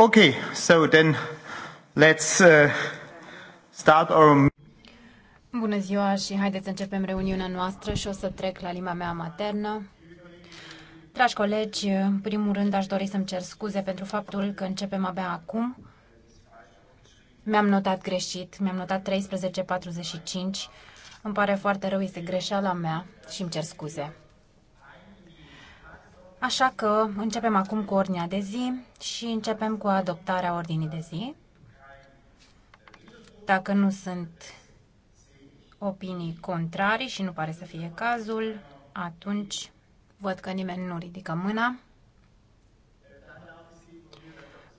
Okay, so then let's uh, start our... Bună ziua și haideți să începem reuniunea noastră și o să trec la limba mea maternă. Dragi colegi, în primul rând aș dori să-mi cer scuze pentru faptul că începem abia acum. Mi-am notat greșit, mi-am notat 13.45. Îmi pare foarte rău, este greșeala mea și îmi cer scuze. Așa că începem acum cu ordinea de zi și începem cu adoptarea ordinii de zi. Dacă nu sunt opinii contrarii și nu pare să fie cazul, atunci văd că nimeni nu ridică mâna.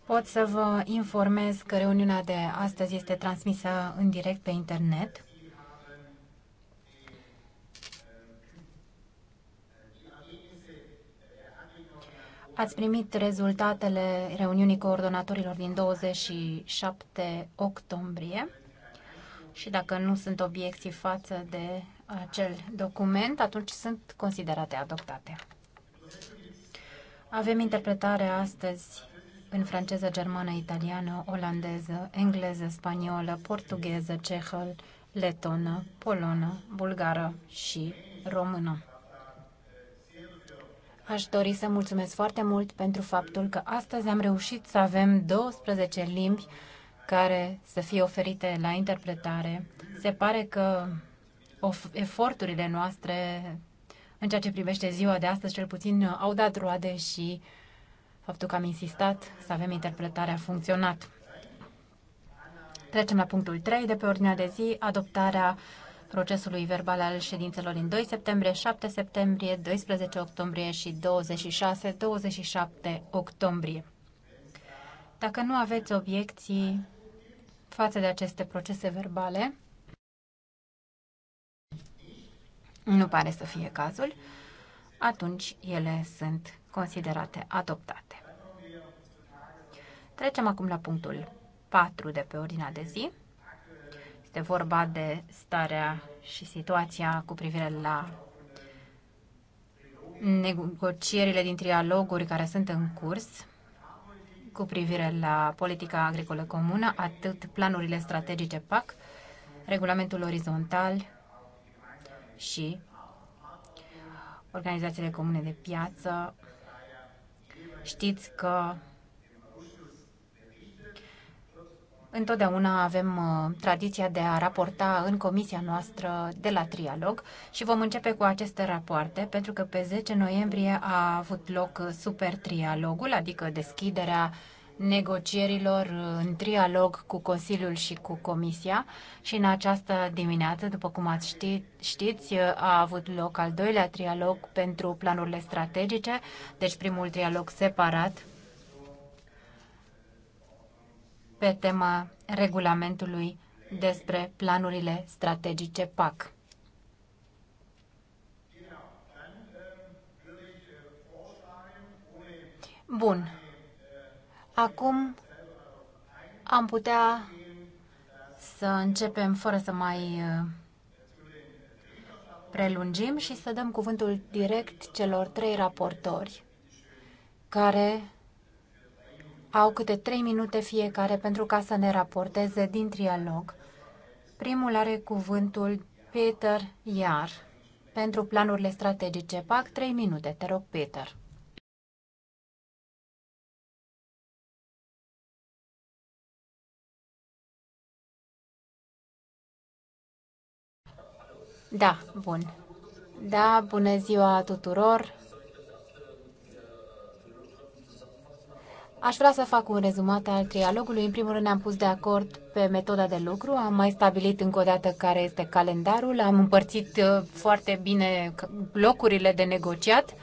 Pot să vă informez că reuniunea de astăzi este transmisă în direct pe internet. Ați primit rezultatele reuniunii coordonatorilor din 27 octombrie și dacă nu sunt obiecții față de acel document, atunci sunt considerate adoptate. Avem interpretare astăzi în franceză, germană, italiană, olandeză, engleză, spaniolă, portugheză, cehă, letonă, polonă, bulgară și română. Aș dori să mulțumesc foarte mult pentru faptul că astăzi am reușit să avem 12 limbi care să fie oferite la interpretare. Se pare că eforturile noastre în ceea ce privește ziua de astăzi, cel puțin, au dat roade și faptul că am insistat să avem interpretarea funcționat. Trecem la punctul 3 de pe ordinea de zi, adoptarea procesului verbal al ședințelor din 2 septembrie, 7 septembrie, 12 octombrie și 26-27 octombrie. Dacă nu aveți obiecții față de aceste procese verbale, nu pare să fie cazul, atunci ele sunt considerate adoptate. Trecem acum la punctul 4 de pe ordinea de zi, este vorba de starea și situația cu privire la negocierile din trialoguri care sunt în curs cu privire la politica agricolă comună, atât planurile strategice PAC, regulamentul orizontal și organizațiile comune de piață. Știți că Întotdeauna avem uh, tradiția de a raporta în comisia noastră de la trialog și vom începe cu aceste rapoarte pentru că pe 10 noiembrie a avut loc uh, super trialogul, adică deschiderea negocierilor uh, în trialog cu Consiliul și cu Comisia și în această dimineață, după cum ați ști, știți, a avut loc al doilea trialog pentru planurile strategice, deci primul trialog separat pe tema regulamentului despre planurile strategice PAC. Bun. Acum am putea să începem fără să mai uh, prelungim și să dăm cuvântul direct celor trei raportori care au câte trei minute fiecare pentru ca să ne raporteze din trialog. Primul are cuvântul Peter Iar. Pentru planurile strategice PAC, trei minute. Te rog, Peter. Da, bun. Da, bună ziua tuturor. Aș vrea să fac un rezumat al trialogului. În primul rând ne-am pus de acord pe metoda de lucru, am mai stabilit încă o dată care este calendarul, am împărțit uh, foarte bine locurile de negociat.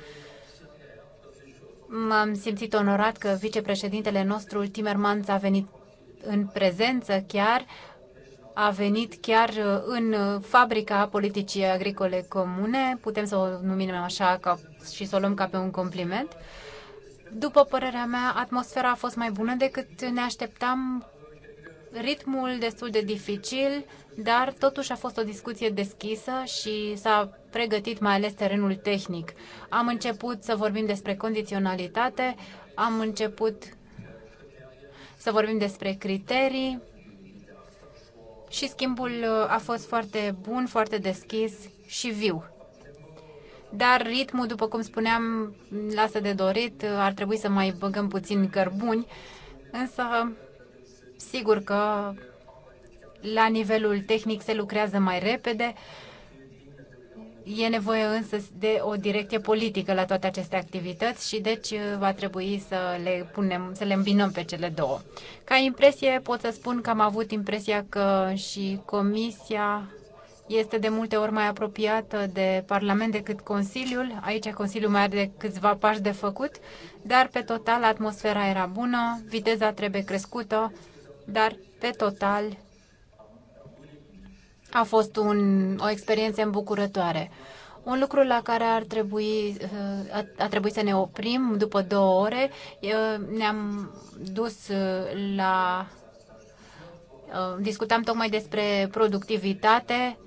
M-am simțit onorat că vicepreședintele nostru, Timmermans, a venit în prezență chiar, a venit chiar uh, în uh, fabrica politicii agricole comune, putem să o numim așa ca, și să o luăm ca pe un compliment. După părerea mea, atmosfera a fost mai bună decât ne așteptam. Ritmul destul de dificil, dar totuși a fost o discuție deschisă și s-a pregătit mai ales terenul tehnic. Am început să vorbim despre condiționalitate, am început să vorbim despre criterii și schimbul a fost foarte bun, foarte deschis și viu dar ritmul, după cum spuneam, lasă de dorit, ar trebui să mai băgăm puțin cărbuni, însă sigur că la nivelul tehnic se lucrează mai repede, E nevoie însă de o direcție politică la toate aceste activități și deci va trebui să le, punem, să le îmbinăm pe cele două. Ca impresie pot să spun că am avut impresia că și Comisia este de multe ori mai apropiată de Parlament decât Consiliul. Aici Consiliul mai are câțiva pași de făcut, dar pe total atmosfera era bună, viteza trebuie crescută, dar pe total a fost un, o experiență îmbucurătoare. Un lucru la care ar trebui, uh, a trebuit să ne oprim după două ore, uh, ne-am dus uh, la discutam tocmai despre productivitate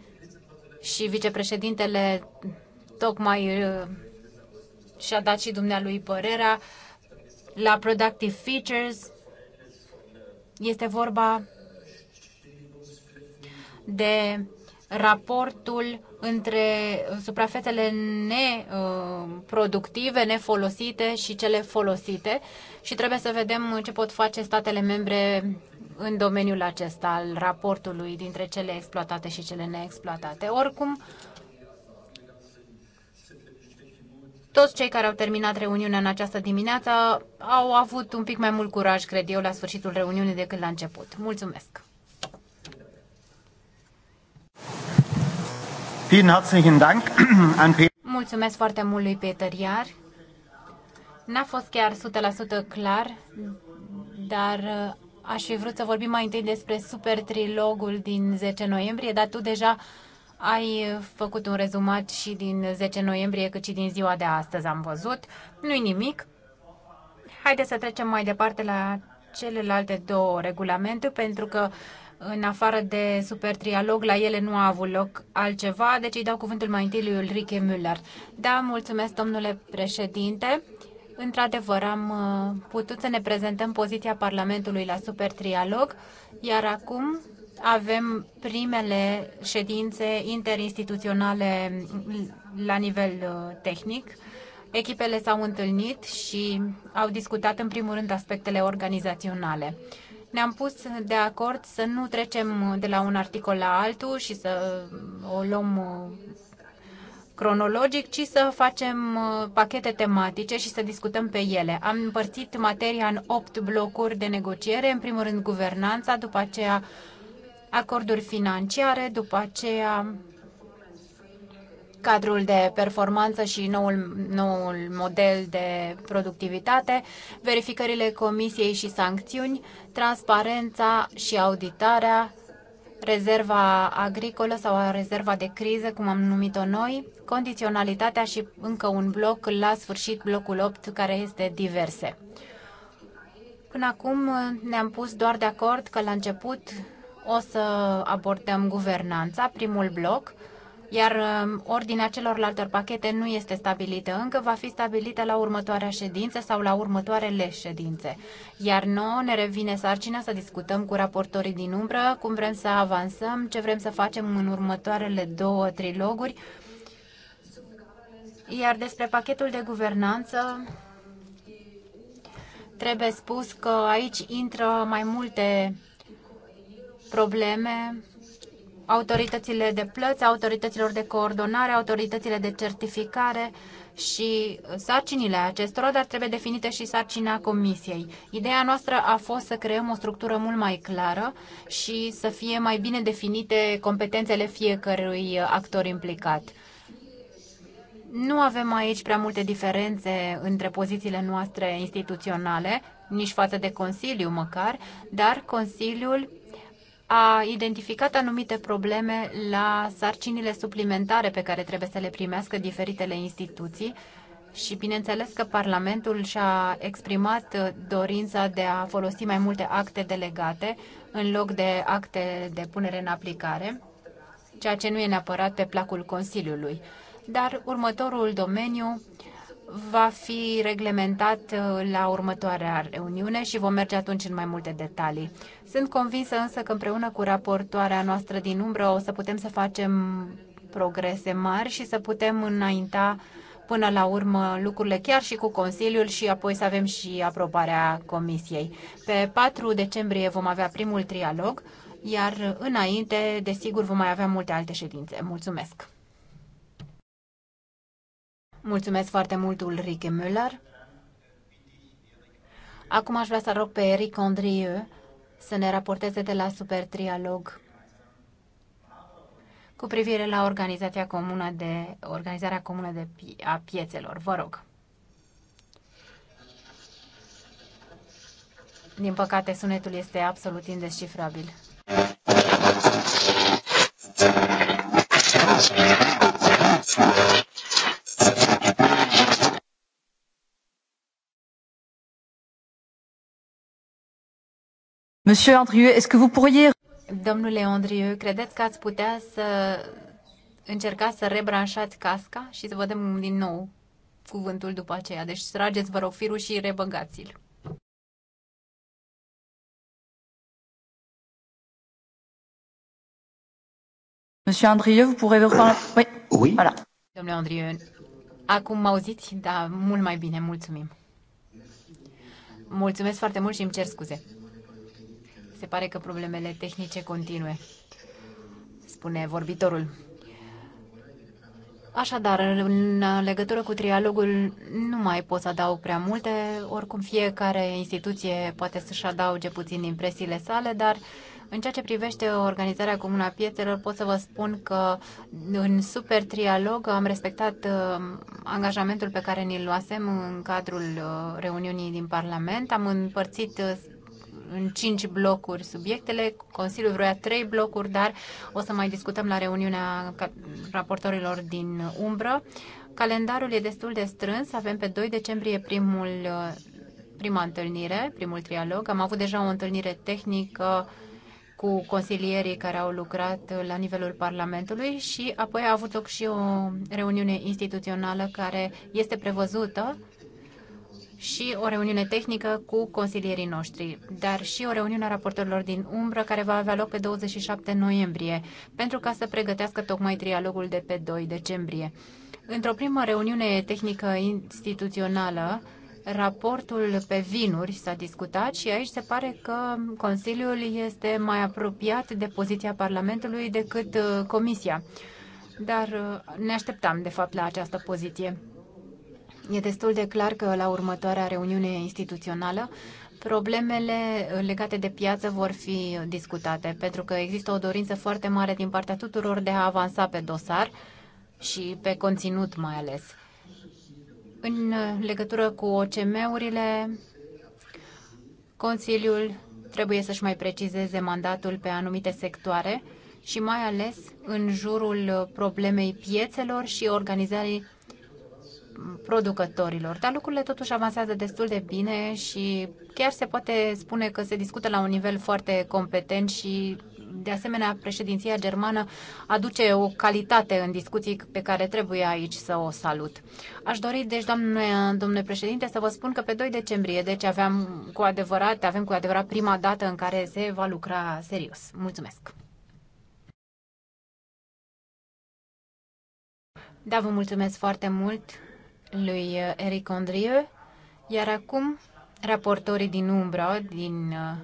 și vicepreședintele tocmai uh, și-a dat și dumnealui părerea la Productive Features. Este vorba de raportul între suprafețele neproductive, nefolosite și cele folosite și trebuie să vedem ce pot face statele membre în domeniul acesta al raportului dintre cele exploatate și cele neexploatate. Oricum, toți cei care au terminat reuniunea în această dimineață au avut un pic mai mult curaj, cred eu, la sfârșitul reuniunii decât la început. Mulțumesc! Mulțumesc foarte mult lui Peter Iar. N-a fost chiar 100% clar, dar Aș fi vrut să vorbim mai întâi despre super trilogul din 10 noiembrie, dar tu deja ai făcut un rezumat și din 10 noiembrie, cât și din ziua de astăzi am văzut. Nu-i nimic. Haideți să trecem mai departe la celelalte două regulamente, pentru că în afară de super trialog, la ele nu a avut loc altceva, deci îi dau cuvântul mai întâi lui Ulrike Müller. Da, mulțumesc, domnule președinte. Într-adevăr, am uh, putut să ne prezentăm poziția Parlamentului la Super Trialog, iar acum avem primele ședințe interinstituționale la nivel uh, tehnic. Echipele s-au întâlnit și au discutat în primul rând aspectele organizaționale. Ne-am pus de acord să nu trecem de la un articol la altul și să uh, o luăm cronologic, ci să facem uh, pachete tematice și să discutăm pe ele. Am împărțit materia în opt blocuri de negociere, în primul rând guvernanța, după aceea acorduri financiare, după aceea cadrul de performanță și noul, noul model de productivitate, verificările comisiei și sancțiuni, transparența și auditarea, rezerva agricolă sau a rezerva de criză, cum am numit-o noi, condiționalitatea și încă un bloc la sfârșit, blocul 8, care este diverse. Până acum ne-am pus doar de acord că la început o să abordăm guvernanța, primul bloc, iar um, ordinea celorlalte pachete nu este stabilită încă, va fi stabilită la următoarea ședință sau la următoarele ședințe. Iar nouă ne revine sarcina să discutăm cu raportorii din umbră cum vrem să avansăm, ce vrem să facem în următoarele două triloguri. Iar despre pachetul de guvernanță, trebuie spus că aici intră mai multe probleme autoritățile de plăți, autorităților de coordonare, autoritățile de certificare și sarcinile acestora, dar trebuie definite și sarcina comisiei. Ideea noastră a fost să creăm o structură mult mai clară și să fie mai bine definite competențele fiecărui actor implicat. Nu avem aici prea multe diferențe între pozițiile noastre instituționale, nici față de Consiliu măcar, dar Consiliul a identificat anumite probleme la sarcinile suplimentare pe care trebuie să le primească diferitele instituții și bineînțeles că Parlamentul și-a exprimat dorința de a folosi mai multe acte delegate în loc de acte de punere în aplicare, ceea ce nu e neapărat pe placul Consiliului. Dar următorul domeniu va fi reglementat uh, la următoarea reuniune și vom merge atunci în mai multe detalii. Sunt convinsă însă că împreună cu raportoarea noastră din umbră o să putem să facem progrese mari și să putem înainta până la urmă lucrurile chiar și cu Consiliul și apoi să avem și aprobarea Comisiei. Pe 4 decembrie vom avea primul trialog, iar înainte, desigur, vom mai avea multe alte ședințe. Mulțumesc! Mulțumesc foarte mult, Ulrike Müller. Acum aș vrea să rog pe Eric Andrieu să ne raporteze de la Super Trialog cu privire la organizația comună de, organizarea comună de, a piețelor. Vă rog. Din păcate, sunetul este absolut indescifrabil. Thank you. Monsieur Andrieu, est-ce que vous pourriez... Domnule Andrieu, credeți că ați putea să încercați să rebranșați casca și să vă dăm din nou cuvântul după aceea. Deci trageți, vă rog, firul și rebăgați-l. Monsieur Andrieu, vous pourrez vous parler... Oui. oui. Voilà. Domnule Andrieu, acum mă auziți? Da, mult mai bine, mulțumim. Mulțumesc foarte mult și îmi cer scuze. Se pare că problemele tehnice continue, spune vorbitorul. Așadar, în legătură cu trialogul nu mai pot să adaug prea multe, oricum fiecare instituție poate să-și adauge puțin impresiile sale, dar în ceea ce privește organizarea comună a piețelor, pot să vă spun că în super trialog am respectat uh, angajamentul pe care ni-l luasem în cadrul uh, reuniunii din Parlament. Am împărțit uh, în cinci blocuri subiectele. Consiliul vroia trei blocuri, dar o să mai discutăm la reuniunea raportorilor din umbră. Calendarul e destul de strâns. Avem pe 2 decembrie primul, prima întâlnire, primul trialog. Am avut deja o întâlnire tehnică cu consilierii care au lucrat la nivelul Parlamentului și apoi a avut loc și o reuniune instituțională care este prevăzută și o reuniune tehnică cu consilierii noștri, dar și o reuniune a raportorilor din umbră care va avea loc pe 27 noiembrie, pentru ca să pregătească tocmai trialogul de pe 2 decembrie. Într-o primă reuniune tehnică instituțională, raportul pe vinuri s-a discutat și aici se pare că Consiliul este mai apropiat de poziția Parlamentului decât uh, Comisia. Dar uh, ne așteptam, de fapt, la această poziție. E destul de clar că la următoarea reuniune instituțională problemele legate de piață vor fi discutate, pentru că există o dorință foarte mare din partea tuturor de a avansa pe dosar și pe conținut mai ales. În legătură cu OCM-urile, Consiliul trebuie să-și mai precizeze mandatul pe anumite sectoare și mai ales în jurul problemei piețelor și organizării producătorilor. Dar lucrurile totuși avansează destul de bine și chiar se poate spune că se discută la un nivel foarte competent și de asemenea președinția germană aduce o calitate în discuții pe care trebuie aici să o salut. Aș dori, deci, doamne, domnule președinte, să vă spun că pe 2 decembrie, deci aveam cu adevărat, avem cu adevărat prima dată în care se va lucra serios. Mulțumesc! Da, vă mulțumesc foarte mult lui uh, Eric Andrieu, iar acum raportorii din umbră, din uh,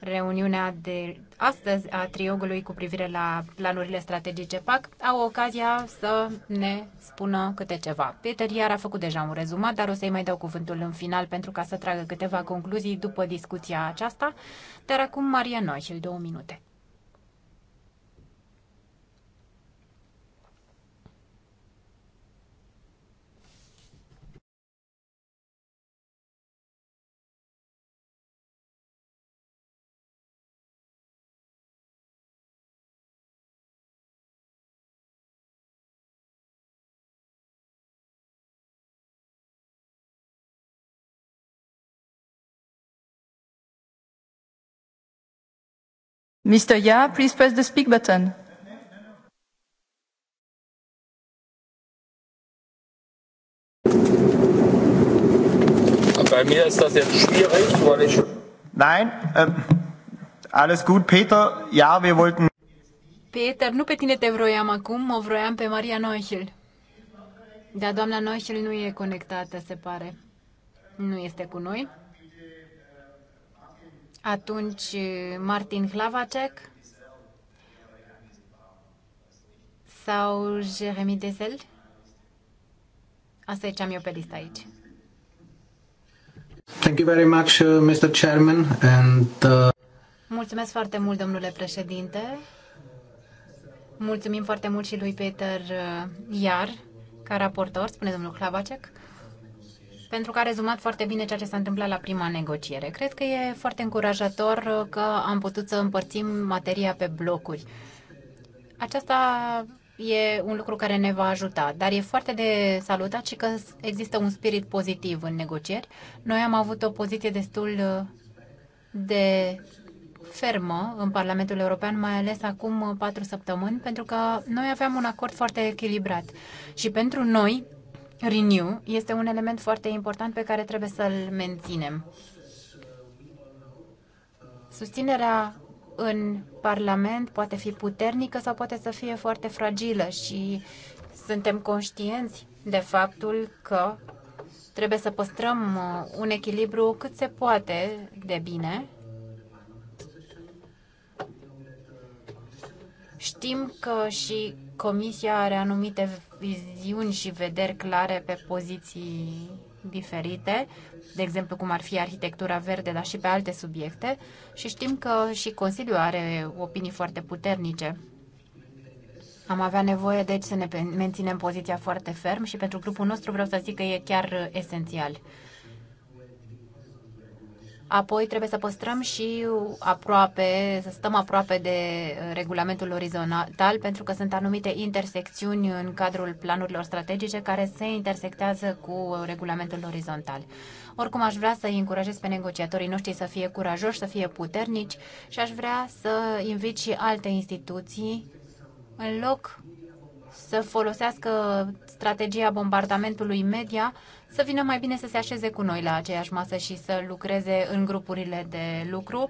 reuniunea de astăzi a triogului cu privire la planurile strategice PAC, au ocazia să ne spună câte ceva. Peter iar a făcut deja un rezumat, dar o să-i mai dau cuvântul în final pentru ca să tragă câteva concluzii după discuția aceasta. Dar acum Maria Noi și două minute. Mr. Ya, please press the speak button. Bei mir ist das jetzt schwierig, weil ich. Nein, äh, alles gut, Peter. Ja, wir wollten. Peter, nu pe tine te vroiam acum, o vroiam pe Maria Noichel. Dar doamna Noichel nu e conectată, se pare. Nu este cu noi. Atunci uh, Martin Hlavacek sau Jeremy Desel? Asta e ce am eu pe listă aici. Thank you very much, uh, Mr. Chairman, and uh... Mulțumesc foarte mult, domnule președinte. Mulțumim foarte mult și lui Peter uh, Iar, ca raportor, spune domnul Hlavacek pentru că a rezumat foarte bine ceea ce s-a întâmplat la prima negociere. Cred că e foarte încurajator că am putut să împărțim materia pe blocuri. Aceasta e un lucru care ne va ajuta, dar e foarte de salutat și că există un spirit pozitiv în negocieri. Noi am avut o poziție destul de fermă în Parlamentul European, mai ales acum patru săptămâni, pentru că noi aveam un acord foarte echilibrat. Și pentru noi, Renew este un element foarte important pe care trebuie să-l menținem. Susținerea în Parlament poate fi puternică sau poate să fie foarte fragilă și suntem conștienți de faptul că trebuie să păstrăm uh, un echilibru cât se poate de bine Știm că și Comisia are anumite viziuni și vederi clare pe poziții diferite, de exemplu cum ar fi arhitectura verde, dar și pe alte subiecte și știm că și Consiliul are opinii foarte puternice. Am avea nevoie, deci, să ne menținem poziția foarte ferm și pentru grupul nostru vreau să zic că e chiar esențial. Apoi trebuie să păstrăm și aproape, să stăm aproape de uh, regulamentul orizontal, pentru că sunt anumite intersecțiuni în cadrul planurilor strategice care se intersectează cu uh, regulamentul orizontal. Oricum, aș vrea să-i încurajez pe negociatorii noștri să fie curajoși, să fie puternici și aș vrea să invit și alte instituții în loc să folosească strategia bombardamentului media să vină mai bine să se așeze cu noi la aceeași masă și să lucreze în grupurile de lucru,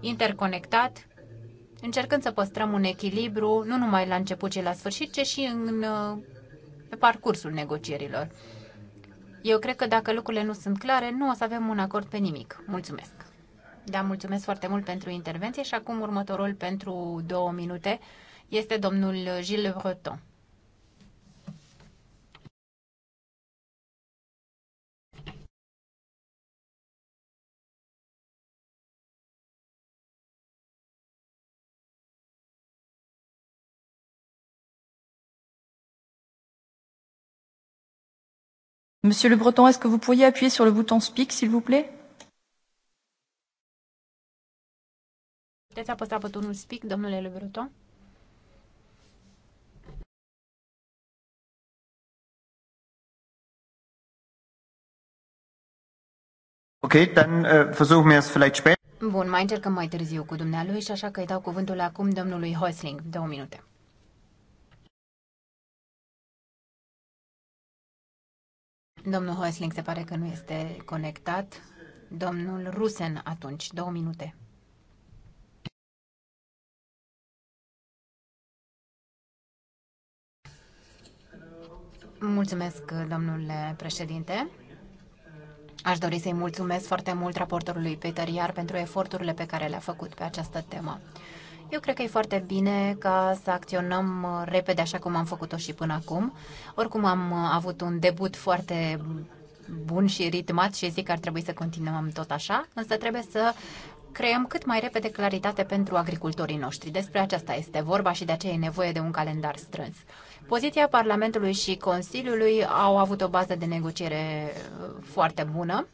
interconectat, încercând să păstrăm un echilibru, nu numai la început și la sfârșit, ci și în, uh, pe parcursul negocierilor. Eu cred că dacă lucrurile nu sunt clare, nu o să avem un acord pe nimic. Mulțumesc! Da, mulțumesc foarte mult pentru intervenție și acum următorul pentru două minute este domnul Gilles Breton. Monsieur Le Breton, est-ce que vous pourriez appuyer sur le bouton Speak, s'il vous plaît Puteți apăsa butonul Speak, domnule Le Breton? Ok, dann uh, eh, versuchen wir es vielleicht später. Bun, mai încercăm mai târziu cu dumnealui și așa că îi dau cuvântul acum domnului Hosling. Două minute. Domnul Hoisling se pare că nu este conectat. Domnul Rusen, atunci, două minute. Mulțumesc, domnule președinte. Aș dori să-i mulțumesc foarte mult raportorului Peter Iar pentru eforturile pe care le-a făcut pe această temă. Eu cred că e foarte bine ca să acționăm repede așa cum am făcut-o și până acum. Oricum am avut un debut foarte bun și ritmat și zic că ar trebui să continuăm tot așa, însă trebuie să creăm cât mai repede claritate pentru agricultorii noștri. Despre aceasta este vorba și de aceea e nevoie de un calendar strâns. Poziția Parlamentului și Consiliului au avut o bază de negociere uh, foarte bună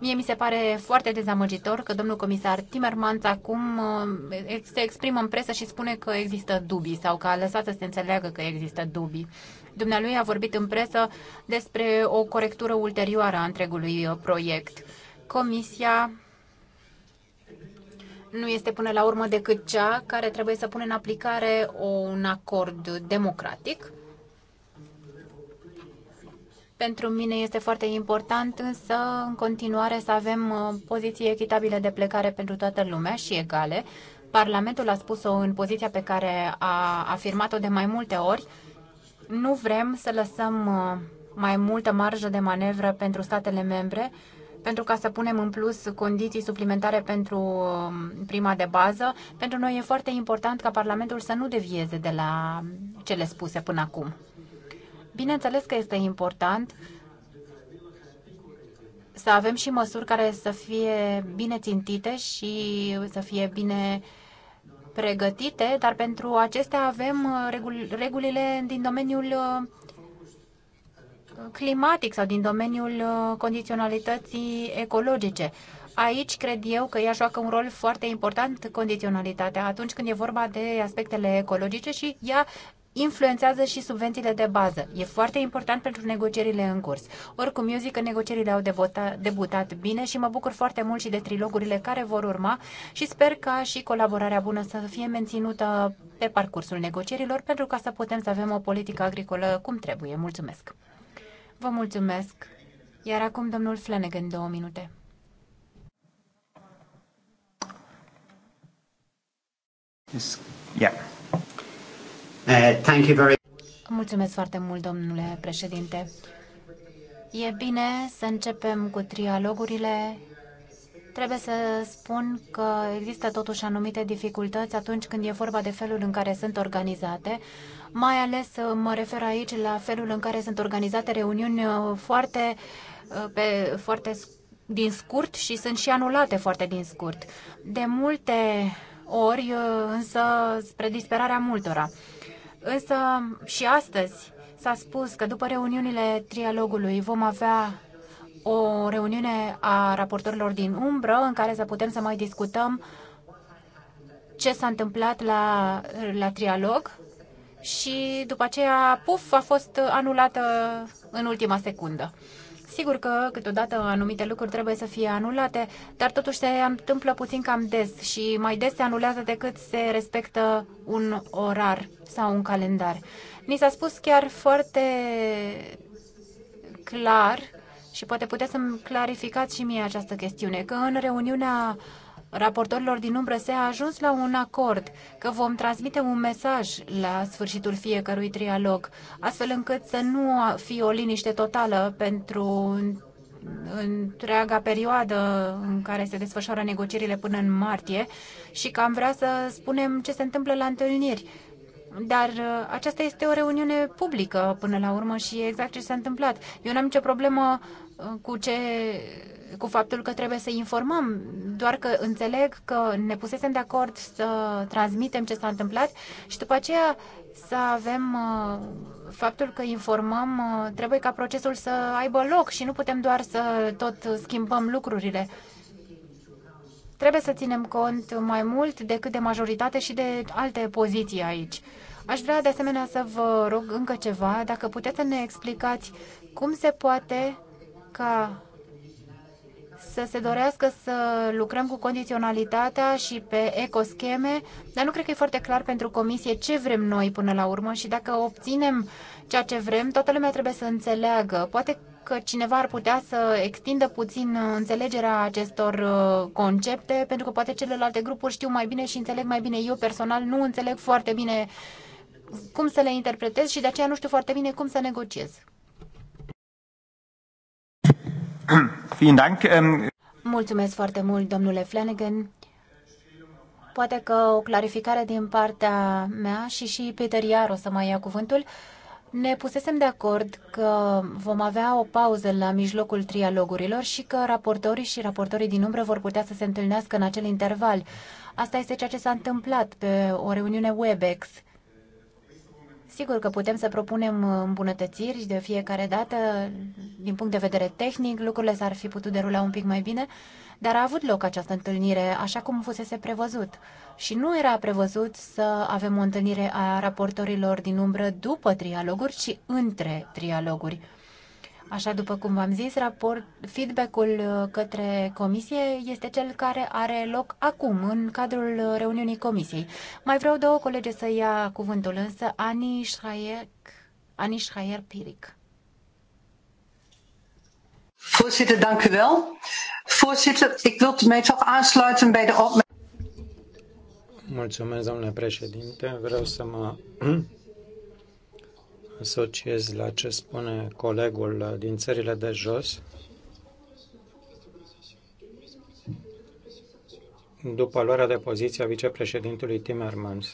Mie mi se pare foarte dezamăgitor că domnul comisar Timmermans acum uh, se exprimă în presă și spune că există dubii sau că a lăsat să se înțeleagă că există dubii. Dumnealui a vorbit în presă despre o corectură ulterioară a întregului uh, proiect. Comisia nu este până la urmă decât cea care trebuie să pună în aplicare un acord democratic pentru mine este foarte important însă în continuare să avem uh, poziții echitabile de plecare pentru toată lumea și egale. Parlamentul a spus-o în poziția pe care a afirmat-o de mai multe ori. Nu vrem să lăsăm uh, mai multă marjă de manevră pentru statele membre pentru ca să punem în plus condiții suplimentare pentru uh, prima de bază. Pentru noi e foarte important ca Parlamentul să nu devieze de la cele spuse până acum. Bineînțeles că este important să avem și măsuri care să fie bine țintite și să fie bine pregătite, dar pentru acestea avem uh, regulile din domeniul uh, climatic sau din domeniul uh, condiționalității ecologice. Aici cred eu că ea joacă un rol foarte important, condiționalitatea, atunci când e vorba de aspectele ecologice și ea influențează și subvențiile de bază. E foarte important pentru negocierile în curs. Oricum, eu zic că negocierile au debuta, debutat bine și mă bucur foarte mult și de trilogurile care vor urma și sper ca și colaborarea bună să fie menținută pe parcursul negocierilor pentru ca să putem să avem o politică agricolă cum trebuie. Mulțumesc! Vă mulțumesc! Iar acum domnul Flanagan, două minute. Yes. Yeah. Uh, thank you very Mulțumesc foarte mult, domnule președinte. E bine să începem cu trialogurile. Trebuie să spun că există totuși anumite dificultăți atunci când e vorba de felul în care sunt organizate. Mai ales uh, mă refer aici la felul în care sunt organizate reuniuni uh, foarte, pe, foarte din scurt și sunt și anulate foarte din scurt. De multe ori, însă, spre disperarea multora. Însă și astăzi s-a spus că după reuniunile trialogului vom avea o reuniune a raportorilor din umbră în care să putem să mai discutăm ce s-a întâmplat la, la trialog și după aceea, puf, a fost anulată în ultima secundă. Sigur că câteodată anumite lucruri trebuie să fie anulate, dar totuși se întâmplă puțin cam des și mai des se anulează decât se respectă un orar sau un calendar. Ni s-a spus chiar foarte clar și poate puteți să-mi clarificați și mie această chestiune, că în reuniunea uh, raportorilor din umbră se a ajuns la un acord că vom transmite un mesaj la sfârșitul fiecărui trialog, astfel încât să nu fie o liniște totală pentru întreaga perioadă în care se desfășoară negocierile până în martie și că am vrea să spunem ce se întâmplă la întâlniri. Dar uh, aceasta este o reuniune publică până la urmă și exact ce s-a întâmplat. Eu n-am nicio problemă uh, cu ce cu faptul că trebuie să informăm, doar că înțeleg că ne pusesem de acord să transmitem ce s-a întâmplat și după aceea să avem uh, faptul că informăm, uh, trebuie ca procesul să aibă loc și nu putem doar să tot schimbăm lucrurile. Trebuie să ținem cont mai mult decât de majoritate și de alte poziții aici. Aș vrea de asemenea să vă rog încă ceva, dacă puteți să ne explicați cum se poate ca să se dorească să lucrăm cu condiționalitatea și pe ecoscheme, dar nu cred că e foarte clar pentru comisie ce vrem noi până la urmă și dacă obținem ceea ce vrem, toată lumea trebuie să înțeleagă. Poate că cineva ar putea să extindă puțin înțelegerea acestor uh, concepte, pentru că poate celelalte grupuri știu mai bine și înțeleg mai bine. Eu personal nu înțeleg foarte bine cum să le interpretez și de aceea nu știu foarte bine cum să negociez. Ähm, Mulțumesc foarte mult, domnule Flanagan. Poate că o clarificare din partea mea și și Peter Iar o să mai ia cuvântul. Ne pusesem de acord că vom avea o pauză la mijlocul trialogurilor și că raportorii și raportorii din umbră vor putea să se întâlnească în acel interval. Asta este ceea ce s-a întâmplat pe o reuniune WebEx. Sigur că putem să propunem uh, îmbunătățiri de fiecare dată, din punct de vedere tehnic, lucrurile s-ar fi putut derula un pic mai bine, dar a avut loc această întâlnire așa cum fusese prevăzut. Și nu era prevăzut să avem o întâlnire a raportorilor din umbră după trialoguri, ci între trialoguri. Așa după cum v-am zis, raport, feedback-ul uh, către comisie este cel care are loc acum, în cadrul uh, reuniunii comisiei. Mai vreau două colege să ia cuvântul, însă Ani Schreier, Ani Schreier Piric. Voorzitter, dank u wel. Voorzitter, ik wil mij toch aansluiten bij de opmerking. Mulțumesc, domnule președinte. Vreau să mă asociez la ce spune colegul din țările de jos. După luarea de poziție a vicepreședintului Timmermans,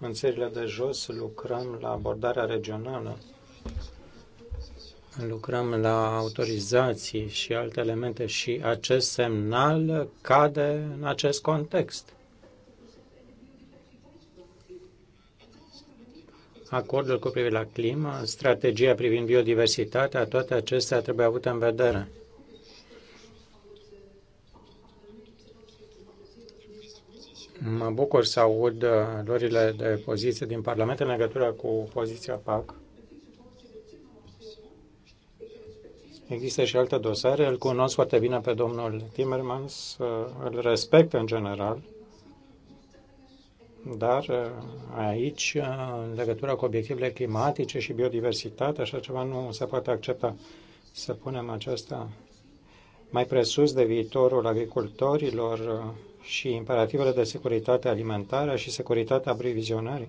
în țările de jos lucrăm la abordarea regională, lucrăm la autorizații și alte elemente și acest semnal cade în acest context. acordul cu privire la climă, strategia privind biodiversitatea, toate acestea trebuie avute în vedere. Mă bucur să aud uh, lorile de poziție din Parlament în legătură cu poziția PAC. Există și alte dosare. Îl cunosc foarte bine pe domnul Timmermans, uh, îl respect în general dar uh, aici, uh, în legătură cu obiectivele climatice și biodiversitate, așa ceva nu se poate accepta. Să punem aceasta mai presus de viitorul agricultorilor uh, și imperativele de securitate alimentară și securitatea aprovizionării.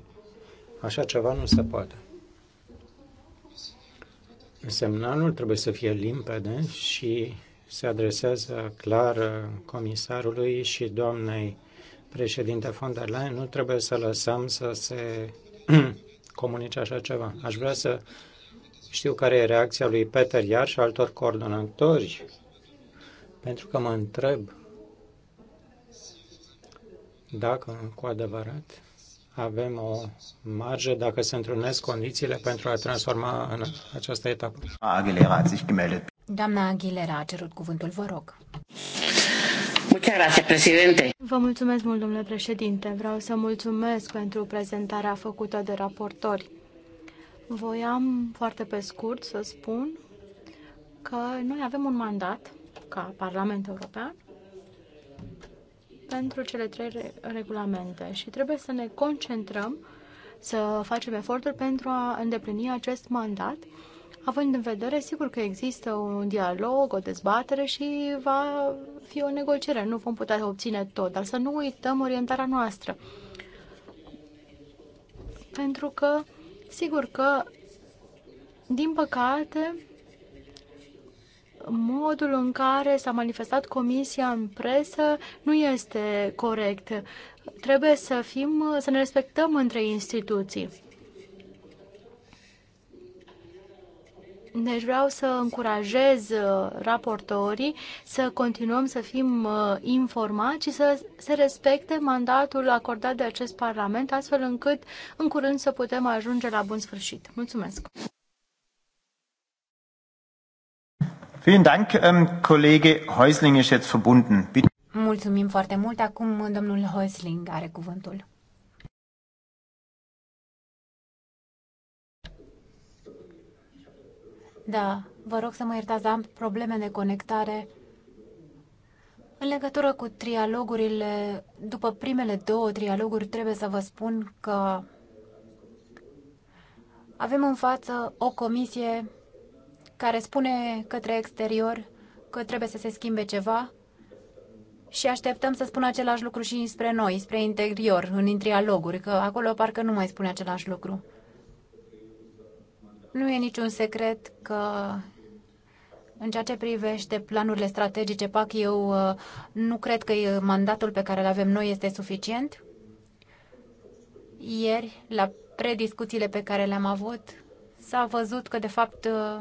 Așa ceva nu se poate. Semnalul trebuie să fie limpede și se adresează clar comisarului și doamnei președinte von der Leyen, nu trebuie să lăsăm să se comunice așa ceva. Aș vrea să știu care e reacția lui Peter Iar și altor coordonatori, pentru că mă întreb dacă cu adevărat avem o marge dacă se întrunesc condițiile pentru a transforma în această etapă. Doamna Aguilera a cerut cuvântul, vă rog. Muchas gracias, presidente. Vă mulțumesc mult, domnule președinte. Vreau să mulțumesc pentru prezentarea făcută de raportori. Voiam foarte pe scurt să spun că noi avem un mandat ca Parlament European pentru cele trei regulamente și trebuie să ne concentrăm să facem eforturi pentru a îndeplini acest mandat având în vedere, sigur că există un dialog, o dezbatere și va fi o negociere. Nu vom putea obține tot, dar să nu uităm orientarea noastră. Pentru că, sigur că, din păcate, modul în care s-a manifestat comisia în presă nu este corect. Trebuie să fim, să ne respectăm între instituții. Deci vreau să încurajez uh, raportorii să continuăm să fim uh, informați și să se respecte mandatul acordat de acest Parlament, astfel încât în curând să putem ajunge la bun sfârșit. Mulțumesc! Vielen Dank, ähm, Kollege Häusling ist jetzt verbunden. Bitte. Mulțumim foarte mult. Acum domnul Häusling are cuvântul. Da, vă rog să mă iertați, dar am probleme de conectare. În legătură cu trialogurile, după primele două trialoguri, trebuie să vă spun că avem în față o comisie care spune către exterior că trebuie să se schimbe ceva și așteptăm să spună același lucru și spre noi, spre interior, în trialoguri, că acolo parcă nu mai spune același lucru. Nu e niciun secret că în ceea ce privește planurile strategice PAC, eu uh, nu cred că uh, mandatul pe care îl avem noi este suficient. Ieri, la prediscuțiile pe care le-am avut, s-a văzut că, de fapt, uh,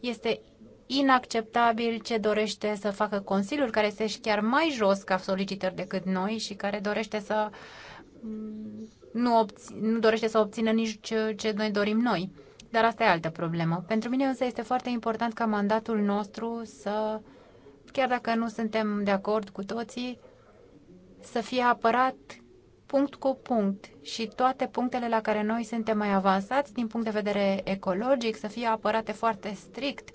este inacceptabil ce dorește să facă Consiliul, care este și chiar mai jos ca solicitări decât noi și care dorește să mm, nu, obț- nu dorește să obțină nici ce, ce noi dorim noi. Dar asta e altă problemă. Pentru mine însă este foarte important ca mandatul nostru să, chiar dacă nu suntem de acord cu toții, să fie apărat punct cu punct și toate punctele la care noi suntem mai avansați din punct de vedere ecologic să fie apărate foarte strict.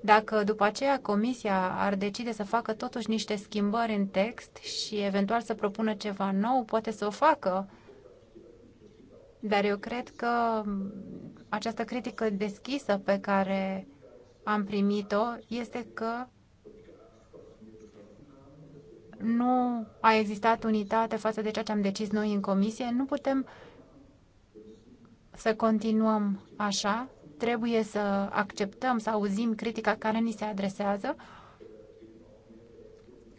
Dacă după aceea comisia ar decide să facă totuși niște schimbări în text și eventual să propună ceva nou, poate să o facă dar eu cred că această critică deschisă pe care am primit-o este că nu a existat unitate față de ceea ce am decis noi în comisie. Nu putem să continuăm așa. Trebuie să acceptăm, să auzim critica care ni se adresează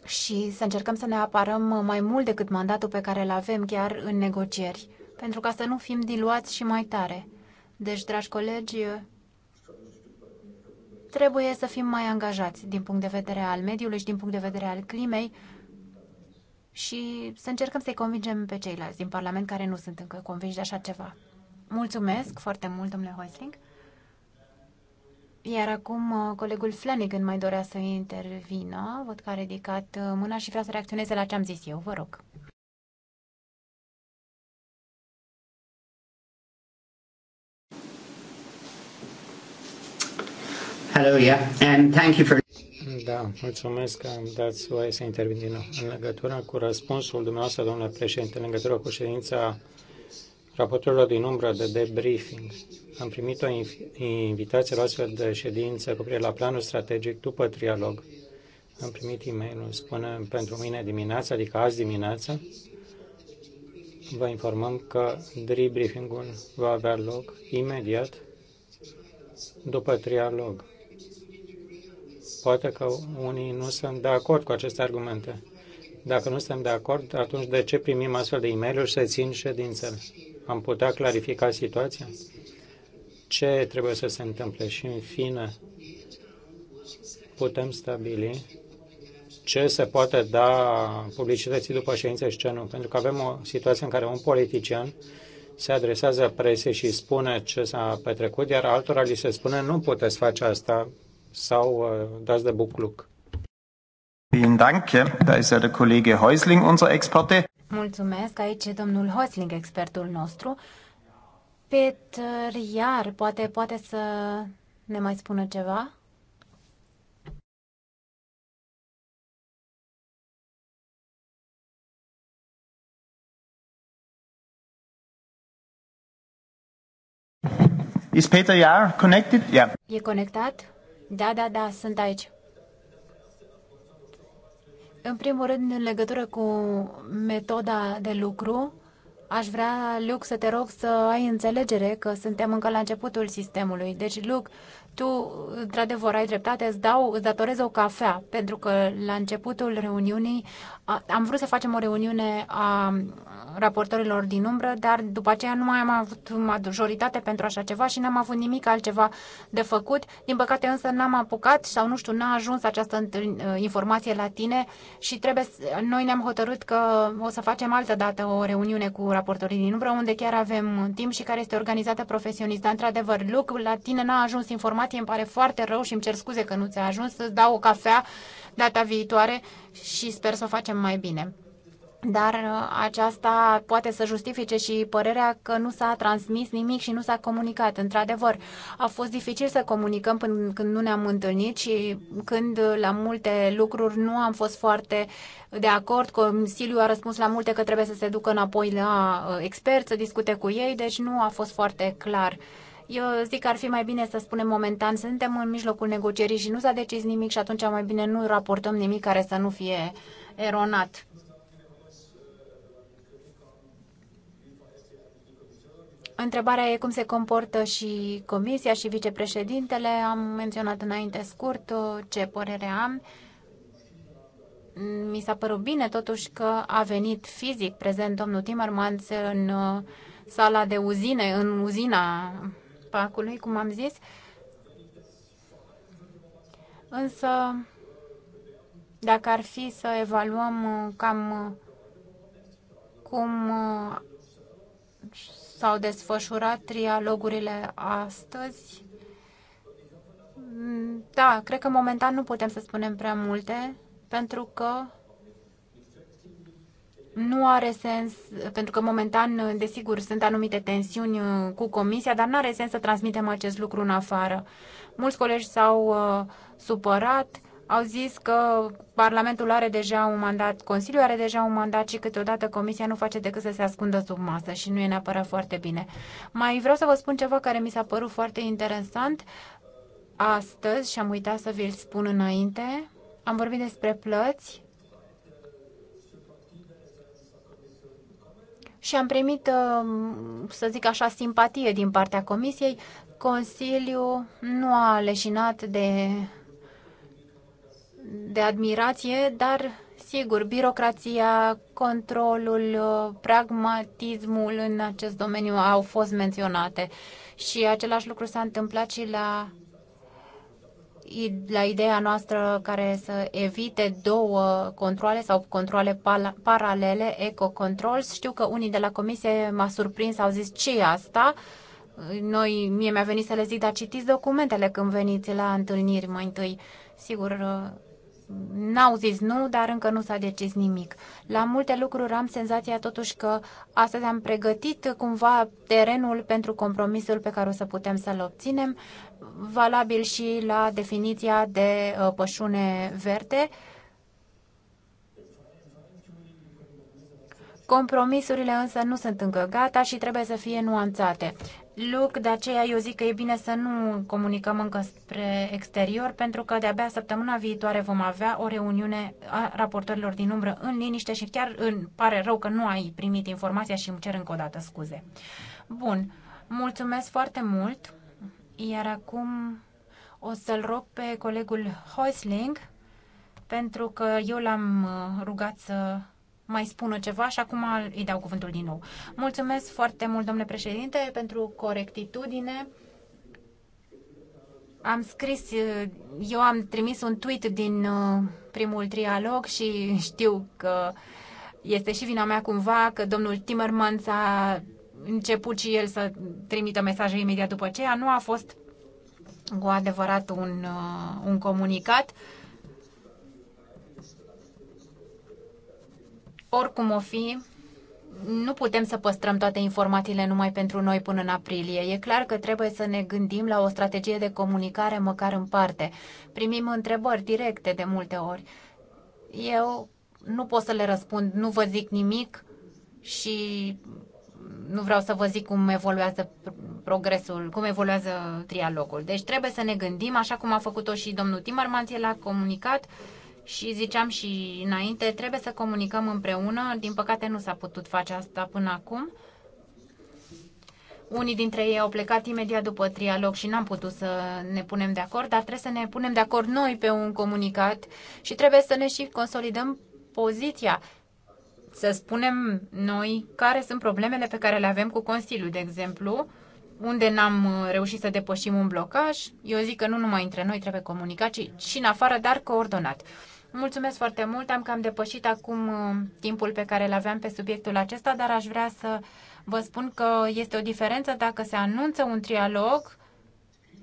și să încercăm să ne apărăm mai mult decât mandatul pe care îl avem chiar în negocieri pentru ca să nu fim diluați și mai tare. Deci, dragi colegi, trebuie să fim mai angajați din punct de vedere al mediului și din punct de vedere al climei și să încercăm să-i convingem pe ceilalți din Parlament care nu sunt încă convinși de așa ceva. Mulțumesc foarte mult, domnule Hoisling. Iar acum uh, colegul Flanagan mai dorea să intervină. Văd că a ridicat uh, mâna și vrea să reacționeze la ce am zis eu. Vă rog. Hello, yeah, and thank you for... Da, mulțumesc că îmi dați voie să intervin din nou. În legătură cu răspunsul dumneavoastră, domnule președinte, în legătură cu ședința raporturilor din umbră de debriefing, am primit o invitație la astfel de ședință cu privire la planul strategic după trialog. Am primit e mail spune pentru mine dimineața, adică azi dimineața, vă informăm că debriefingul va avea loc imediat după trialog Poate că unii nu sunt de acord cu aceste argumente. Dacă nu suntem de acord, atunci de ce primim astfel de e și să țin ședințele? Am putea clarifica situația? Ce trebuie să se întâmple? Și, în fine, putem stabili ce se poate da publicității după ședință și ce nu. Pentru că avem o situație în care un politician se adresează presei și spune ce s-a petrecut, iar altora li se spune nu puteți face asta sau uh, das de bucluc. Vielen Dank. Da ist ja der Kollege Häusling unser Experte. Mulțumesc. Aici e domnul Häusling, expertul nostru. Peter Iar, poate, poate să ne mai spună ceva? Is Peter Yar connected? Yeah. E conectat? Da, da, da, sunt aici. În primul rând, în legătură cu metoda de lucru, aș vrea, Luc, să te rog să ai înțelegere că suntem încă la începutul sistemului. Deci, Luc, tu, într-adevăr, ai dreptate, îți, dau, îți datorez o cafea, pentru că la începutul reuniunii am vrut să facem o reuniune a raportorilor din umbră, dar după aceea nu mai am avut majoritate pentru așa ceva și n-am avut nimic altceva de făcut. Din păcate însă n-am apucat sau nu știu, n-a ajuns această informație la tine și trebuie, noi ne-am hotărât că o să facem altă dată o reuniune cu raportorii din umbră, unde chiar avem timp și care este organizată profesionist. Dar, într-adevăr, lucrul la tine n-a ajuns informația informație. Îmi pare foarte rău și îmi cer scuze că nu ți-a ajuns. Îți dau o cafea data viitoare și sper să o facem mai bine. Dar uh, aceasta poate să justifice și părerea că nu s-a transmis nimic și nu s-a comunicat. Într-adevăr, a fost dificil să comunicăm până când nu ne-am întâlnit și când uh, la multe lucruri nu am fost foarte de acord. Consiliul a răspuns la multe că trebuie să se ducă înapoi la uh, expert să discute cu ei, deci nu a fost foarte clar eu zic că ar fi mai bine să spunem momentan, suntem în mijlocul negocierii și nu s-a decis nimic și atunci mai bine nu raportăm nimic care să nu fie eronat. Întrebarea e cum se comportă și comisia și vicepreședintele. Am menționat înainte scurt uh, ce părere am. Mi s-a părut bine totuși că a venit fizic prezent domnul Timmermans în uh, sala de uzine, în uzina pacului, cum am zis. Însă, dacă ar fi să evaluăm uh, cam uh, cum uh, s-au desfășurat trialogurile astăzi, mm, da, cred că momentan nu putem să spunem prea multe, pentru că nu are sens, pentru că momentan, desigur, sunt anumite tensiuni uh, cu comisia, dar nu are sens să transmitem acest lucru în afară. Mulți colegi s-au uh, supărat, au zis că Parlamentul are deja un mandat, Consiliul are deja un mandat și câteodată Comisia nu face decât să se ascundă sub masă și nu e neapărat foarte bine. Mai vreau să vă spun ceva care mi s-a părut foarte interesant astăzi și am uitat să vi-l spun înainte. Am vorbit despre plăți și am primit, um, să zic așa, simpatie din partea Comisiei. Consiliul nu a leșinat de, de admirație, dar sigur, birocrația, controlul, pragmatismul în acest domeniu au fost menționate. Și același lucru s-a întâmplat și la la ideea noastră care să evite două controle sau controle paralele, eco-controls, Știu că unii de la comisie m-a surprins, au zis ce e asta? Noi, mie mi-a venit să le zic, dar citiți documentele când veniți la întâlniri mai întâi. Sigur, n-au zis nu, dar încă nu s-a decis nimic. La multe lucruri am senzația totuși că astăzi am pregătit cumva terenul pentru compromisul pe care o să putem să-l obținem, valabil și la definiția de uh, pășune verde. Compromisurile însă nu sunt încă gata și trebuie să fie nuanțate. Luc, de aceea eu zic că e bine să nu comunicăm încă spre exterior, pentru că de-abia săptămâna viitoare vom avea o reuniune a raportorilor din umbră în liniște și chiar îmi pare rău că nu ai primit informația și îmi cer încă o dată scuze. Bun, mulțumesc foarte mult, iar acum o să-l rog pe colegul Hoisling, pentru că eu l-am uh, rugat să mai spună ceva și acum îi dau cuvântul din nou. Mulțumesc foarte mult, domnule președinte, pentru corectitudine. Am scris, eu am trimis un tweet din uh, primul trialog și știu că este și vina mea cumva că domnul Timmermans a început și el să trimită mesaje imediat după aceea. Nu a fost cu adevărat un, uh, un comunicat. Uh, Oricum o fi, nu putem să păstrăm toate informațiile numai pentru noi până în aprilie. E clar că trebuie să ne gândim la o strategie de comunicare măcar în parte. Primim întrebări directe de multe ori. Eu nu pot să le răspund, nu vă zic nimic și nu vreau să vă zic cum evoluează progresul, cum evoluează trialogul. Deci trebuie să ne gândim, așa cum a făcut-o și domnul Timmermans, el a comunicat, uh, și ziceam și înainte, trebuie să comunicăm împreună. Din păcate nu s-a putut face asta până acum. Unii dintre ei au plecat imediat după trialog și n-am putut să ne punem de acord, dar trebuie să ne punem de acord noi pe un comunicat și trebuie să ne și consolidăm poziția. Să spunem noi care sunt problemele pe care le avem cu Consiliul, de exemplu, unde n-am uh, reușit să depășim un blocaj. Eu zic că nu numai între noi trebuie comunicat, ci și în afară, dar coordonat. Mulțumesc foarte mult. Am cam depășit acum uh, timpul pe care îl aveam pe subiectul acesta, dar aș vrea să vă spun că este o diferență dacă se anunță un trialog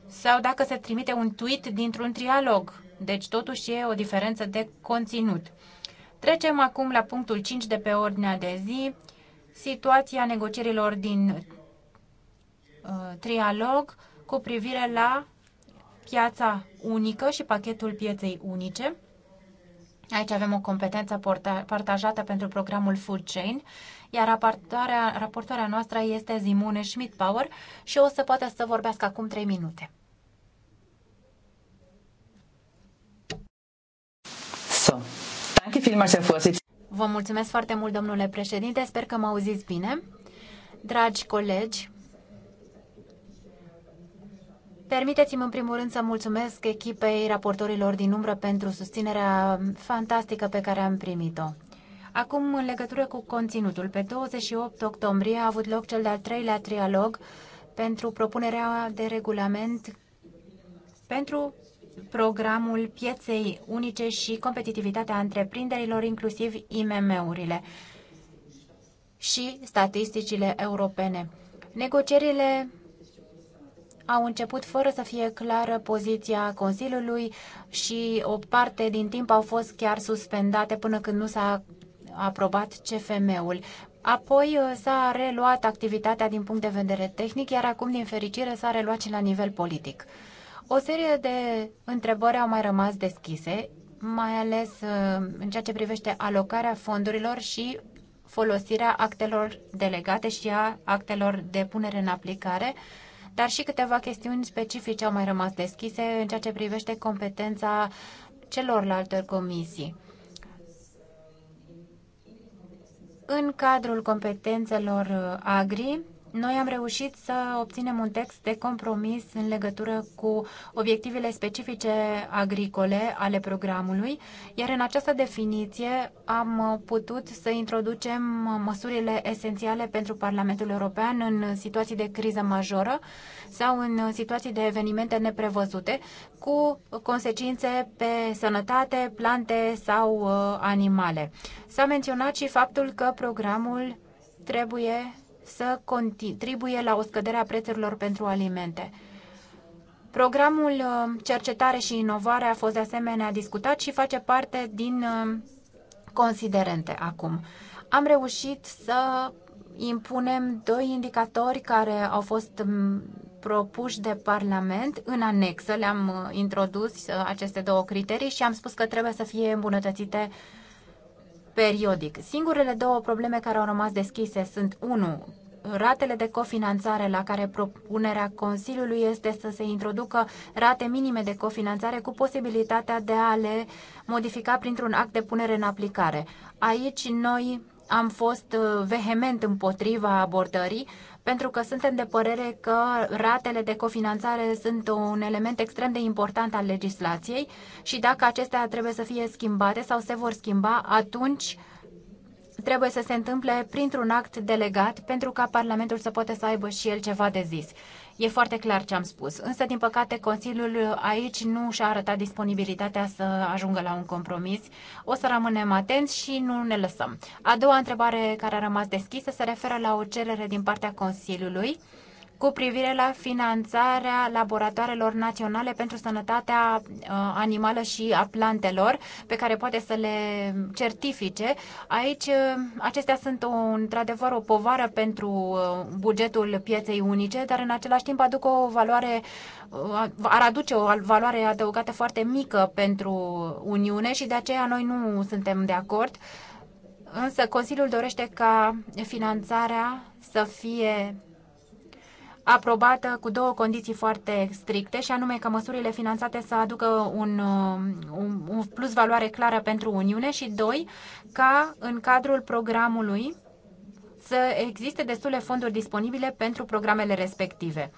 sau dacă se trimite un tweet dintr-un trialog. Deci totuși e o diferență de conținut. Trecem acum la punctul 5 de pe ordinea de zi, situația negocierilor din uh, trialog cu privire la piața unică și pachetul pieței unice. Aici avem o competență partajată pentru programul Food Chain, iar raportoarea, raportoarea noastră este Zimune Schmidt-Power și o să poată să vorbească acum 3 minute. So, thank you, Herr Vorsitzender. Vă mulțumesc foarte mult, domnule președinte. Sper că mă auziți bine. Dragi colegi, Permiteți-mi în primul rând să mulțumesc echipei raportorilor din umbră pentru susținerea fantastică pe care am primit-o. Acum, în legătură cu conținutul, pe 28 octombrie a avut loc cel de-al treilea trialog pentru propunerea de regulament pentru programul pieței unice și competitivitatea întreprinderilor, inclusiv IMM-urile și statisticile europene. Negocierile au început fără să fie clară poziția Consiliului și o parte din timp au fost chiar suspendate până când nu s-a aprobat CFM-ul. Apoi uh, s-a reluat activitatea din punct de vedere tehnic, iar acum, din fericire, s-a reluat și la nivel politic. O serie de întrebări au mai rămas deschise, mai ales uh, în ceea ce privește alocarea fondurilor și folosirea actelor delegate și a actelor de punere în aplicare, dar și câteva chestiuni specifice au mai rămas deschise în ceea ce privește competența celorlalte comisii. În cadrul competențelor uh, AGRI, noi am reușit să obținem un text de compromis în legătură cu obiectivele specifice agricole ale programului, iar în această definiție am putut să introducem măsurile esențiale pentru Parlamentul European în situații de criză majoră sau în situații de evenimente neprevăzute cu consecințe pe sănătate, plante sau uh, animale. S-a menționat și faptul că programul trebuie să contribuie la o scădere a prețurilor pentru alimente. Programul uh, Cercetare și Inovare a fost de asemenea discutat și face parte din uh, considerente acum. Am reușit să impunem doi indicatori care au fost mm, propuși de Parlament în anexă. Le-am uh, introdus aceste două criterii și am spus că trebuie să fie îmbunătățite periodic. Singurele două probleme care au rămas deschise sunt, unu, ratele de cofinanțare la care propunerea Consiliului este să se introducă rate minime de cofinanțare cu posibilitatea de a le modifica printr-un act de punere în aplicare. Aici noi am fost uh, vehement împotriva abordării pentru că suntem de părere că ratele de cofinanțare sunt un element extrem de important al legislației și dacă acestea trebuie să fie schimbate sau se vor schimba, atunci uh, trebuie să se întâmple printr-un act delegat pentru ca Parlamentul să poată să aibă și el ceva de zis. E foarte clar ce am spus, însă, din păcate, Consiliul aici nu și-a arătat disponibilitatea să ajungă la un compromis. O să rămânem atenți și nu ne lăsăm. A doua întrebare care a rămas deschisă se referă la o cerere din partea Consiliului cu privire la finanțarea laboratoarelor naționale pentru sănătatea uh, animală și a plantelor, pe care poate să le certifice. Aici, uh, acestea sunt într-adevăr o povară pentru uh, bugetul pieței unice, dar în același timp aduc o valoare ar aduce o valoare adăugată foarte mică pentru Uniune și de aceea noi nu suntem de acord. Însă Consiliul dorește ca finanțarea să fie aprobată cu două condiții foarte stricte și anume că măsurile finanțate să aducă un, um, un, un plus valoare clară pentru Uniune și doi, ca în cadrul programului să existe destule fonduri disponibile pentru programele respective.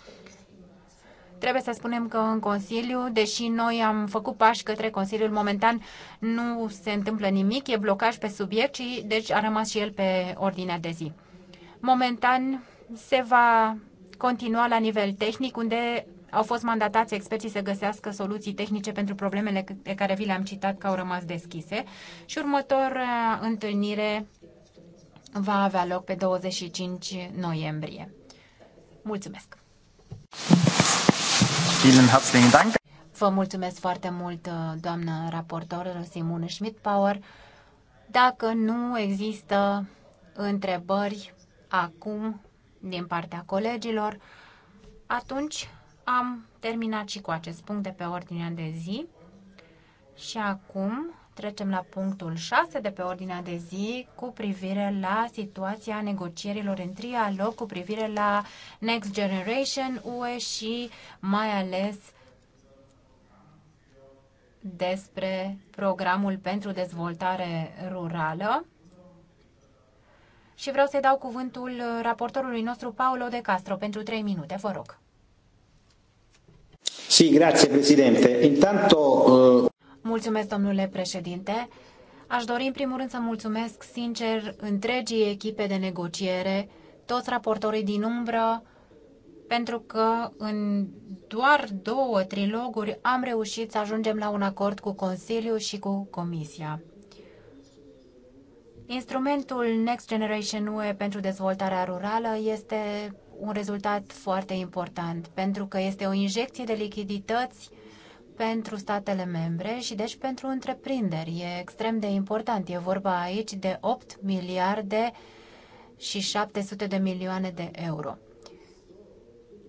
Trebuie să spunem că în Consiliu, deși noi am făcut pași către Consiliul momentan, nu se întâmplă nimic, e blocaj pe subiect și deci a rămas și el pe ordinea de zi. Momentan se va continua la nivel tehnic, unde au fost mandatați experții să găsească soluții tehnice pentru problemele pe care vi le-am citat că au rămas deschise și următoarea întâlnire va avea loc pe 25 noiembrie. Mulțumesc! Vă mulțumesc foarte mult, doamnă raportor Simone Schmidt-Power. Dacă nu există întrebări acum, din partea colegilor, atunci am terminat și cu acest punct de pe ordinea de zi. Și acum trecem la punctul 6 de pe ordinea de zi cu privire la situația negocierilor în trialog cu privire la Next Generation UE și mai ales despre programul pentru dezvoltare rurală și vreau să-i dau cuvântul uh, raportorului nostru, Paolo De Castro, pentru trei minute. Vă rog. Sì, grazie Presidente. Intanto... Uh... Mulțumesc, domnule președinte. Aș dori în primul rând să mulțumesc sincer întregii echipe de negociere, toți raportorii din umbră, pentru că în doar două triloguri am reușit să ajungem la un acord cu Consiliul și cu Comisia. Instrumentul Next Generation UE pentru dezvoltarea rurală este un rezultat foarte important, pentru că este o injecție de lichidități pentru statele membre și deci pentru întreprinderi. E extrem de important. E vorba aici de 8 miliarde și 700 de milioane de euro.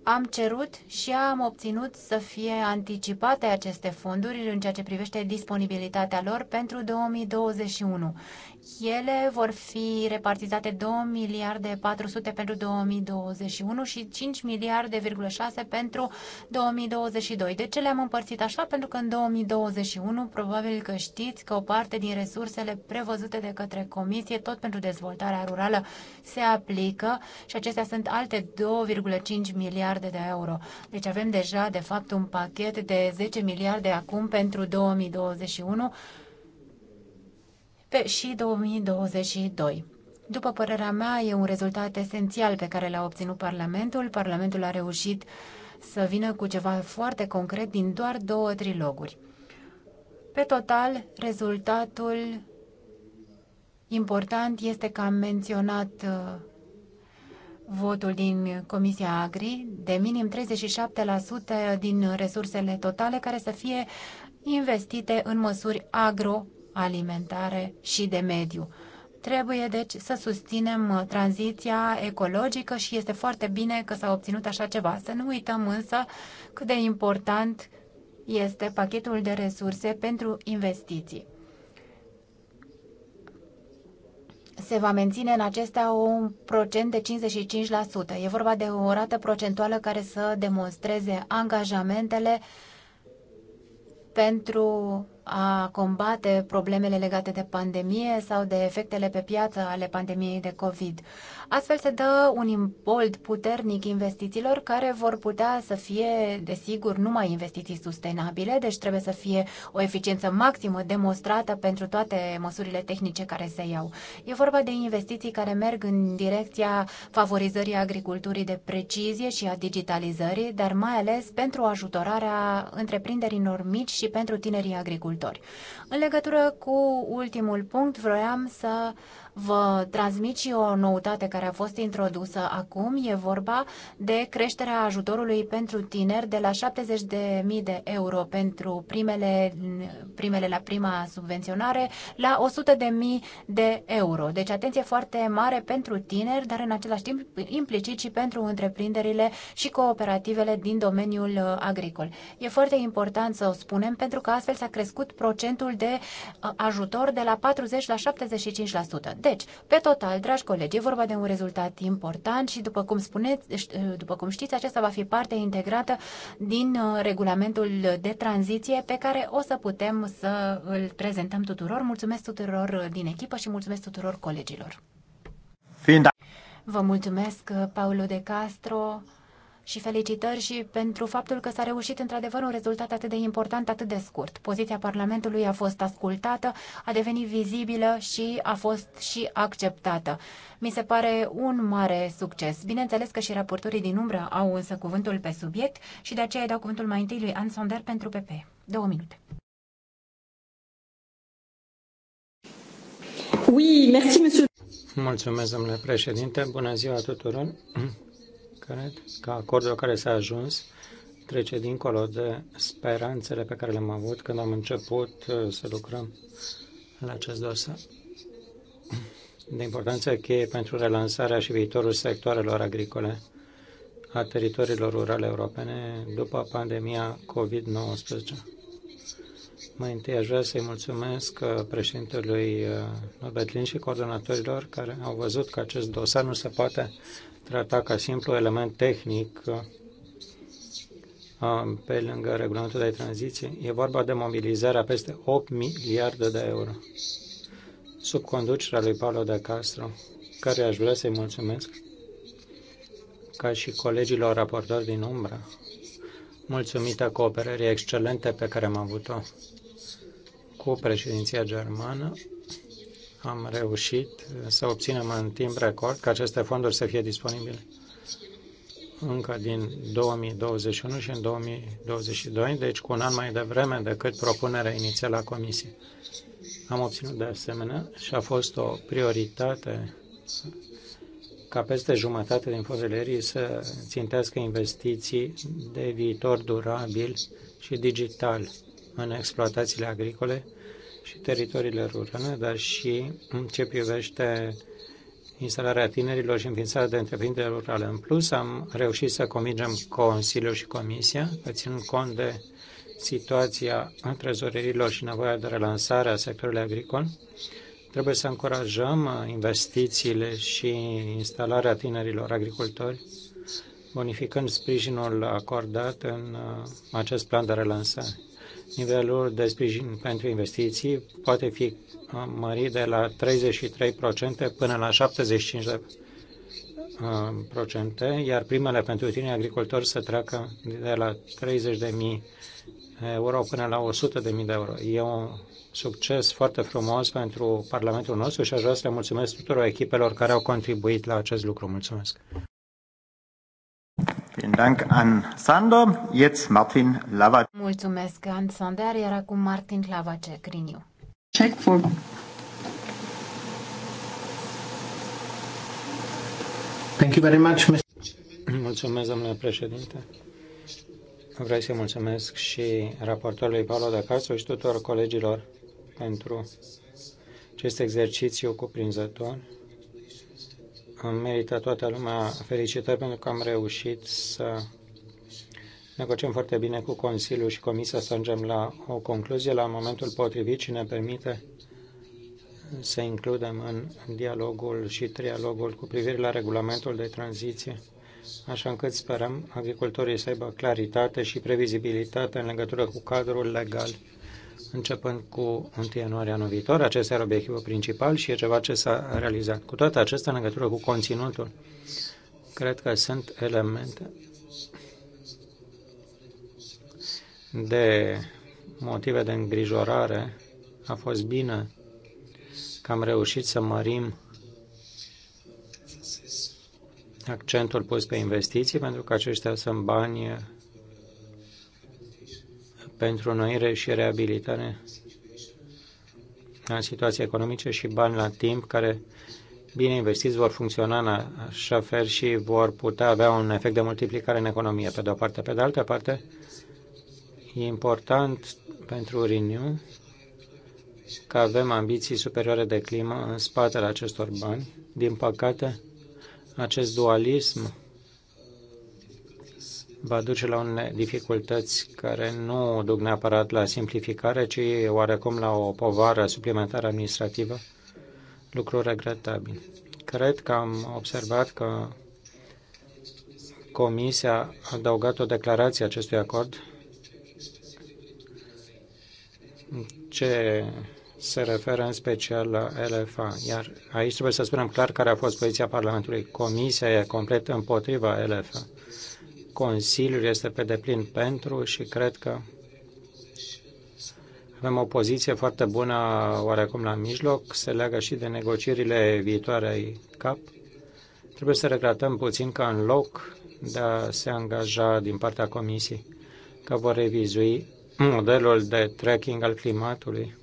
Am cerut și am obținut să fie anticipate aceste fonduri în ceea ce privește disponibilitatea lor pentru 2021. Ele vor fi repartizate 2 miliarde 400 pentru 2021 și 5 miliarde, 6 pentru 2022. De ce le-am împărțit așa? Pentru că în 2021 probabil că știți că o parte din resursele prevăzute de către Comisie tot pentru dezvoltarea rurală se aplică și acestea sunt alte 2,5 miliarde de euro. Deci avem deja de fapt un pachet de 10 miliarde acum pentru 2021 și 2022. După părerea mea, e un rezultat esențial pe care l-a obținut Parlamentul. Parlamentul a reușit să vină cu ceva foarte concret din doar două triloguri. Pe total, rezultatul important este că am menționat uh, votul din Comisia Agri de minim 37% din resursele totale care să fie investite în măsuri agro alimentare și de mediu. Trebuie, deci, să susținem uh, tranziția ecologică și este foarte bine că s-a obținut așa ceva. Să nu uităm însă cât de important este pachetul de resurse pentru investiții. se va menține în acestea un procent de 55%. E vorba de o rată procentuală care să demonstreze angajamentele pentru a combate problemele legate de pandemie sau de efectele pe piață ale pandemiei de COVID. Astfel se dă un imbold puternic investițiilor care vor putea să fie, desigur, numai investiții sustenabile, deci trebuie să fie o eficiență maximă demonstrată pentru toate măsurile tehnice care se iau. E vorba de investiții care merg în direcția favorizării agriculturii de precizie și a digitalizării, dar mai ales pentru ajutorarea întreprinderilor mici și pentru tinerii agricultori. În legătură cu ultimul punct, vroiam să uh, Vă transmit și o noutate care a fost introdusă acum. E vorba de creșterea ajutorului pentru tineri de la 70.000 de euro pentru primele, primele la prima subvenționare la 100.000 de euro. Deci atenție foarte mare pentru tineri, dar în același timp implicit și pentru întreprinderile și cooperativele din domeniul uh, agricol. E foarte important să o spunem pentru că astfel s-a crescut procentul de uh, ajutor de la 40 la 75%. Deci, pe total, dragi colegi, e vorba de un rezultat important și, după cum, spuneți, după cum știți, acesta va fi parte integrată din uh, regulamentul de tranziție pe care o să putem să îl prezentăm tuturor. Mulțumesc tuturor uh, din echipă și mulțumesc tuturor colegilor. Vă mulțumesc, uh, Paulo de Castro și felicitări și pentru faptul că s-a reușit într-adevăr un rezultat atât de important, atât de scurt. Poziția Parlamentului a fost ascultată, a devenit vizibilă și a fost și acceptată. Mi se pare un mare succes. Bineînțeles că și raportorii din umbră au însă cuvântul pe subiect și de aceea îi dau cuvântul mai întâi lui Anne Sonder pentru PP. Două minute. Oui, merci, monsieur. Mulțumesc, domnule președinte. Bună ziua tuturor. Cred că acordul la care s-a ajuns trece dincolo de speranțele pe care le-am avut când am început uh, să lucrăm la acest dosar. De importanță cheie pentru relansarea și viitorul sectoarelor agricole a teritoriilor rurale europene după pandemia COVID-19. Mai întâi aș vrea să-i mulțumesc uh, președintelui uh, Norbert și coordonatorilor care au văzut că acest dosar nu se poate trata ca simplu element tehnic uh, pe lângă regulamentul de tranziție. E vorba de mobilizarea peste 8 miliarde de euro sub conducerea lui Paolo de Castro, care aș vrea să-i mulțumesc ca și colegilor raportori din umbra, mulțumită cooperării excelente pe care am avut-o cu președinția germană am reușit să obținem în timp record ca aceste fonduri să fie disponibile încă din 2021 și în 2022, deci cu un an mai devreme decât propunerea inițială a Comisiei. Am obținut de asemenea și a fost o prioritate ca peste jumătate din fozelerii să țintească investiții de viitor durabil și digital în exploatațiile agricole și teritoriile rurale, dar și în ce privește instalarea tinerilor și înființarea de întreprindere rurale. În plus, am reușit să convingem Consiliul și Comisia că, ținând cont de situația întrezorierilor și nevoia de relansare a sectorului agricol, trebuie să încurajăm investițiile și instalarea tinerilor agricultori, bonificând sprijinul acordat în acest plan de relansare. Nivelul de sprijin pentru investiții poate fi mărit de la 33% până la 75%, uh, iar primele pentru tine agricultori să treacă de la 30.000 euro până la 100.000 de euro. E un succes foarte frumos pentru Parlamentul nostru și aș vrea să le mulțumesc tuturor echipelor care au contribuit la acest lucru. Mulțumesc! Mulțumesc, An Sander, iar acum Martin Lavacek, Renew. Check for... Thank you very much, Mr. Mulțumesc, domnule președinte. Vreau să mulțumesc și raportorului Paolo de Castro și tuturor colegilor pentru acest exercițiu cuprinzător că merită toată lumea felicitări pentru că am reușit să negociem foarte bine cu Consiliul și Comisia să ajungem la o concluzie la momentul potrivit și ne permite să includem în dialogul și trialogul cu privire la regulamentul de tranziție, așa încât sperăm agricultorii să aibă claritate și previzibilitate în legătură cu cadrul legal începând cu 1 ianuarie anul viitor. Acesta era obiectivul principal și e ceva ce s-a realizat. Cu toate acestea, în legătură cu conținutul, cred că sunt elemente de motive de îngrijorare. A fost bine că am reușit să mărim accentul pus pe investiții, pentru că aceștia sunt bani pentru noire și reabilitare în situații economice și bani la timp care bine investiți vor funcționa în așa fel și vor putea avea un efect de multiplicare în economie, pe de o parte. Pe de altă parte, e important pentru Renew că avem ambiții superioare de climă în spatele acestor bani. Din păcate, acest dualism va duce la unele dificultăți care nu duc neapărat la simplificare, ci oarecum la o povară suplimentară administrativă, lucru regretabil. Cred că am observat că Comisia a adăugat o declarație acestui acord ce se referă în special la LFA. Iar aici trebuie să spunem clar care a fost poziția Parlamentului. Comisia e complet împotriva LFA Consiliul este pe deplin pentru și cred că avem o poziție foarte bună oarecum la mijloc, se leagă și de negocierile viitoarei CAP. Trebuie să regretăm puțin că în loc de a se angaja din partea Comisiei că vor revizui modelul de tracking al climatului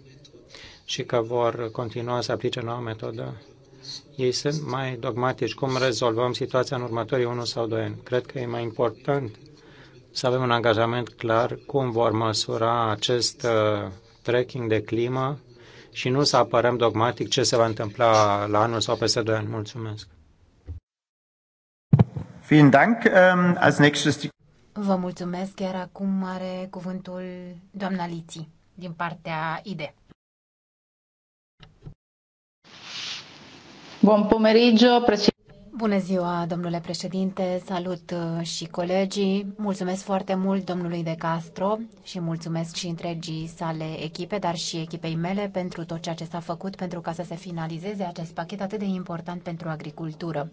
și că vor continua să aplice noua metodă, ei sunt mai dogmatici. Cum rezolvăm situația în următorii 1 sau 2 ani? Cred că e mai important să avem un angajament clar cum vor măsura acest uh, tracking de climă și nu să apărăm dogmatic ce se va întâmpla la anul sau peste 2 ani. Mulțumesc! Ähm, Vă mulțumesc. Iar acum are cuvântul doamna Liții din partea IDE. Bun pomeriggio, președinte. Bună ziua, domnule președinte, salut uh, și colegii. Mulțumesc foarte mult domnului De Castro și mulțumesc și întregii sale echipe, dar și echipei mele pentru tot ceea ce s-a făcut pentru ca să se finalizeze acest pachet atât de important pentru agricultură.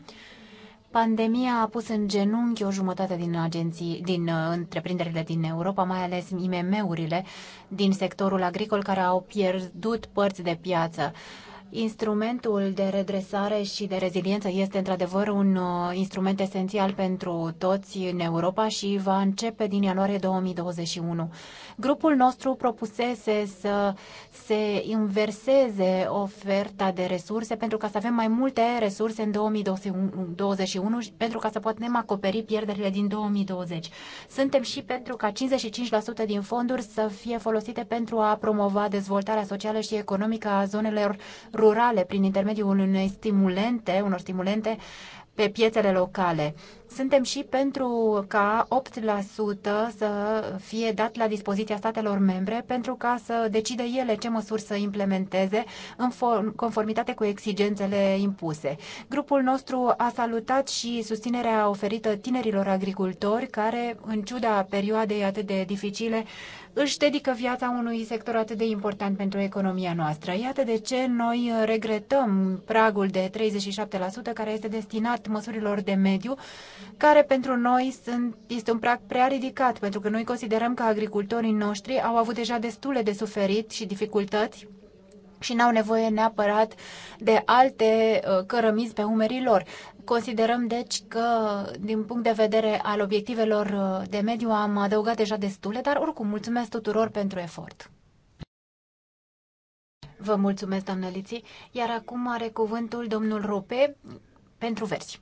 Pandemia a pus în genunchi o jumătate din agenții, din uh, întreprinderile din Europa, mai ales IMM-urile din sectorul agricol care au pierdut părți de piață. Instrumentul de redresare și de reziliență este într-adevăr un uh, instrument esențial pentru toți în Europa și va începe din ianuarie 2021. Grupul nostru propusese să se inverseze oferta de resurse pentru ca să avem mai multe resurse în 2021 pentru ca să putem acoperi pierderile din 2020. Suntem și pentru ca 55% din fonduri să fie folosite pentru a promova dezvoltarea socială și economică a zonelor rurale prin intermediul unei stimulente, unor stimulente pe piețele locale. Suntem și pentru ca 8% să fie dat la dispoziția statelor membre pentru ca să decide ele ce măsuri să implementeze în conformitate cu exigențele impuse. Grupul nostru a salutat și susținerea oferită tinerilor agricultori care, în ciuda perioadei atât de dificile, își dedică viața unui sector atât de important pentru economia noastră. Iată de ce noi regretăm pragul de 37% care este destinat măsurilor de mediu care pentru noi sunt, este un prag prea ridicat, pentru că noi considerăm că agricultorii noștri au avut deja destule de suferit și dificultăți și n-au nevoie neapărat de alte uh, cărămizi pe umerii lor. Considerăm, deci, că din punct de vedere al obiectivelor uh, de mediu am adăugat deja destule, dar oricum mulțumesc tuturor pentru efort. Vă mulțumesc, doamnă Liții. Iar acum are cuvântul domnul Rope pentru versi.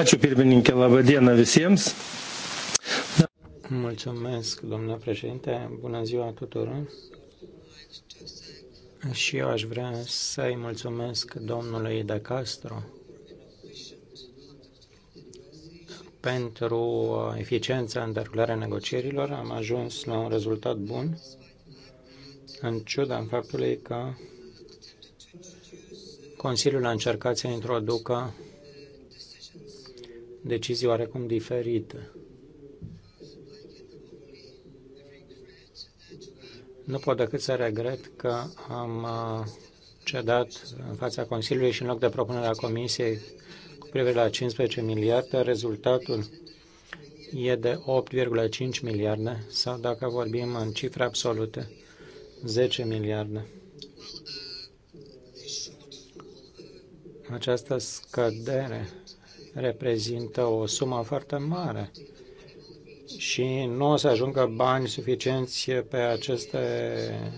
Ačiū pirmininkė, laba diena visiems. Mulțumesc, domnule președinte. Bună ziua tuturor. Și eu aș vrea să-i mulțumesc domnului De Castro pentru eficiența în derularea negocierilor. Am ajuns la un rezultat bun, în ciuda faptului că Consiliul a încercat să introducă decizii oarecum diferite. Nu pot decât să regret că am uh, cedat în fața Consiliului și în loc de propunerea Comisiei cu privire la 15 miliarde, rezultatul e de 8,5 miliarde sau, dacă vorbim în cifre absolute, 10 miliarde. Această scădere reprezintă o sumă foarte mare și nu o să ajungă bani suficienți pe aceste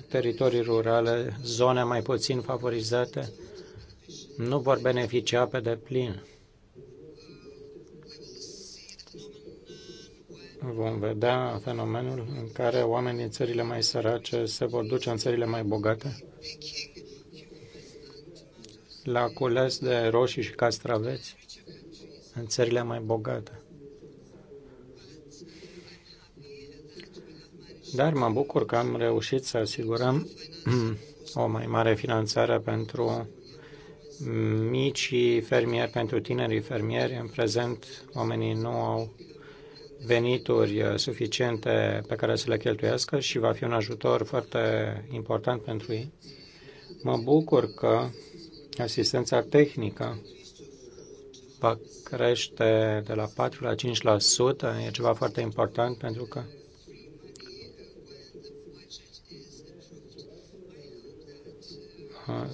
teritorii rurale, zone mai puțin favorizate, nu vor beneficia pe deplin. Vom vedea fenomenul în care oamenii din țările mai sărace se vor duce în țările mai bogate la cules de roșii și castraveți în țările mai bogate. Dar mă bucur că am reușit să asigurăm o mai mare finanțare pentru micii fermieri, pentru tinerii fermieri. În prezent, oamenii nu au venituri uh, suficiente pe care să le cheltuiască și va fi un ajutor foarte important pentru ei. Mă bucur că asistența tehnică va crește de la 4 la 5%. E ceva foarte important pentru că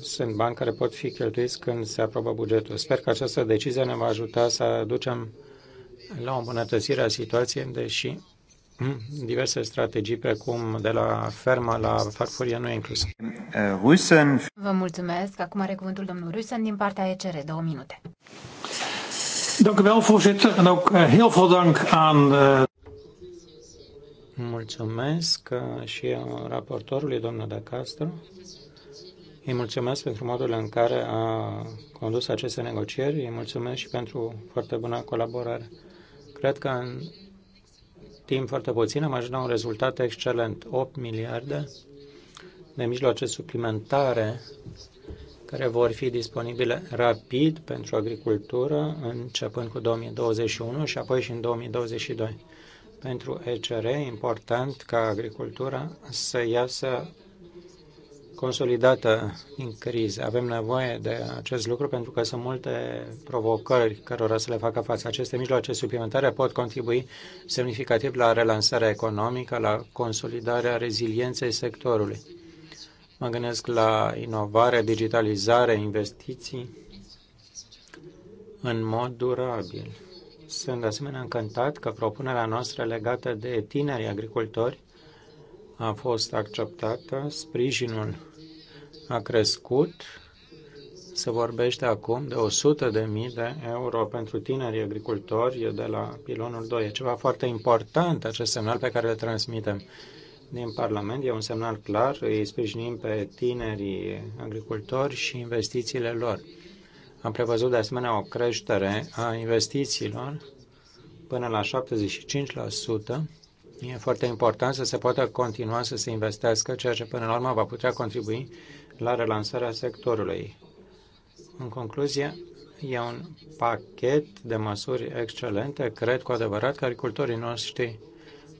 sunt bani care pot fi cheltuiți când se aprobă bugetul. Sper că această decizie ne va ajuta să ducem la o îmbunătățire a situației, deși diverse strategii precum de la fermă la farfurie nu e inclus. Vă mulțumesc. Acum are cuvântul domnul Rusen din partea ECR. Două minute. Dank u wel, voorzitter. En ook eh, heel veel dank aan... Eh, mulțumesc eh, și raportorului, domnul de Castro. Îi mulțumesc pentru modul în care a condus aceste negocieri. Îi mulțumesc și pentru foarte bună colaborare. Cred că în timp foarte puțin am ajuns la un rezultat excelent. 8 miliarde de mijloace suplimentare care vor fi disponibile rapid pentru agricultură, începând cu 2021 și apoi și în 2022. Pentru ECR e important ca agricultura să iasă consolidată din criză. Avem nevoie de acest lucru pentru că sunt multe provocări cărora să le facă față. Aceste mijloace suplimentare pot contribui semnificativ la relansarea economică, la consolidarea rezilienței sectorului Mă gândesc la inovare, digitalizare, investiții în mod durabil. Sunt de asemenea încântat că propunerea noastră legată de tineri agricultori a fost acceptată, sprijinul a crescut, se vorbește acum de 100.000 de mii de euro pentru tinerii agricultori de la pilonul 2. E ceva foarte important acest semnal pe care îl transmitem din Parlament. E un semnal clar. Îi sprijinim pe tinerii agricultori și investițiile lor. Am prevăzut de asemenea o creștere a investițiilor până la 75%. E foarte important să se poată continua să se investească, ceea ce până la urmă va putea contribui la relansarea sectorului. În concluzie, e un pachet de măsuri excelente. Cred cu adevărat că agricultorii noștri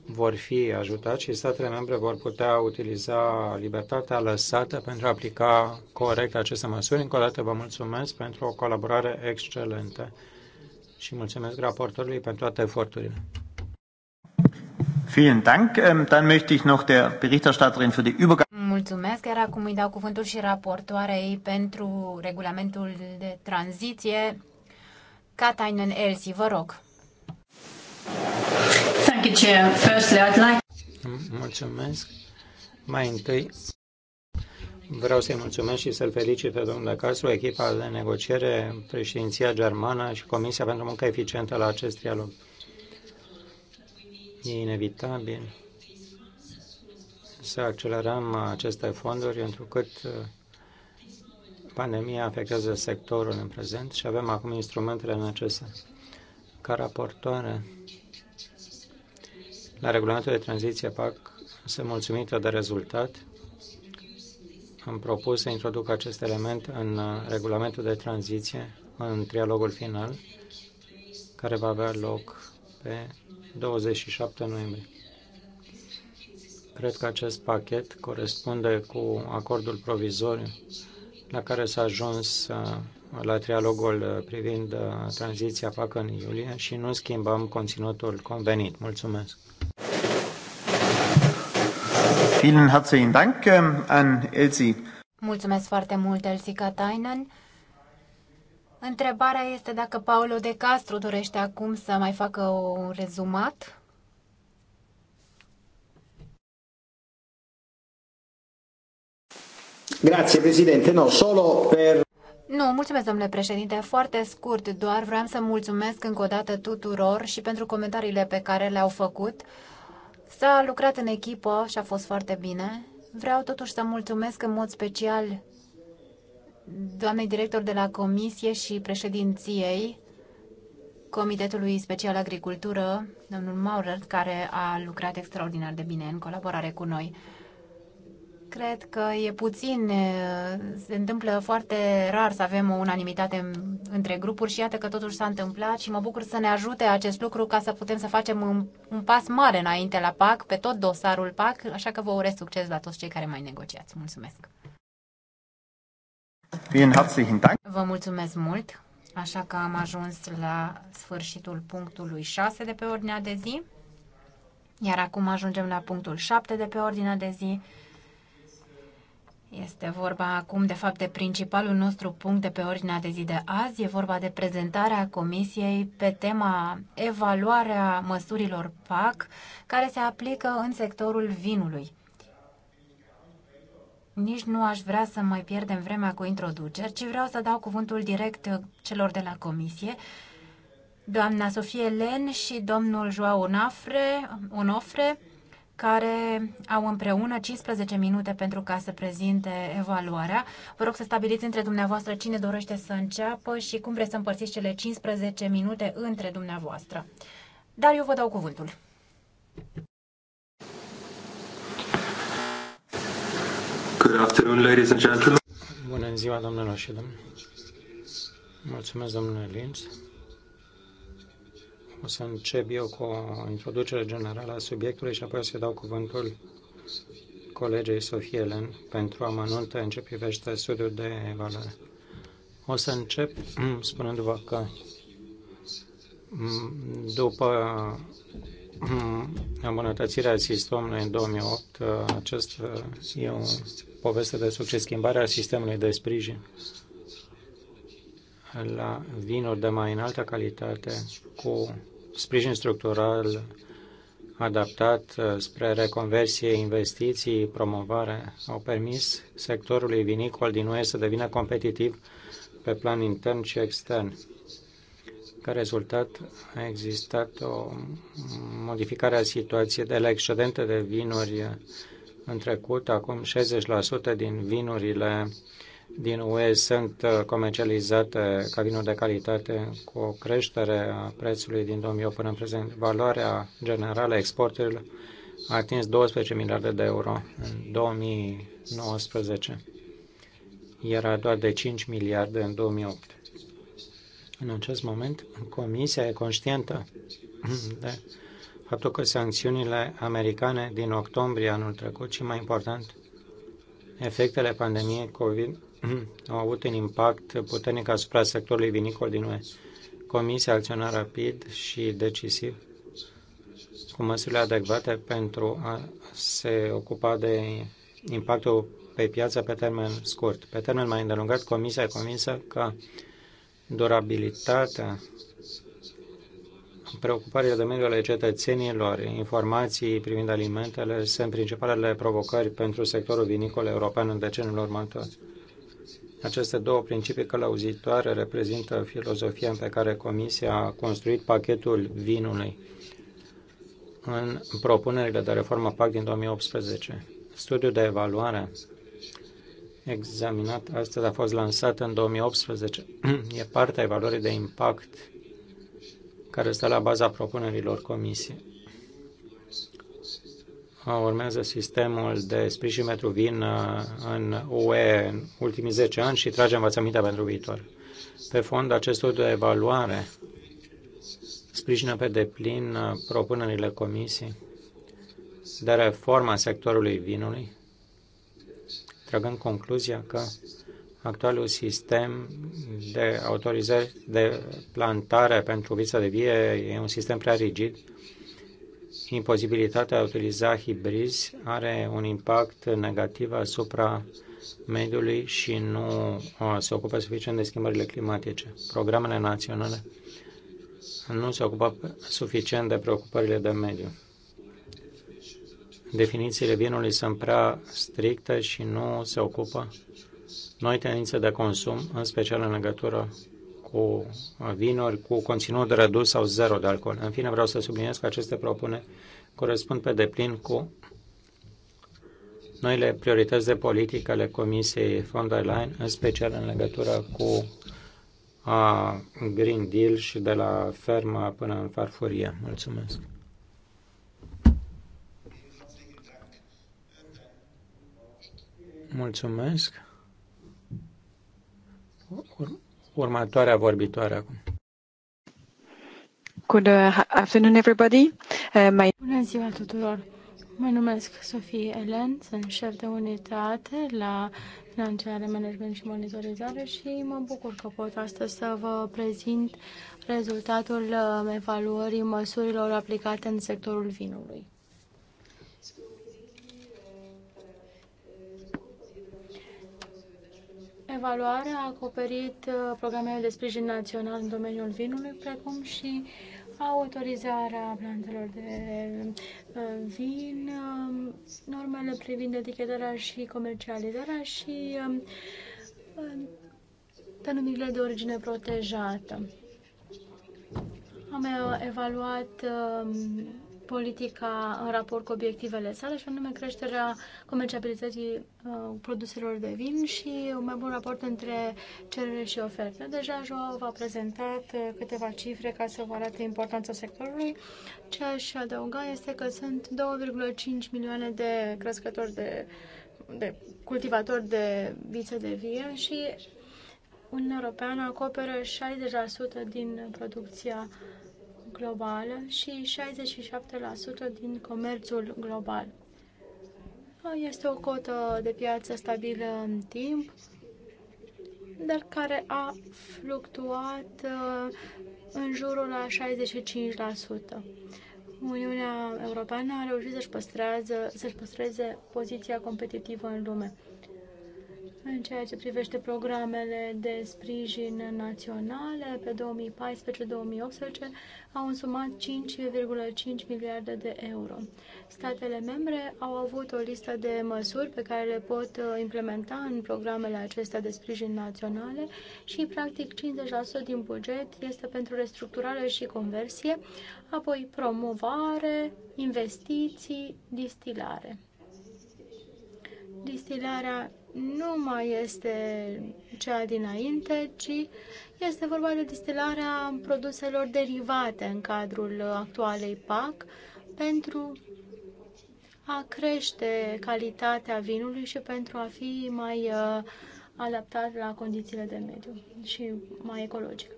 vor fi ajutați și statele membre vor putea utiliza libertatea lăsată pentru a aplica corect aceste măsuri. Încă o dată vă mulțumesc pentru o colaborare excelentă și mulțumesc raportorului pentru toate eforturile. Vielen Dank. Ähm, dann möchte ich noch der Berichterstatterin für die Übergabe. Mulțumesc, iar acum îi dau cuvântul și raportoarei pentru regulamentul de tranziție, Katainen Elsi, vă rog. Thank you, Chair. Firstly, I'd like... Mulțumesc. Mai întâi, vreau să-i mulțumesc și să-l felicit pe domnul Castro, echipa de negociere, președinția germană și Comisia pentru muncă eficientă la acest dialog. E inevitabil să accelerăm aceste fonduri, întrucât uh, pandemia afectează sectorul în prezent și avem acum instrumentele necesare. Ca raportoare, la regulamentul de tranziție PAC sunt mulțumită de rezultat. Am propus să introduc acest element în uh, regulamentul de tranziție, în trialogul final, care va avea loc pe 27 noiembrie. Cred că acest pachet corespunde cu acordul provizoriu la care s-a ajuns uh, la trialogul uh, privind uh, tranziția facă în iulie și nu schimbăm conținutul convenit. Mulțumesc! Vielen herzlichen Dank ähm, an Elsie. Mulțumesc foarte mult, Elsie Katainen. Întrebarea este dacă Paulo de Castro dorește acum să mai facă un rezumat. Grazie Presidente, no, solo per... Nu, mulțumesc, domnule președinte. Foarte scurt, doar vreau să mulțumesc încă o dată tuturor și pentru comentariile pe care le-au făcut. S-a lucrat în echipă și a fost foarte bine. Vreau totuși să mulțumesc în mod special doamnei director de la Comisie și președinției Comitetului Special Agricultură, domnul Maurer, care a lucrat extraordinar de bine în colaborare cu noi. Cred că e puțin, se întâmplă foarte rar să avem o unanimitate între grupuri și iată că totuși s-a întâmplat și mă bucur să ne ajute acest lucru ca să putem să facem un, un pas mare înainte la PAC, pe tot dosarul PAC, așa că vă urez succes la toți cei care mai negociați. Mulțumesc! Vă mulțumesc mult! Așa că am ajuns la sfârșitul punctului 6 de pe ordinea de zi, iar acum ajungem la punctul 7 de pe ordinea de zi, este vorba acum, de fapt, de principalul nostru punct de pe ordinea de zi de azi. E vorba de prezentarea Comisiei pe tema evaluarea măsurilor PAC care se aplică în sectorul vinului. Nici nu aș vrea să mai pierdem vremea cu introduceri, ci vreau să dau cuvântul direct celor de la Comisie, doamna Sofie Len și domnul Joao Unafre. Unofre care au împreună 15 minute pentru ca să prezinte evaluarea. Vă rog să stabiliți între dumneavoastră cine dorește să înceapă și cum vreți să împărțiți cele 15 minute între dumneavoastră. Dar eu vă dau cuvântul. Good afternoon, ladies and gentlemen. Bună ziua, domnilor și domnilor. Mulțumesc, domnule Linz o să încep eu cu o introducere generală a subiectului și apoi o să dau cuvântul colegei Sofie Len pentru amănunte în ce privește studiul de evaluare. O să încep spunându-vă că mm, după mm, îmbunătățirea sistemului în 2008, acest e o poveste de succes, schimbarea sistemului de sprijin la vinuri de mai înaltă calitate cu sprijin structural adaptat uh, spre reconversie, investiții, promovare, au permis sectorului vinicol din UE să devină competitiv pe plan intern și extern. Ca rezultat, a existat o modificare a situației de la excedente de vinuri în trecut, acum 60% din vinurile din UE sunt uh, comercializate ca vinuri de calitate cu o creștere a prețului din 2008 până în prezent. Valoarea generală a exporturilor a atins 12 miliarde de euro în 2019. Era doar de 5 miliarde în 2008. În acest moment, Comisia e conștientă de faptul că sancțiunile americane din octombrie anul trecut și, mai important, efectele pandemiei COVID Mhm. au avut un impact puternic asupra sectorului vinicol din UE. Comisia a acționat rapid și decisiv cu măsurile adecvate pentru a se ocupa de impactul pe piață pe termen scurt. Pe termen mai îndelungat, Comisia e convinsă că durabilitatea, preocupările de mediul cetățenilor, informații privind alimentele sunt principalele provocări pentru sectorul vinicol european în deceniul următor. Aceste două principii călăuzitoare reprezintă filozofia pe care Comisia a construit pachetul vinului în propunerile de reformă PAC din 2018. Studiul de evaluare examinat astăzi a fost lansat în 2018. E partea evaluării de impact care stă la baza propunerilor Comisiei urmează sistemul de sprijin pentru vin uh, în UE în ultimii 10 ani și trage învățămintea pentru viitor. Pe fond, acest studiu de evaluare sprijină pe deplin uh, propunerile comisiei de reforma sectorului vinului, trăgând concluzia că actualul sistem de autorizări de plantare pentru vița de vie e un sistem prea rigid imposibilitatea de a utiliza hibrizi are un impact negativ asupra mediului și nu uh, se ocupă suficient de schimbările climatice. Programele naționale nu se ocupă suficient de preocupările de mediu. Definițiile vinului sunt prea stricte și nu se ocupă noi tendințe de consum, în special în legătură cu vinuri cu conținut redus sau zero de alcool. În fine, vreau să subliniez că aceste propune corespund pe deplin cu noile priorități de politică ale Comisiei von der Leyen, în special în legătură cu a Green Deal și de la fermă până în farfurie. Mulțumesc! Mulțumesc! Ur Următoarea vorbitoare acum. Good uh, afternoon, everybody. Uh, my... Bună ziua tuturor! Mă numesc Sofie Elen, sunt șef de unitate la Financiare, management și monitorizare și mă bucur că pot astăzi să vă prezint rezultatul evaluării măsurilor aplicate în sectorul vinului. Evaluarea a acoperit uh, programele de sprijin național în domeniul vinului, precum și autorizarea plantelor de uh, vin, uh, normele privind etichetarea și comercializarea și um, denumirile de origine protejată. Am evaluat um, politica în raport cu obiectivele sale și anume creșterea comerciabilității uh, produselor de vin și un mai bun raport între cerere și ofertă. Deja Jo v-a prezentat câteva cifre ca să vă arate importanța sectorului. Ce aș adăuga este că sunt 2,5 milioane de crescători de, de cultivatori de vițe de vie și Uniunea Europeană acoperă 60% din producția uh, globală și 67% din comerțul global. Este o cotă de piață stabilă în timp, dar care a fluctuat uh, în jurul la 65%. Uniunea Europeană a reușit să-și păstreze, să păstreze poziția competitivă în lume în ceea ce privește programele de sprijin naționale pe 2014-2018 au însumat 5,5 miliarde de euro. Statele membre au avut o listă de măsuri pe care le pot uh, implementa în programele acestea de sprijin naționale și practic 50% din buget este pentru restructurare și conversie, apoi promovare, investiții, distilare. Distilarea nu mai este cea dinainte, ci este vorba de distilarea produselor derivate în cadrul actualei PAC pentru a crește calitatea vinului și pentru a fi mai uh, adaptat la condițiile de mediu și mai ecologic.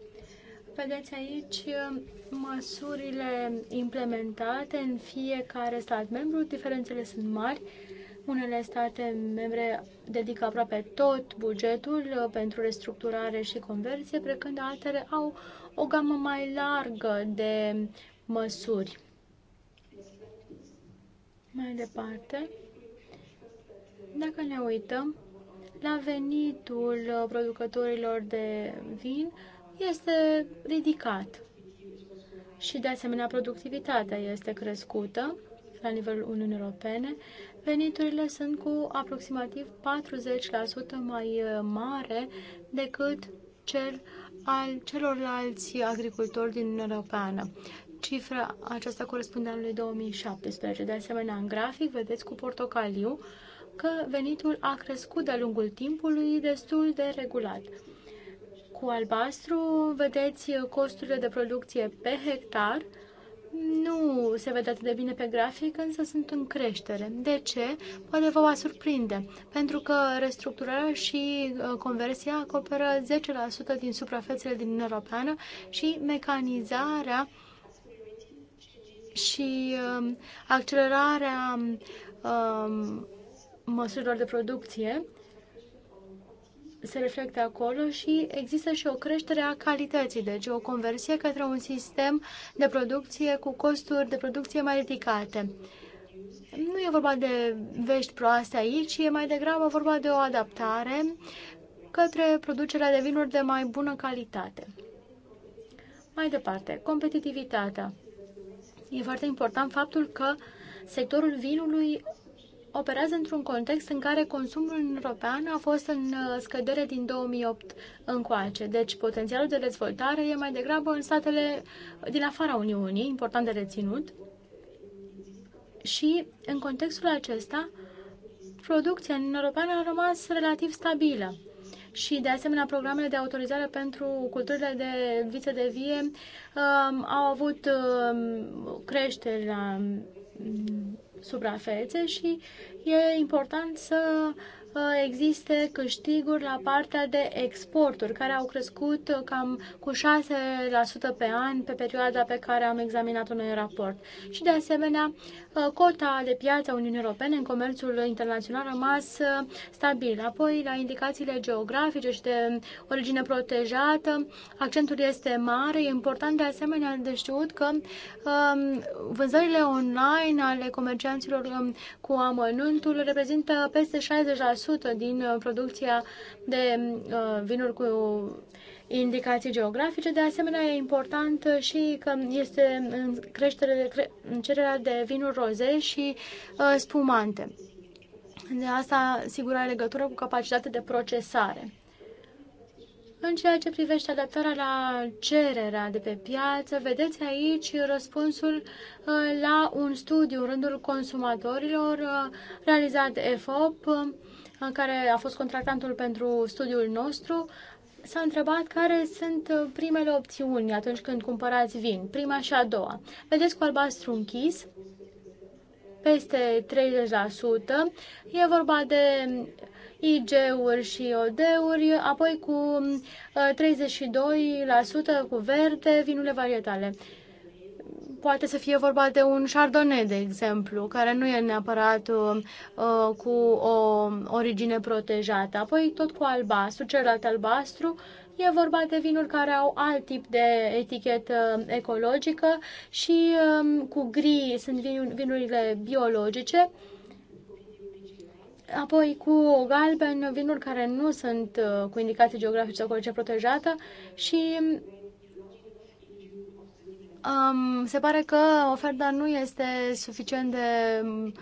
Vedeți aici uh, măsurile implementate în fiecare stat membru. Diferențele sunt mari unele state membre dedică aproape tot bugetul uh, pentru restructurare și conversie, pe când altele au o gamă mai largă de măsuri. Mai departe, dacă ne uităm la venitul uh, producătorilor de vin, este ridicat. Și de asemenea productivitatea este crescută la nivelul Uniunii Europene, veniturile sunt cu aproximativ 40% mai eh, mare decât cel al celorlalți agricultori din Uniunea Europeană. Cifra aceasta corespunde anului 2017. De asemenea, în grafic vedeți cu portocaliu că venitul a crescut de-a lungul timpului destul de regulat. Cu albastru vedeți costurile de producție pe hectar, nu se vede atât de bine pe grafic, însă sunt în creștere. De ce? Poate vă va surprinde, pentru că restructurarea și uh, conversia acoperă 10% din suprafețele din Uniunea Europeană și mecanizarea și um, accelerarea um, măsurilor de producție se reflectă acolo și există și o creștere a calității, deci o conversie către un sistem de producție cu costuri de producție mai ridicate. Nu e vorba de vești proaste aici, ci e mai degrabă vorba de o adaptare către producerea de vinuri de mai bună calitate. Mai departe, competitivitatea. E foarte important faptul că sectorul vinului operează într-un context în care consumul european a fost în uh, scădere din 2008 încoace. Deci potențialul de dezvoltare e mai degrabă în statele din afara Uniunii, important de reținut. Și în contextul acesta, producția în europeană a rămas relativ stabilă. Și, de asemenea, programele de autorizare pentru culturile de viță de vie um, au avut um, creșteri la suprafețe și e important să existe câștiguri la partea de exporturi, care au crescut cam cu 6% pe an pe perioada pe care am examinat-o noi în raport. Și de asemenea, cota de piață a Uniunii Europene în comerțul internațional a rămas stabil. Apoi, la indicațiile geografice și de origine protejată, accentul este mare. E important de asemenea de știut că um, vânzările online ale comercianților um, cu amănuntul reprezintă peste 60% din uh, producția de uh, vinuri cu indicații geografice. De asemenea, e important și că este în creștere în cererea de vinuri roze și uh, spumante. De asta, sigur, are legătură cu capacitatea de procesare. În ceea ce privește adaptarea la cererea de pe piață, vedeți aici răspunsul la un studiu în rândul consumatorilor realizat EFOP în care a fost contractantul pentru studiul nostru, s-a întrebat care sunt uh, primele opțiuni atunci când cumpărați vin, prima și a doua. Vedeți cu albastru închis, peste 30%, e vorba de IG-uri și OD-uri, apoi cu 32% uh, cu verde, vinurile varietale. Poate să fie vorba de un chardonnay, de exemplu, care nu e neapărat uh, uh, cu o origine protejată. Apoi tot cu albastru, celălalt albastru, e vorba de vinuri care au alt tip de etichetă uh, ecologică și um, cu gri sunt vinurile biologice. Apoi cu galben vinuri care nu sunt uh, cu indicații geografice orice protejată și um, um, se pare că oferta nu este suficient de mm,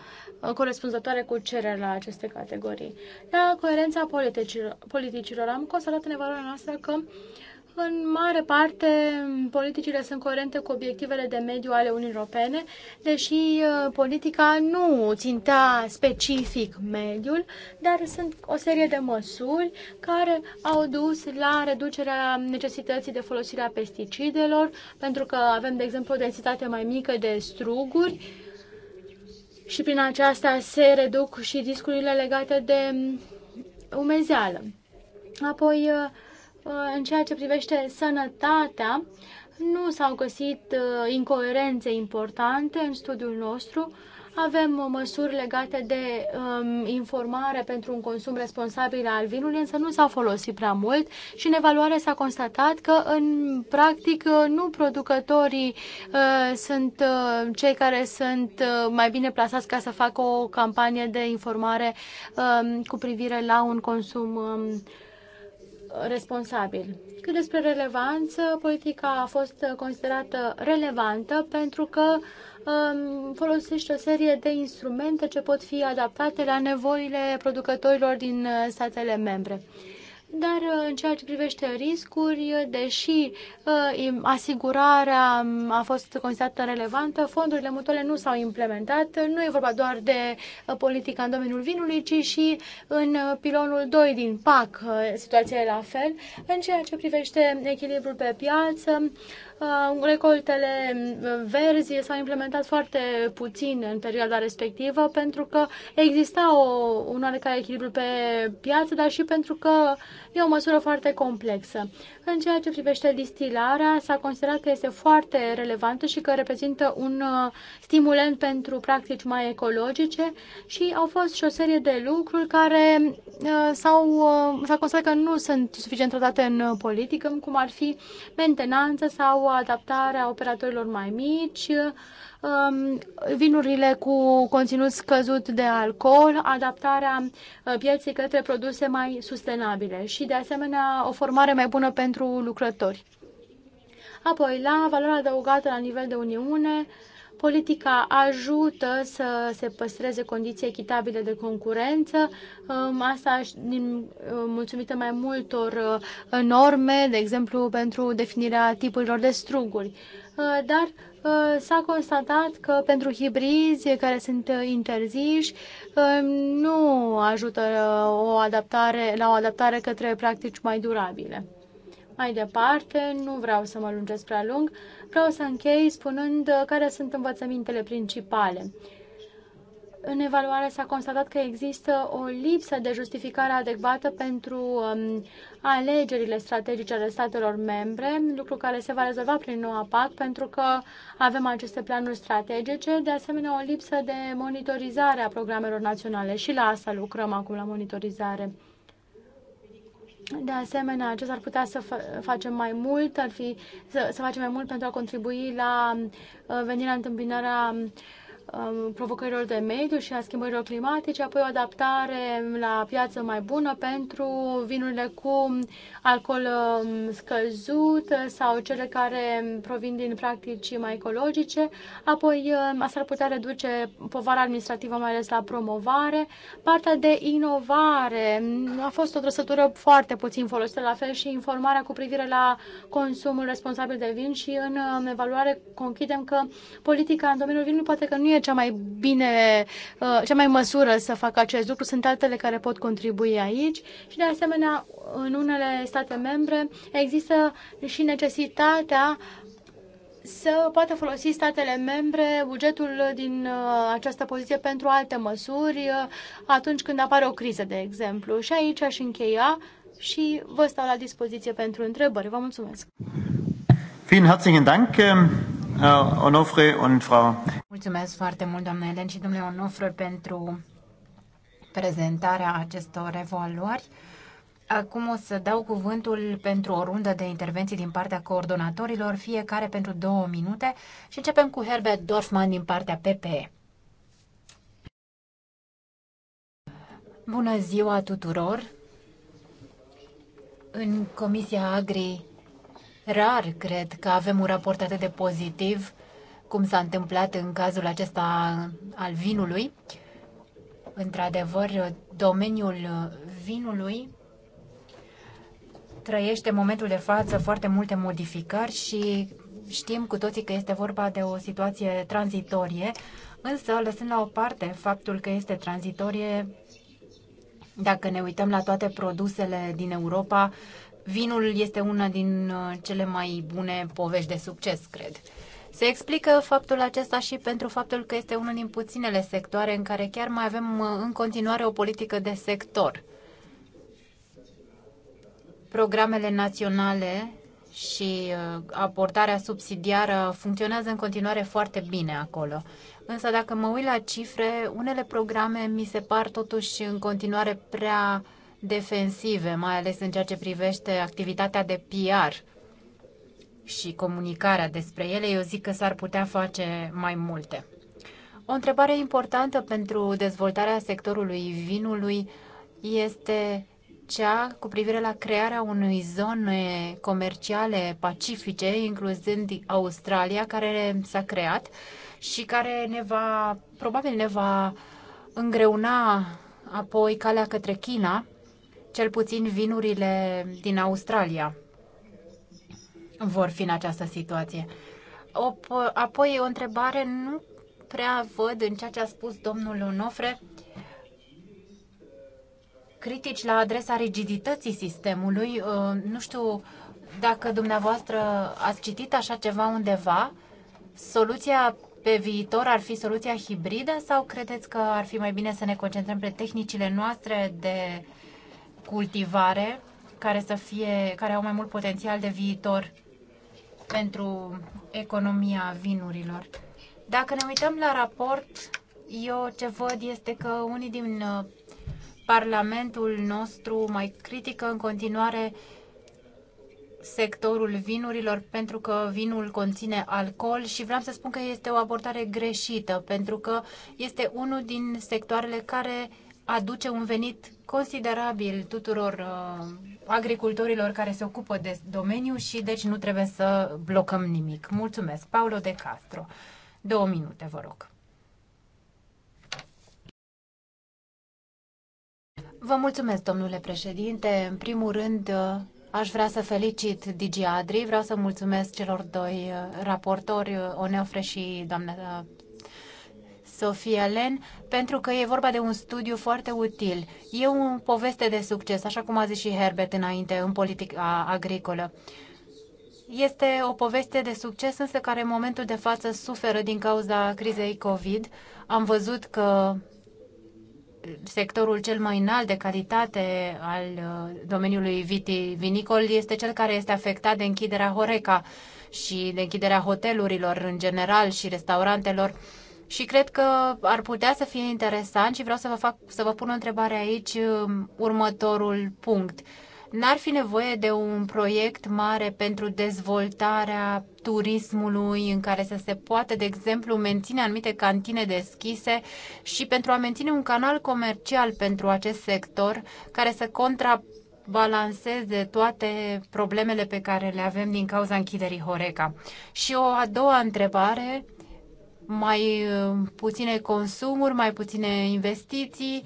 corespunzătoare cu cererea la aceste categorii. La coerența politicilor, politicilor am constatat în evaluarea noastră că uh, în mare parte, politicile sunt coerente cu obiectivele de mediu ale Uniunii Europene, deși uh, politica nu țintea specific mediul, dar sunt o serie de măsuri care au dus la reducerea necesității de folosire a pesticidelor, pentru că avem, de exemplu, o densitate mai mică de struguri și prin aceasta se reduc și riscurile legate de umezeală. Apoi, uh, în ceea ce privește sănătatea, nu s-au găsit uh, incoerențe importante în studiul nostru. Avem uh, măsuri legate de um, informare pentru un consum responsabil al vinului, însă nu s-au folosit prea mult și în evaluare s-a constatat că, în practic, uh, nu producătorii uh, sunt uh, cei care sunt uh, mai bine plasați ca să facă o campanie de informare uh, cu privire la un consum. Uh, responsabil. Cât despre relevanță, politica a fost considerată relevantă pentru că um, folosește o serie de instrumente ce pot fi adaptate la nevoile producătorilor din uh, statele membre. Dar uh, în ceea ce privește riscuri, deși uh, asigurarea um, a fost considerată relevantă, fondurile mutuale nu s-au implementat. Nu e vorba doar de uh, politica în domeniul vinului, ci și în pilonul 2 din PAC, situația e la fel. În ceea ce privește echilibrul pe piață, recoltele mm, verzi s-au implementat foarte puțin în perioada respectivă pentru că exista o, un oarecare echilibru pe piață, dar și pentru că e o măsură foarte complexă. În ceea ce privește distilarea, s-a considerat că este foarte relevantă și că reprezintă un uh, stimulent pentru practici mai ecologice și au fost și o serie de lucruri care uh, s-au, uh, s-a considerat că nu sunt suficient tratate în politică, cum ar fi mentenanță sau adaptarea operatorilor mai mici, um, vinurile cu conținut scăzut de alcool, adaptarea uh, pieței către produse mai sustenabile și, de asemenea, o formare mai bună pentru lucrători. Apoi, la valoarea adăugată la nivel de Uniune, Politica ajută să se păstreze condiții echitabile de concurență, um, asta din, uh, mulțumită mai multor uh, norme, de exemplu pentru definirea tipurilor de struguri. Uh, dar s-a constatat că pentru hibrizi care sunt interziși um, nu ajută o adaptare, la o adaptare către practici mai durabile mai departe, nu vreau să mă lungesc prea lung, vreau să închei spunând uh, care sunt învățămintele principale. În evaluare s-a constatat că există o lipsă de justificare adecvată pentru um, alegerile strategice ale statelor membre, lucru care se va rezolva prin noua PAC, pentru că avem aceste planuri strategice, de asemenea o lipsă de monitorizare a programelor naționale și la asta lucrăm acum la monitorizare. De asemenea, acest ar putea să facem mai mult, ar fi să, să facem mai mult pentru a contribui la uh, venirea întâmpinarea Um, provocărilor de mediu și a schimbărilor climatice, apoi o adaptare la piață mai bună pentru vinurile cu alcool um, scăzut sau cele care provin din practici mai ecologice, apoi um, asta ar putea reduce povara administrativă, mai ales la promovare. Partea de inovare mm, a fost o trăsătură foarte puțin folosită, la fel și informarea cu privire la consumul responsabil de vin și în evaluare conchidem că politica în domeniul vinului poate că nu e cea mai bine, uh, cea mai măsură să facă acest lucru. Sunt altele care pot contribui aici și, de asemenea, în unele state membre există și necesitatea să poată folosi statele membre bugetul din uh, această poziție pentru alte măsuri uh, atunci când apare o criză, de exemplu. Și aici aș încheia și vă stau la dispoziție pentru întrebări. Vă mulțumesc! Vielen herzlichen Dank, ähm, Onofre und Frau. Mulțumesc foarte mult, doamna Elen și domnule Onofre, pentru prezentarea acestor evaluări. Acum o să dau cuvântul pentru o rundă de intervenții din partea coordonatorilor, fiecare pentru două minute și începem cu Herbert Dorfman din partea PPE. Bună ziua tuturor! În Comisia Agri Rar cred că avem un raport atât de pozitiv cum s-a întâmplat în cazul acesta al vinului. Într-adevăr, domeniul vinului trăiește în momentul de față foarte multe modificări și știm cu toții că este vorba de o situație tranzitorie, însă lăsând la o parte faptul că este tranzitorie, dacă ne uităm la toate produsele din Europa, vinul este una din uh, cele mai bune povești de succes, cred. Se explică faptul acesta și pentru faptul că este unul din puținele sectoare în care chiar mai avem uh, în continuare o politică de sector. Programele naționale și uh, aportarea subsidiară funcționează în continuare foarte bine acolo. Însă dacă mă uit la cifre, unele programe mi se par totuși în continuare prea uh, defensive, mai ales în ceea ce privește activitatea de PR și comunicarea despre ele, eu zic că s-ar putea face mai multe. O întrebare importantă pentru dezvoltarea sectorului vinului este cea cu privire la crearea unei zone comerciale pacifice, incluzând Australia, care s-a creat și care ne va, probabil ne va îngreuna apoi calea către China, cel puțin vinurile din Australia vor fi în această situație. O, apoi o întrebare nu prea văd în ceea ce a spus domnul Onofre critici la adresa rigidității sistemului. Uh, nu știu dacă dumneavoastră ați citit așa ceva undeva. Soluția pe viitor ar fi soluția hibridă sau credeți că ar fi mai bine să ne concentrăm pe tehnicile noastre de uh, cultivare care să fie, care au mai mult potențial de viitor pentru economia vinurilor. Dacă ne uităm la raport, eu ce văd este că unii din uh, Parlamentul nostru mai critică în continuare sectorul vinurilor pentru că vinul conține alcool și vreau să spun că este o abordare greșită pentru că este unul din sectoarele care aduce un venit considerabil tuturor uh, agricultorilor care se ocupă de domeniu și deci nu trebuie să blocăm nimic. Mulțumesc. Paulo de Castro. Două minute, vă rog. Vă mulțumesc, domnule președinte. În primul rând, uh, aș vrea să felicit Digi Adri. Vreau să mulțumesc celor doi uh, raportori, uh, Oneofre și doamna Sofia Len, pentru că e vorba de un studiu foarte util. E o poveste de succes, așa cum a zis și Herbert înainte, în politica agricolă. Este o poveste de succes, însă care în momentul de față suferă din cauza crizei COVID. Am văzut că sectorul cel mai înalt de calitate al uh, domeniului vitivinicol este cel care este afectat de închiderea Horeca și de închiderea hotelurilor în general și restaurantelor și cred că ar putea să fie interesant și vreau să vă, fac, să vă pun o întrebare aici, um, următorul punct. N-ar fi nevoie de un proiect mare pentru dezvoltarea turismului în care să se poată, de exemplu, menține anumite cantine deschise și pentru a menține un canal comercial pentru acest sector care să contrabalanceze toate problemele pe care le avem din cauza închiderii Horeca. Și o a doua întrebare mai uh, puține consumuri, mai puține investiții,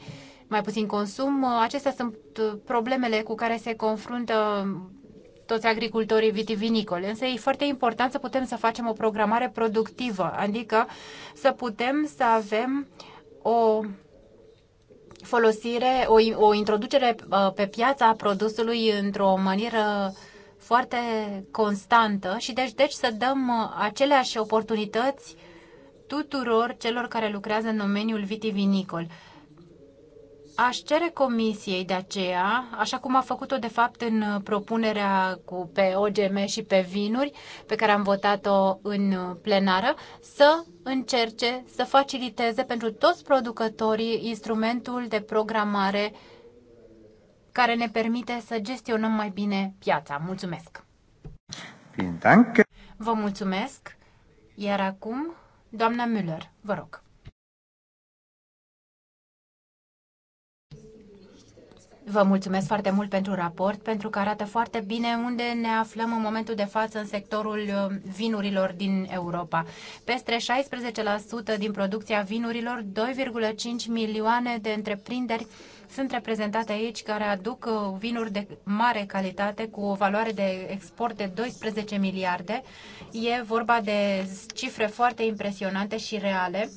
mai puțin consum. Uh, acestea sunt uh, problemele cu care se confruntă toți agricultorii vitivinicoli, însă e foarte important să putem să facem o programare productivă, adică să putem să avem o folosire, o, o introducere pe piața produsului într-o manieră foarte constantă și deci, deci să dăm aceleași oportunități tuturor celor care lucrează în domeniul vitivinicol. Aș cere comisiei de aceea, așa cum a făcut-o de fapt în uh, propunerea cu pe OGM și pe vinuri, pe care am votat-o în uh, plenară, să încerce să faciliteze pentru toți producătorii instrumentul de programare care ne permite să gestionăm mai bine piața. Mulțumesc! Vă mulțumesc! Iar acum Doamna Müller, vă rog. Vă mulțumesc foarte mult pentru raport, pentru că arată foarte bine unde ne aflăm în momentul de față în sectorul uh, vinurilor din Europa. Peste 16% din producția vinurilor, 2,5 milioane de întreprinderi sunt reprezentate aici care aduc uh, vinuri de mare calitate cu o valoare de export de 12 miliarde. E vorba de cifre foarte impresionante și reale.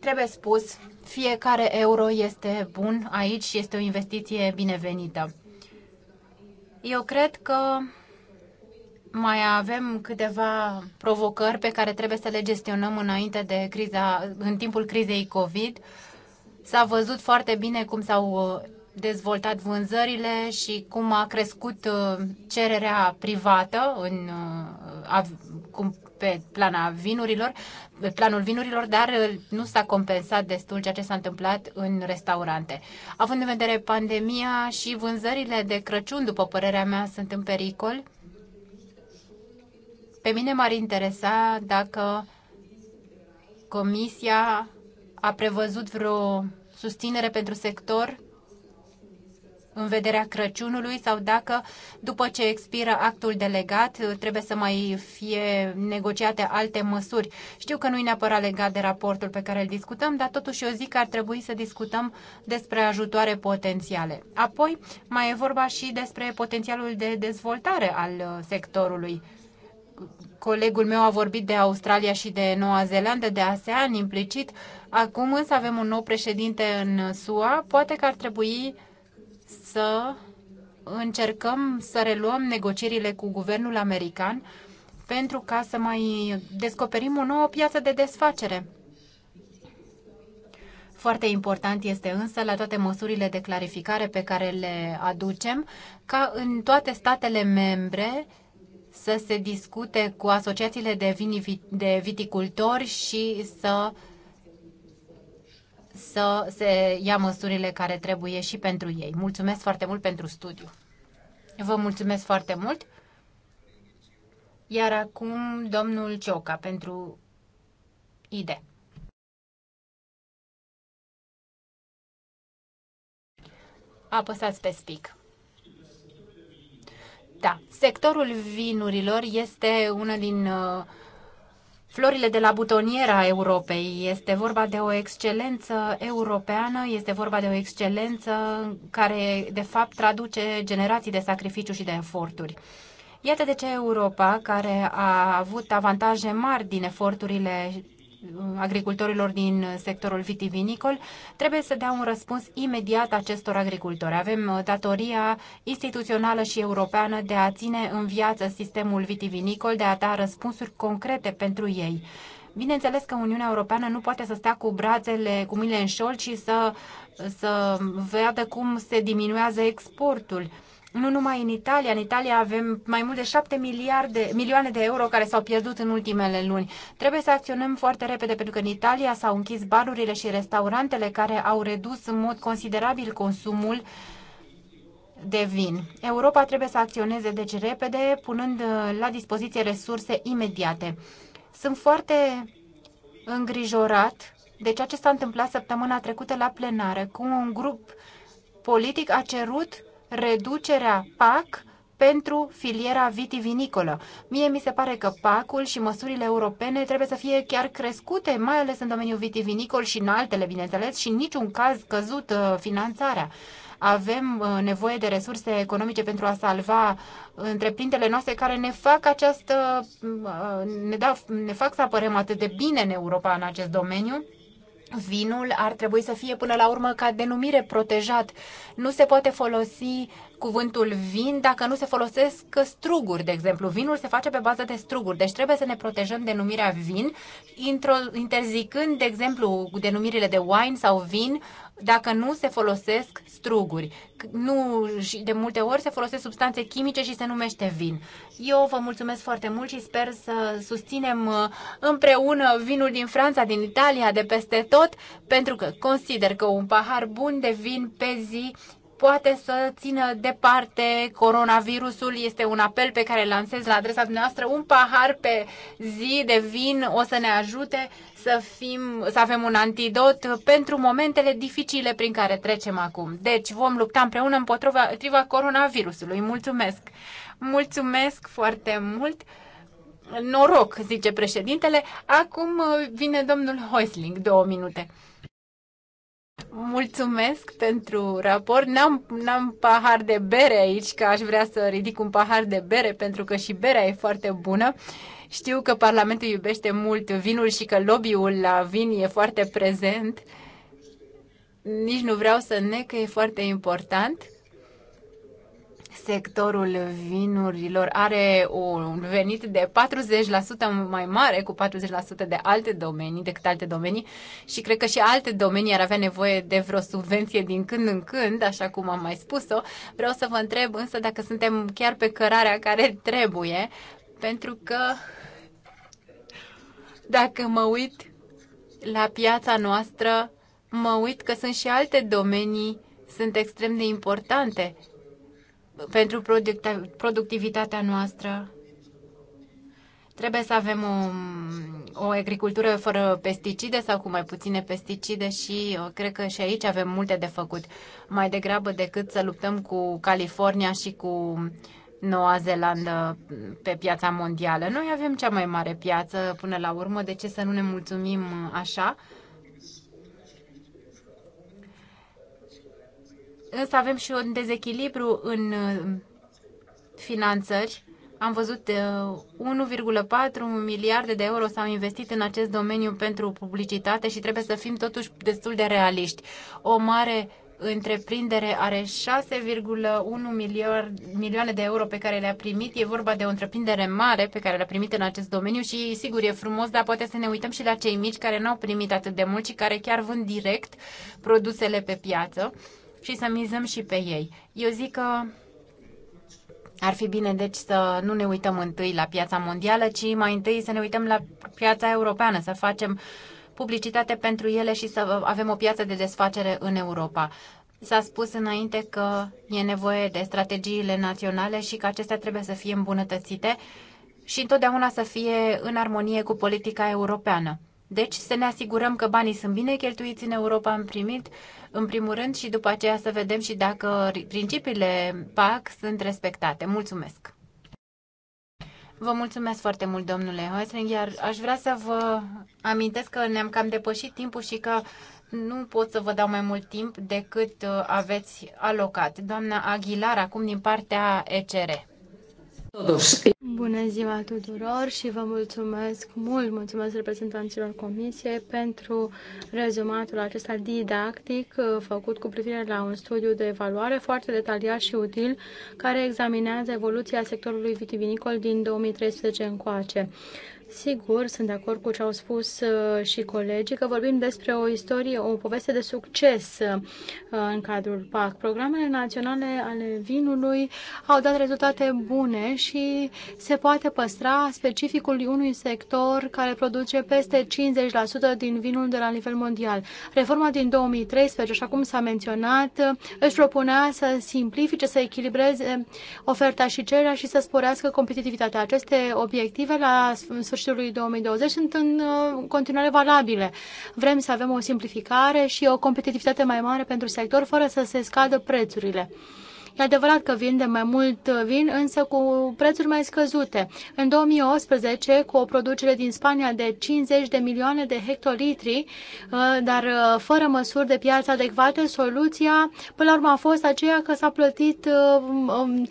Trebuie spus, fiecare euro este bun aici și este o investiție binevenită. Eu cred că mai avem câteva provocări pe care trebuie să le gestionăm înainte de criza, în timpul crizei COVID. S-a văzut foarte bine cum s-au uh, dezvoltat vânzările și cum a crescut uh, cererea privată în, uh, cum pe plana vinurilor, pe planul vinurilor, dar nu s-a compensat destul ceea ce s-a întâmplat în restaurante. Având în vedere pandemia și vânzările de Crăciun, după părerea mea, sunt în pericol. Pe mine m-ar interesa dacă Comisia a prevăzut vreo susținere pentru sector în vederea Crăciunului sau dacă, după ce expiră actul delegat, trebuie să mai fie negociate alte măsuri. Știu că nu e neapărat legat de raportul pe care îl discutăm, dar totuși eu zic că ar trebui să discutăm despre ajutoare potențiale. Apoi, mai e vorba și despre potențialul de dezvoltare al uh, sectorului. Colegul meu a vorbit de Australia și de Noua Zeelandă, de ASEAN implicit, Acum însă avem un nou președinte în SUA, poate că ar trebui să încercăm să reluăm negocierile cu guvernul american pentru ca să mai descoperim o nouă piață de desfacere. Foarte important este însă la toate măsurile de clarificare pe care le aducem ca în toate statele membre să se discute cu asociațiile de, vinivi, de viticultori și să uh, să se ia măsurile care trebuie și pentru ei. Mulțumesc foarte mult pentru studiu. Vă mulțumesc foarte mult. Iar acum domnul Cioca pentru IDE. Apăsați pe speak. Da, sectorul vinurilor este una din uh, florile de la butoniera Europei. Este vorba de o excelență europeană, este vorba de o excelență care, de fapt, traduce generații de sacrificiu și de eforturi. Iată de ce Europa, care a avut avantaje mari din eforturile agricultorilor din sectorul vitivinicol, trebuie să dea un răspuns imediat acestor agricultori. Avem uh, datoria instituțională și europeană de a ține în viață sistemul vitivinicol, de a da răspunsuri concrete pentru ei. Bineînțeles că Uniunea Europeană nu poate să stea cu brațele, cu mâinile în șol și să, să vadă cum se diminuează exportul nu numai în Italia. În Italia avem mai mult de 7 miliarde, milioane de euro care s-au pierdut în ultimele luni. Trebuie să acționăm foarte repede pentru că în Italia s-au închis barurile și restaurantele care au redus în mod considerabil consumul de vin. Europa trebuie să acționeze deci repede, punând uh, la dispoziție resurse imediate. Sunt foarte îngrijorat de ceea ce s-a întâmplat săptămâna trecută la plenară, cum un grup politic a cerut reducerea PAC pentru filiera vitivinicolă. Mie mi se pare că PAC-ul și măsurile europene trebuie să fie chiar crescute, mai ales în domeniul vitivinicol și în altele, bineînțeles, și în niciun caz căzut uh, finanțarea avem uh, nevoie de resurse economice pentru a salva uh, întreprinderile noastre care ne fac această ne, da, ne fac să apărăm atât de bine în Europa în acest domeniu vinul ar trebui să fie până la urmă ca denumire protejat. Nu se poate folosi cuvântul vin dacă nu se folosesc struguri, de exemplu. Vinul se face pe bază de struguri, deci trebuie să ne protejăm denumirea vin, interzicând, de exemplu, denumirile de wine sau vin dacă nu se folosesc struguri. Nu, și de multe ori se folosesc substanțe chimice și se numește vin. Eu vă mulțumesc foarte mult și sper să susținem uh, împreună vinul din Franța, din Italia, de peste tot, pentru că consider că un pahar bun de vin pe zi poate să țină departe coronavirusul. Este un apel pe care îl lansez la adresa dumneavoastră. Un pahar pe zi de vin o să ne ajute să, fim, să avem un antidot pentru momentele dificile prin care trecem acum. Deci vom lupta împreună împotriva coronavirusului. Mulțumesc! Mulțumesc foarte mult! Noroc, zice președintele. Acum uh, vine domnul Hoisling, două minute. Mulțumesc pentru raport. N-am, n-am pahar de bere aici, că aș vrea să ridic un pahar de bere, pentru că și berea e foarte bună. Știu că Parlamentul iubește mult vinul și că lobby-ul la vin e foarte prezent. Nici nu vreau să ne, că e foarte important sectorul vinurilor are un venit de 40% mai mare cu 40% de alte domenii decât alte domenii și cred că și alte domenii ar avea nevoie de vreo subvenție din când în când, așa cum am mai spus-o. Vreau să vă întreb însă dacă suntem chiar pe cărarea care trebuie, pentru că dacă mă uit la piața noastră, mă uit că sunt și alte domenii sunt extrem de importante pentru productivitatea noastră. Trebuie să avem o, o agricultură fără pesticide sau cu mai puține pesticide și uh, cred că și aici avem multe de făcut, mai degrabă decât să luptăm cu California și cu Noua Zeelandă pe piața mondială. Noi avem cea mai mare piață până la urmă, de ce să nu ne mulțumim așa? Însă avem și un dezechilibru în uh, finanțări. Am văzut 1,4 uh, miliarde de euro s-au investit în acest domeniu pentru publicitate și trebuie să fim totuși destul de realiști. O mare întreprindere are 6,1 milioane de euro pe care le-a primit. E vorba de o întreprindere mare pe care le-a primit în acest domeniu și, sigur, e frumos, dar poate să ne uităm și la cei mici care n-au primit atât de mult și care chiar vând direct produsele pe piață și să mizăm și pe ei. Eu zic că ar fi bine, deci, să nu ne uităm întâi la piața mondială, ci mai întâi să ne uităm la piața europeană, să facem publicitate pentru ele și să avem o piață de desfacere în Europa. S-a spus înainte că e nevoie de strategiile naționale și că acestea trebuie să fie îmbunătățite și întotdeauna să fie în armonie cu politica europeană. Deci să ne asigurăm că banii sunt bine cheltuiți în Europa, am primit în primul rând și după aceea să vedem și dacă principiile PAC sunt respectate. Mulțumesc! Vă mulțumesc foarte mult, domnule Hoesling, iar aș vrea să vă amintesc că ne-am cam depășit timpul și că nu pot să vă dau mai mult timp decât uh, aveți alocat. Doamna Aguilar, acum din partea ECR. Bună ziua tuturor și vă mulțumesc mult, mulțumesc reprezentanților Comisiei pentru rezumatul acesta didactic uh, făcut cu privire la un studiu de evaluare foarte detaliat și util care examinează evoluția sectorului vitivinicol din 2013 încoace. Sigur, sunt de acord cu ce au spus uh, și colegii, că vorbim despre o istorie, o poveste de succes uh, în cadrul PAC. Programele naționale ale vinului au dat rezultate bune și se poate păstra specificul unui sector care produce peste 50% din vinul de la nivel mondial. Reforma din 2013, așa cum s-a menționat, își propunea să simplifice, să echilibreze oferta și cererea și să sporească competitivitatea. Aceste obiective la sfârșit sfârșitului 2020 sunt în uh, continuare valabile. Vrem să avem o simplificare și o competitivitate mai mare pentru sector fără să se scadă prețurile. E adevărat că vinde mai mult uh, vin, însă cu prețuri mai scăzute. În 2018, cu o producere din Spania de 50 de milioane de hectolitri, uh, dar fără măsuri de piață adecvate, soluția până la urmă a fost aceea că s-a plătit um,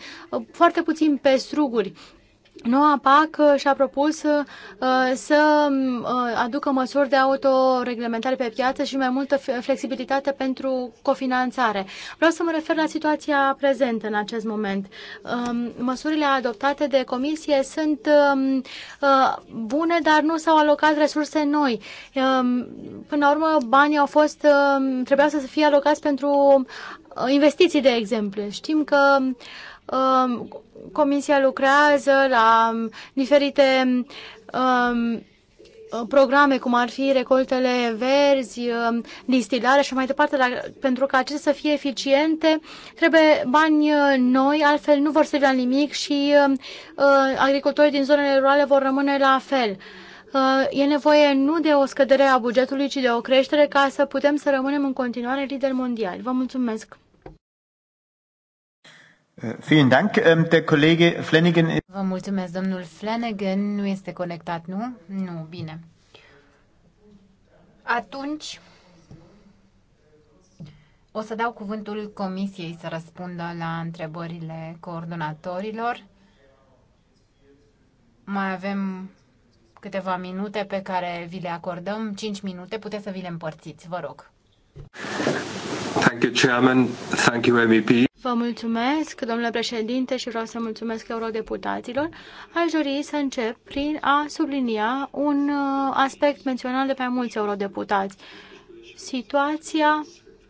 foarte puțin pe struguri Noua PAC și-a propus uh, să uh, aducă măsuri de autoreglementare pe piață și mai multă flexibilitate pentru cofinanțare. Vreau să mă refer la situația prezentă în acest moment. Um, măsurile adoptate de comisie sunt um, uh, bune, dar nu s-au alocat resurse noi. Um, până la urmă, banii au fost, trebuiau să fie alocați pentru investiții, de exemplu. Știm că uh, Um, comisia lucrează la um, diferite um, uh, programe, cum ar fi recoltele verzi, distilare și mai departe, dar pentru ca acestea să fie eficiente, trebuie bani uh, noi, altfel nu vor servi la nimic și uh, agricultorii din zonele rurale vor rămâne la fel. E nevoie nu de o scădere a bugetului, ci de o creștere ca să putem să rămânem în continuare lideri mondiali. Vă mulțumesc! Eh, ähm, vă mulțumesc, domnul Flanagan. Nu este conectat, nu? Nu, bine. Atunci, o să dau cuvântul comisiei să răspundă la întrebările coordonatorilor. Mai avem câteva minute pe care vi le acordăm, cinci minute, puteți să vi le împărțiți, vă rog. Thank you, Chairman. Thank you, MEP. Vă mulțumesc, domnule președinte, și vreau să mulțumesc eurodeputaților. Aș dori să încep prin a sublinia un uh, aspect menționat de pe mulți eurodeputați. Situația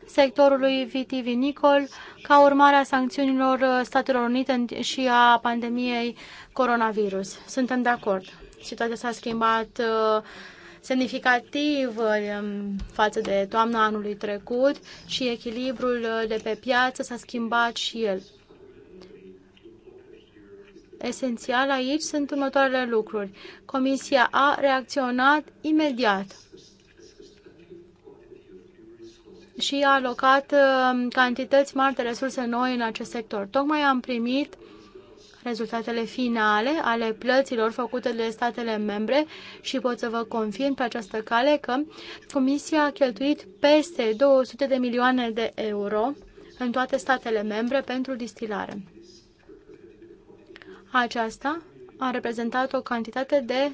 sectorului vitivinicol ca urmare a sancțiunilor uh, Statelor Unite și a pandemiei coronavirus. Suntem de acord. Situația s-a schimbat uh, semnificativ uh, um, față de toamna anului trecut și echilibrul uh, de pe piață s-a schimbat și el. Esențial aici sunt următoarele lucruri. Comisia a reacționat imediat și a alocat uh, cantități mari de resurse noi în acest sector. Tocmai am primit rezultatele finale ale plăților făcute de statele membre și pot să vă confirm pe această cale că Comisia a cheltuit peste 200 de milioane de euro în toate statele membre pentru distilare. Aceasta a reprezentat o cantitate de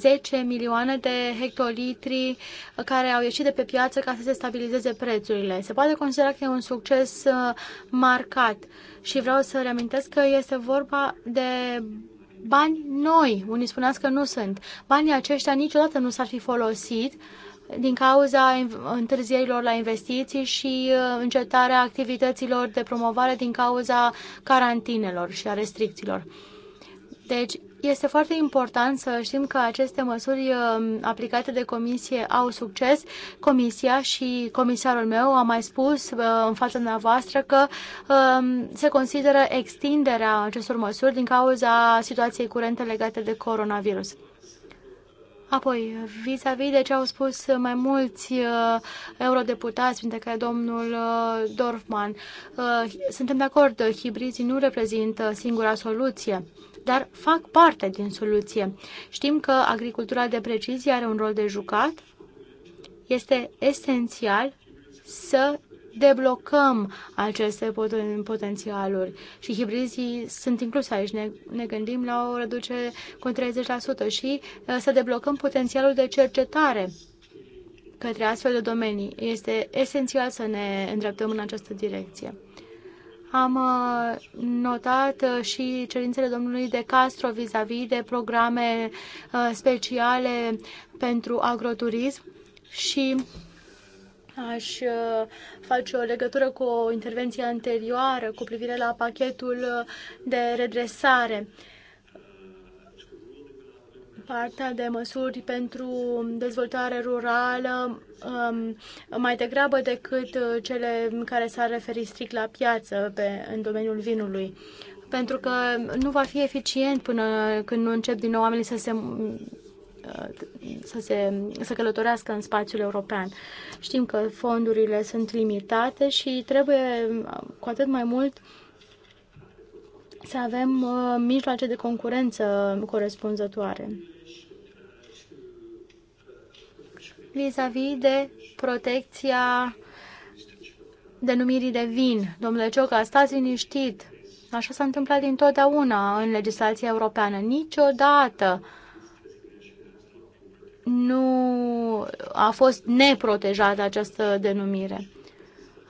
10 milioane de hectolitri care au ieșit de pe piață ca să se stabilizeze prețurile. Se poate considera că e un succes uh, marcat și vreau să reamintesc că este vorba de bani noi. Unii spuneați că nu sunt. Banii aceștia niciodată nu s-ar fi folosit din cauza întârzierilor la investiții și uh, încetarea activităților de promovare din cauza carantinelor și a restricțiilor. Deci, este foarte important să știm că aceste măsuri uh, aplicate de comisie au succes. Comisia și comisarul meu a mai spus uh, în fața dumneavoastră că um, se consideră extinderea acestor măsuri din cauza situației curente legate de coronavirus. Apoi, vis-a-vis -vis de ce au spus mai mulți uh, eurodeputați, printre care domnul uh, Dorfman, uh, suntem de acord, hibrizii nu reprezintă singura soluție dar fac parte din soluție. Știm că agricultura de precizie are un rol de jucat. Este esențial să deblocăm aceste potențialuri. Și hibrizii sunt incluse aici. Ne, ne gândim la o reducere cu 30% și uh, să deblocăm potențialul de cercetare către astfel de domenii. Este esențial să ne îndreptăm în această direcție. Am uh, notat uh, și cerințele domnului De Castro vis-a-vis -vis de programe uh, speciale pentru agroturism și aș face o legătură cu o intervenție anterioară cu privire la pachetul de redresare partea de măsuri pentru dezvoltare rurală Um, mai degrabă decât uh, cele care s-ar referi strict la piață pe, în domeniul vinului. Pentru că nu va fi eficient până când nu încep din nou oamenii să se uh, să, se, să călătorească în spațiul european. Știm că fondurile sunt limitate și trebuie cu atât mai mult să avem uh, mijloace de concurență corespunzătoare. vis-a-vis -vis de protecția denumirii de vin. Domnule Cioca, stați liniștit. Așa s-a întâmplat dintotdeauna în legislația europeană. Niciodată nu a fost neprotejată această denumire.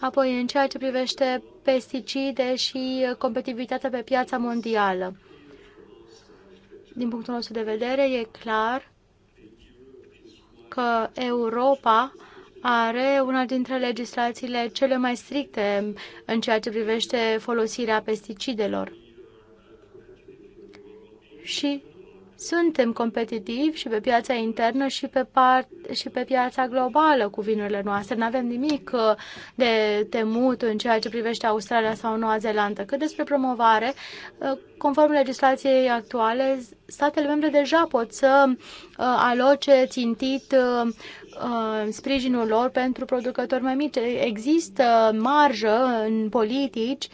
Apoi, în ceea ce privește pesticide și competitivitatea pe piața mondială, din punctul nostru de vedere, e clar că Europa are una dintre legislațiile cele mai stricte în ceea ce privește folosirea pesticidelor. Și suntem competitivi și pe piața internă și pe, part, și pe piața globală cu vinurile noastre. Nu avem nimic uh, de temut în ceea ce privește Australia sau Noua Zeelandă. Cât despre promovare, uh, conform legislației actuale, statele membre deja pot să uh, aloce țintit sprijinul lor pentru producători mai mici. Există marjă în politici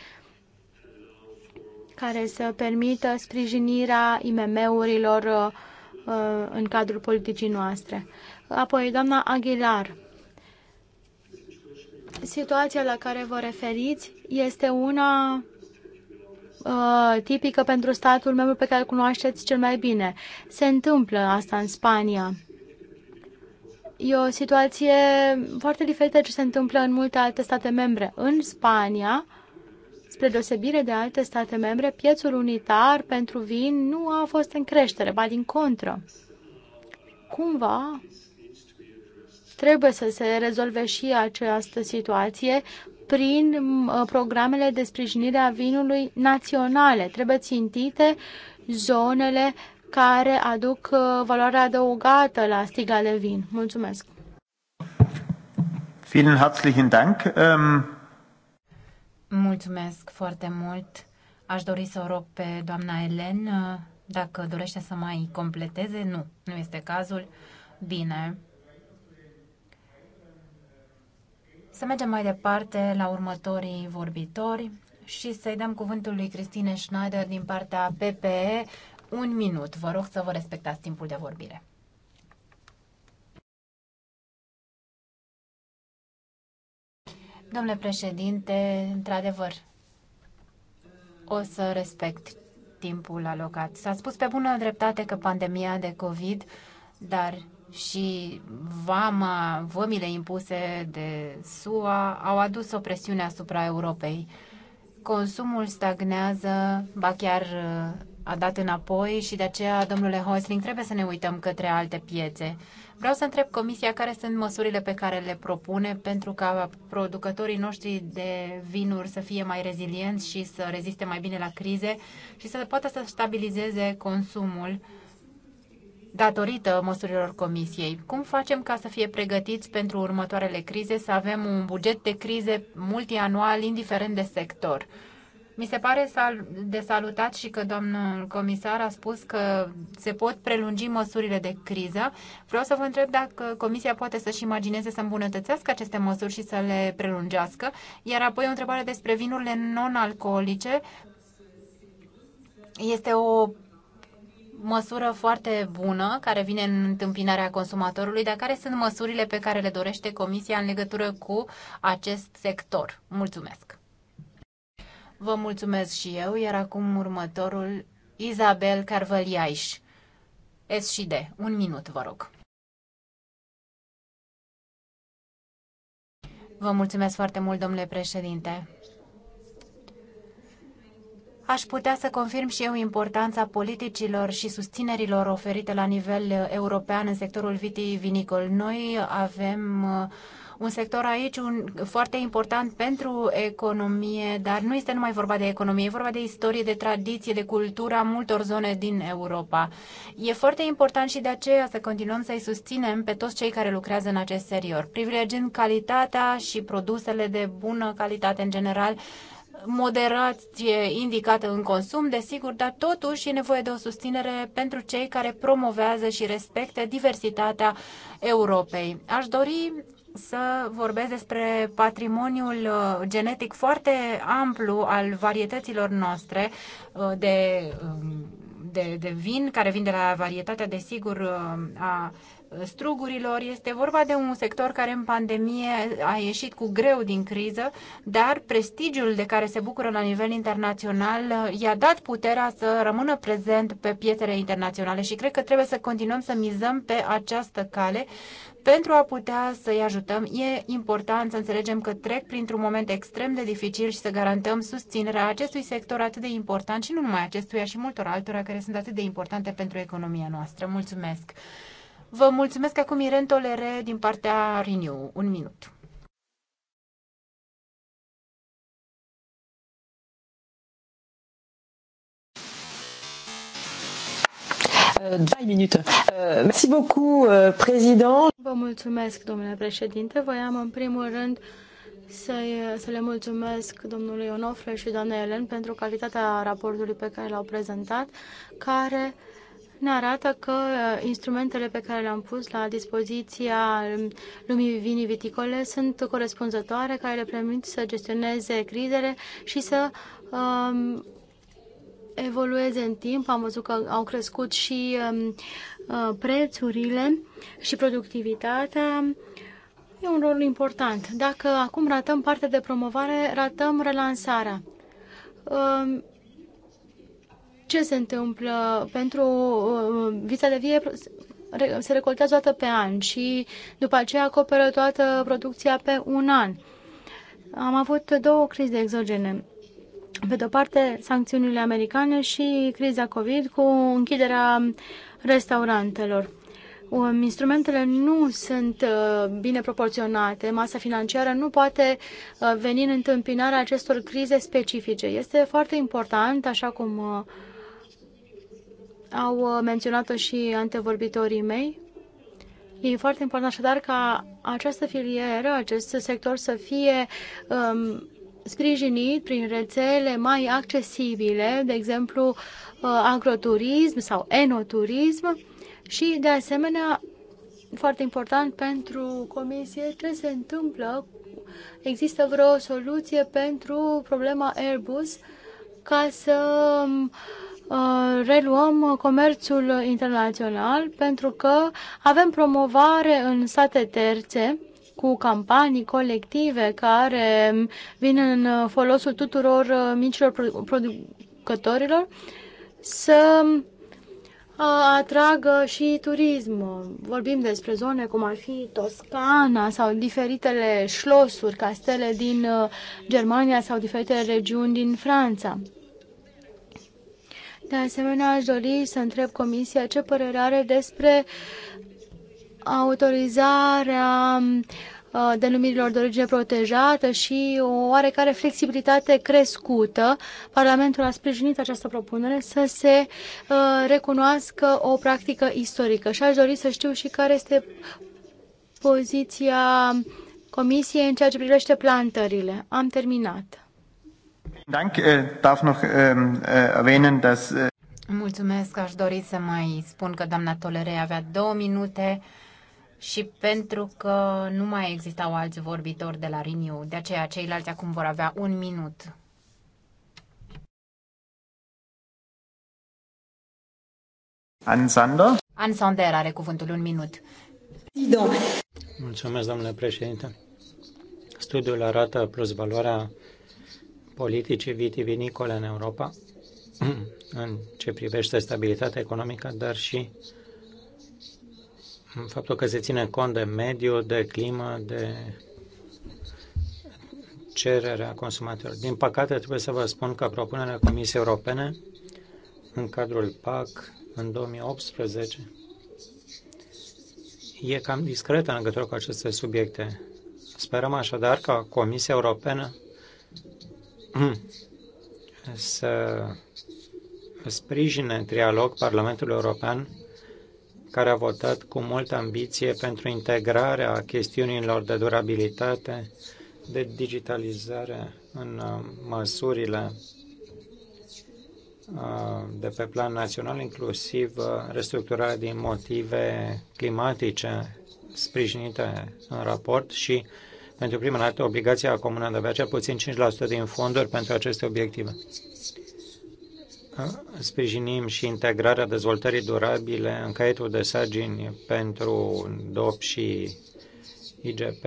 care să permită sprijinirea IMM-urilor uh, în cadrul politicii noastre. Apoi, doamna Aguilar, situația la care vă referiți este una uh, tipică pentru statul membru pe care îl cunoașteți cel mai bine. Se întâmplă asta în Spania. E o situație foarte diferită ce se întâmplă în multe alte state membre. În Spania, uh, Spre deosebire de alte state membre, piețul unitar pentru vin nu a fost în creștere, ba din contră. Cumva trebuie să se rezolve și această situație prin programele de sprijinire a vinului naționale. Trebuie țintite zonele care aduc uh, valoarea adăugată la sticla de vin. Mulțumesc! Vielen herzlichen Dank. Ähm, Mulțumesc foarte mult. Aș dori să o rog pe doamna Elen dacă dorește să mai completeze. Nu, nu este cazul. Bine. Să mergem mai departe la următorii vorbitori și să-i dăm cuvântul lui Cristine Schneider din partea PPE. Un minut, vă rog să vă respectați timpul de vorbire. Domnule președinte, într-adevăr, o să respect timpul alocat. S-a spus pe bună dreptate că pandemia de COVID, dar și vama, vămile impuse de SUA au adus o presiune asupra Europei. Consumul stagnează, ba chiar a dat înapoi și de aceea, domnule Hosling, trebuie să ne uităm către alte piețe. Vreau să întreb Comisia care sunt măsurile pe care le propune pentru ca producătorii noștri de vinuri să fie mai rezilienți și să reziste mai bine la crize și să poată să stabilizeze consumul datorită măsurilor Comisiei. Cum facem ca să fie pregătiți pentru următoarele crize, să avem un buget de crize multianual, indiferent de sector? Mi se pare de salutat și că domnul comisar a spus că se pot prelungi măsurile de criză. Vreau să vă întreb dacă Comisia poate să-și imagineze să îmbunătățească aceste măsuri și să le prelungească. Iar apoi o întrebare despre vinurile non-alcoolice. Este o măsură foarte bună care vine în întâmpinarea consumatorului, dar care sunt măsurile pe care le dorește Comisia în legătură cu acest sector? Mulțumesc! Vă mulțumesc și eu, iar acum următorul, Isabel Carvăliaș. S și D. Un minut, vă rog. Vă mulțumesc foarte mult, domnule președinte. Aș putea să confirm și eu importanța politicilor și susținerilor oferite la nivel european în sectorul vitivinicol. Noi avem uh, un sector aici un, foarte important pentru economie, dar nu este numai vorba de economie, e vorba de istorie, de tradiție, de cultura multor zone din Europa. E foarte important și de aceea să continuăm să-i susținem pe toți cei care lucrează în acest serior, privilegiind calitatea și produsele de bună calitate în general, moderație indicată în consum, desigur, dar totuși e nevoie de o susținere pentru cei care promovează și respectă diversitatea Europei. Aș dori să vorbesc despre patrimoniul uh, genetic foarte amplu al varietăților noastre uh, de, um, de, de vin, care vin de la varietatea, desigur, uh, a strugurilor. Este vorba de un sector care în pandemie a ieșit cu greu din criză, dar prestigiul de care se bucură la nivel internațional uh, i-a dat puterea să rămână prezent pe piețele internaționale și cred că trebuie să continuăm să mizăm pe această cale pentru a putea să-i ajutăm, e important să înțelegem că trec printr-un moment extrem de dificil și să garantăm susținerea acestui sector atât de important și nu numai acestuia și multor altora care sunt atât de importante pentru economia noastră. Mulțumesc! Vă mulțumesc acum Iren Tolere din partea Renew. Un minut. Euh, euh, Vă mulțumesc, domnule președinte. Voiam în primul rând să, să le mulțumesc domnului Onofre și doamnei Elen pentru calitatea raportului pe care l-au prezentat, care uh, ne arată că uh, instrumentele pe care le-am pus la dispoziția um, lumii vinii viticole sunt corespunzătoare, care le permit să gestioneze crizele și să um, evolueze în timp. Am văzut că au crescut și um, uh, prețurile și productivitatea. E un rol important. Dacă acum ratăm partea de promovare, ratăm relansarea. Um, ce se întâmplă pentru uh, vița de vie se recoltează toată pe an și după aceea acoperă toată producția pe un an. Am avut două crize exogene. Pe de-o parte, sancțiunile americane și criza COVID cu închiderea restaurantelor. Um, instrumentele nu sunt uh, bine proporționate, masa financiară nu poate uh, veni în întâmpinarea acestor crize specifice. Este foarte important, așa cum au uh, menționat-o și antevorbitorii mei. E foarte important așadar ca această filieră, acest sector să fie um, sprijinit prin rețele mai accesibile, de exemplu uh, agroturism sau enoturism și de asemenea foarte important pentru comisie ce se întâmplă există vreo soluție pentru problema Airbus ca să um, Uh, reluăm comerțul internațional pentru că avem promovare în state terțe cu campanii colective care vin în folosul tuturor uh, micilor producătorilor să uh, atragă și turism. Vorbim despre zone cum ar fi Toscana sau diferitele șlosuri, castele din Germania sau diferitele regiuni din Franța. De asemenea, aș dori să întreb Comisia ce părere are despre autorizarea uh, denumirilor de origine protejată și o oarecare flexibilitate crescută. Parlamentul a sprijinit această propunere să se uh, recunoască o practică istorică și aș dori să știu și care este poziția Comisiei în ceea ce privește plantările. Am terminat. Äh, ähm, äh, äh, Mulțumesc, aș dori să mai spun că doamna Tolere avea două minute și pentru că nu mai existau alți vorbitori de la Renew, de aceea ceilalți acum vor avea un minut. Ansander? Ansander are cuvântul un minut. Mulțumesc, domnule președinte. Studiul arată plus valoarea politicii vitivinicole în Europa în ce privește stabilitatea economică, dar și faptul că se ține cont de mediu, de climă, de cererea consumatorilor. Din păcate, trebuie să vă spun că propunerea Comisiei Europene în cadrul PAC în 2018 e cam discretă în legătură cu aceste subiecte. Sperăm așadar ca Comisia Europeană Hmm. să sprijine în trialog Parlamentul European care a votat cu multă ambiție pentru integrarea chestiunilor de durabilitate, de digitalizare în uh, măsurile uh, de pe plan național, inclusiv uh, restructurarea din motive climatice sprijinite în raport și uh, pentru prima dată obligația comună de a avea cel puțin 5% din fonduri pentru aceste obiective. Sprijinim și integrarea dezvoltării durabile în caietul de sargini pentru DOP și IGP,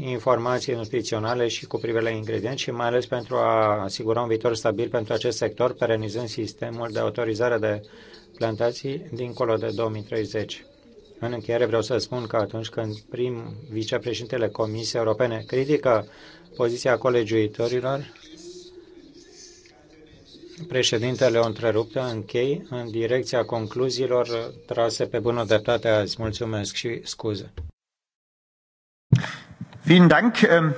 informații nutriționale și cu privire la ingredienți și mai ales pentru a asigura un viitor stabil pentru acest sector, perenizând sistemul de autorizare de plantații dincolo de 2030. În încheiere vreau să spun că atunci când prim vicepreședintele Comisiei Europene critică poziția colegiuitorilor, președintele o întreruptă chei, în direcția concluziilor trase pe bună dreptate azi. Mulțumesc și scuze. Vielen Dank. Ähm.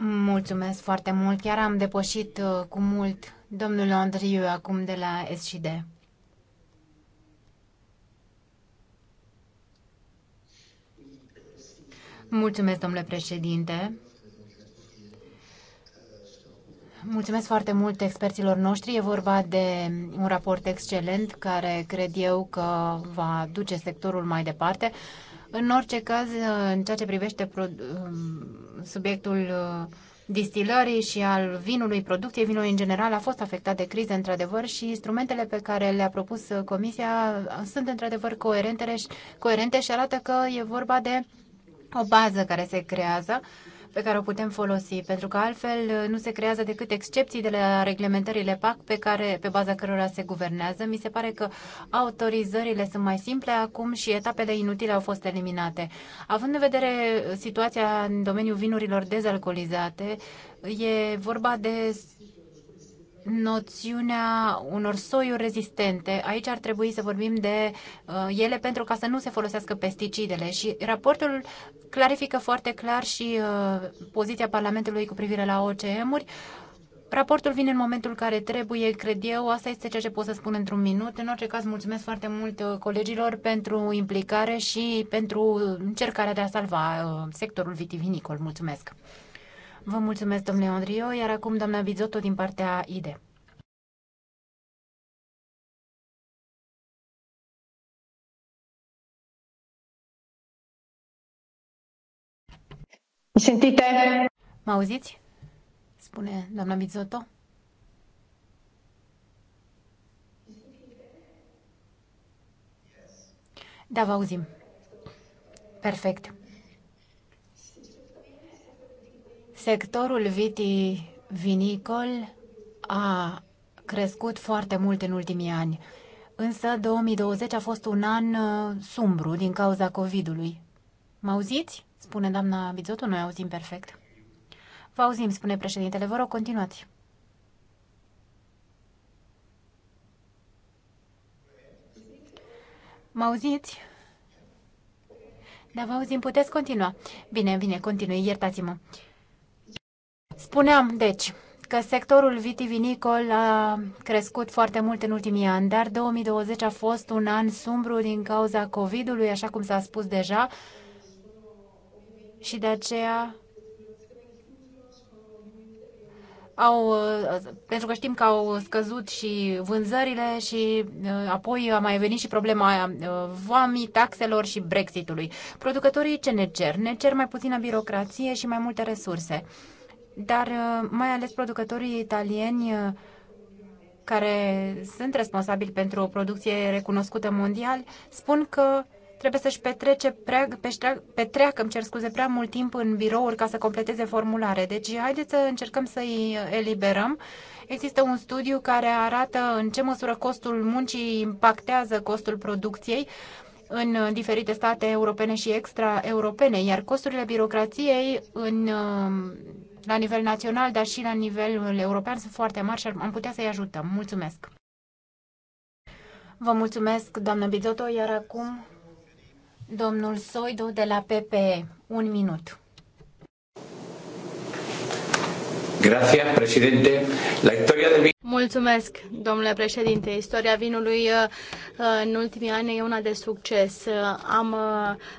Mulțumesc foarte mult. Chiar am depășit uh, cu mult domnul Andriu acum de la SCD. Mulțumesc, domnule președinte. Mulțumesc foarte mult experților noștri. E vorba de un raport excelent care cred eu că va duce sectorul mai departe. În orice caz, în ceea ce privește subiectul uh, distilării și al vinului, producției vinului în general, a fost afectat de crize, într-adevăr, și instrumentele pe care le-a propus uh, Comisia sunt, într-adevăr, coerente și arată că e vorba de o bază care se creează pe care o putem folosi, pentru că altfel uh, nu se creează decât excepții de la reglementările PAC pe, care, pe baza cărora se guvernează. Mi se pare că autorizările sunt mai simple acum și etapele inutile au fost eliminate. Având în vedere situația în domeniul vinurilor dezalcoolizate, e vorba de noțiunea unor soiuri rezistente. Aici ar trebui să vorbim de uh, ele pentru ca să nu se folosească pesticidele și raportul clarifică foarte clar și uh, poziția Parlamentului cu privire la OCM-uri. Raportul vine în momentul care trebuie, cred eu. Asta este ceea ce pot să spun într-un minut. În orice caz, mulțumesc foarte mult uh, colegilor pentru implicare și pentru încercarea de a salva uh, sectorul vitivinicol. Mulțumesc! Vă mulțumesc, domnule Andrio, iar acum doamna Bizotto din partea IDE. Mi sentite? Mă auziți? Spune doamna Bizotto. Da, vă auzim. Perfect. Sectorul vitivinicol a crescut foarte mult în ultimii ani, însă 2020 a fost un an uh, sumbru din cauza COVID-ului. Mă auziți? Spune doamna Bizotu, noi auzim perfect. Vă auzim, spune președintele, vă rog, continuați. Mă auziți? Da, vă auzim, puteți continua. Bine, bine, continui, iertați-mă. Uh, Spuneam, deci, că sectorul vitivinicol a crescut foarte mult în ultimii ani, dar 2020 a fost un an sumbru din cauza COVID-ului, așa cum s-a spus deja, și de aceea au, pentru că știm că au scăzut și vânzările și uh, apoi a mai venit și problema aia uh, vamii, taxelor și Brexitului. Producătorii ce ne cer? Ne cer mai puțină birocrație și mai multe resurse dar uh, mai ales producătorii italieni uh, care sunt responsabili pentru o producție recunoscută mondial, spun că trebuie să-și petrece prea, peștrea, petreacă, îmi cer scuze, prea mult timp în birouri ca să completeze formulare. Deci haideți să încercăm să-i eliberăm. Există un studiu care arată în ce măsură costul muncii impactează costul producției în uh, diferite state europene și extraeuropene, iar costurile birocrației în la nivel național, dar și la nivelul european sunt foarte mari și am putea să-i ajutăm. Mulțumesc! Vă mulțumesc, doamnă Bizoto, iar acum domnul Soidu de la PPE. Un minut. Gracias, presidente. La historia Mulțumesc, domnule președinte. Istoria vinului uh, uh, în ultimii ani e una de succes. Uh, am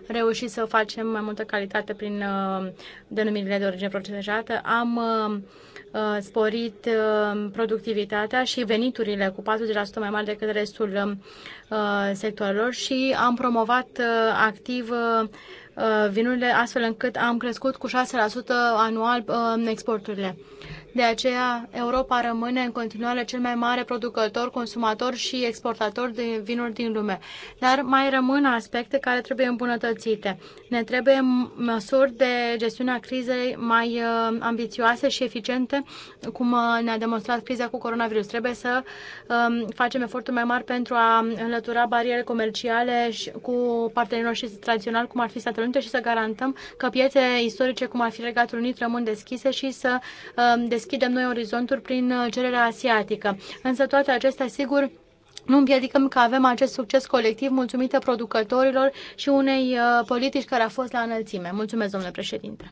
reușit să facem mai multă calitate prin denumirile de origine procesată. Am sporit productivitatea și veniturile cu 40% mai mari decât restul sectorilor și am promovat activ Uh, vinurile, astfel încât am crescut cu 6% anual uh, exporturile. De aceea, Europa rămâne în continuare cel mai mare producător, consumator și exportator de vinuri din lume. Dar mai rămân aspecte care trebuie îmbunătățite. Ne trebuie măsuri de gestiunea crizei mai uh, ambițioase și eficiente, cum uh, ne-a demonstrat criza cu coronavirus. Trebuie să um, facem eforturi mai mari pentru a înlătura bariere comerciale și cu partenerii noștri tradiționali, cum ar fi Statele Unite, și să garantăm că piețe istorice, cum ar fi Regatul Unit, rămân deschise și să um, deschidem noi orizonturi prin uh, cererea asiatică. Însă toate acestea, sigur, nu împiedicăm că avem acest succes colectiv mulțumită producătorilor și unei uh, politici care a fost la înălțime. Mulțumesc, domnule președinte.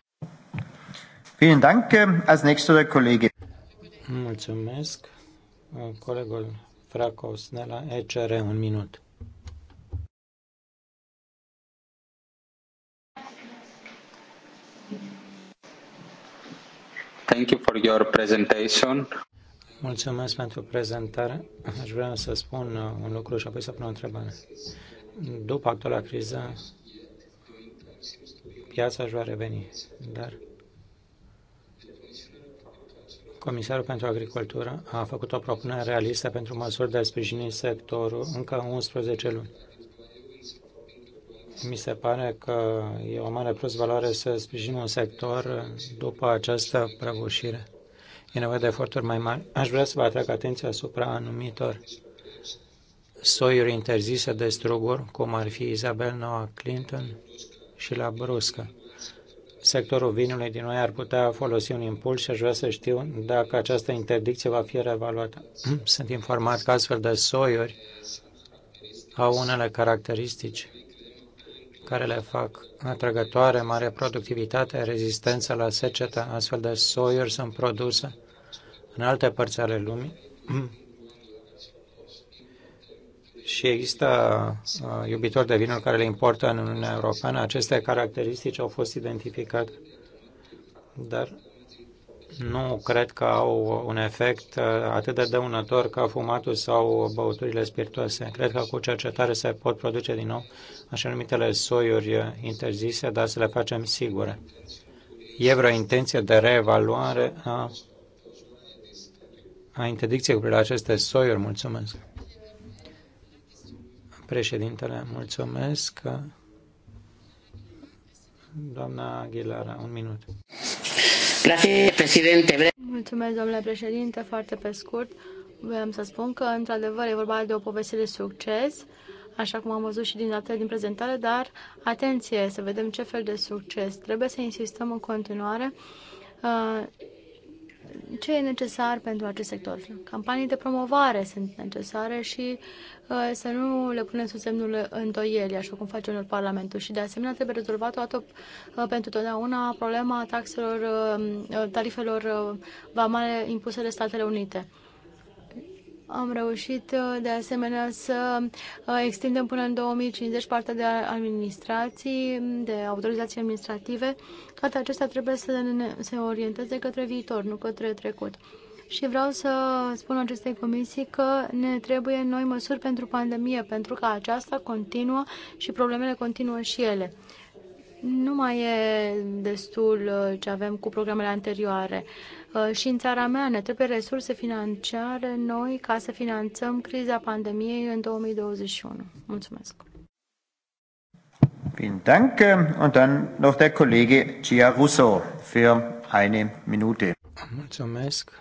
Vielen Dank. Als nächster Kollege. Mulțumesc. Colegul Fracos de la ECR, un minut. Thank you for your presentation. Mulțumesc pentru prezentare. Aș vrea să spun uh, un lucru și apoi să pun o întrebare. După actuala criză, piața își va reveni, dar Comisarul pentru Agricultură a făcut o propunere realistă pentru măsuri de a sprijini sectorul încă 11 luni. Mi se pare că e o mare plus valoare să sprijinim un sector după această prăbușire. E nevoie de eforturi mai mari. Aș vrea să vă atrag atenția asupra anumitor soiuri interzise de struguri, cum ar fi Isabel Noa Clinton și la bruscă. Sectorul vinului din noi ar putea folosi un impuls și aș vrea să știu dacă această interdicție va fi reevaluată. Sunt informat că astfel de soiuri au unele caracteristici care le fac atrăgătoare, mare productivitate, rezistență la secetă. Astfel de soiuri sunt produse în alte părți ale lumii. și există uh, iubitori de vinuri care le importă în Uniunea Europeană. Aceste caracteristici au fost identificate, dar nu cred că au un efect uh, atât de dăunător ca fumatul sau băuturile spiritoase. Cred că cu cercetare se pot produce din nou așa numitele soiuri interzise, dar să le facem sigure. E vreo intenție de reevaluare a, a interdicției cu privire la aceste soiuri? Mulțumesc. Președintele, mulțumesc. Doamna Aguilara, un minut. Mulțumesc, domnule președinte, foarte pe scurt. Vreau să spun că, într-adevăr, e vorba de o poveste de succes, așa cum am văzut și din date din prezentare, dar atenție, să vedem ce fel de succes. Trebuie să insistăm în continuare uh, ce e necesar pentru acest sector. Campanii de promovare sunt necesare și uh, să nu le punem sub semnul îndoielii, așa cum face unul Parlamentul. Și de asemenea trebuie rezolvat toată, uh, pentru totdeauna problema taxelor, uh, tarifelor uh, vamale impuse de Statele Unite. Am reușit uh, de asemenea să uh, extindem până în 2050 partea de administrații, de autorizații administrative. Toate acestea trebuie să se orienteze către viitor, nu către trecut. Și vreau să spun acestei comisii că ne trebuie noi măsuri pentru pandemie, pentru că aceasta continuă și problemele continuă și ele nu mai e destul uh, ce avem cu programele anterioare. Uh, și în țara mea ne trebuie resurse financiare noi ca să finanțăm criza pandemiei în 2021. Mulțumesc! Vielen Dank. Äh, und dann noch der Kollege Gia für eine Minute. Mulțumesc.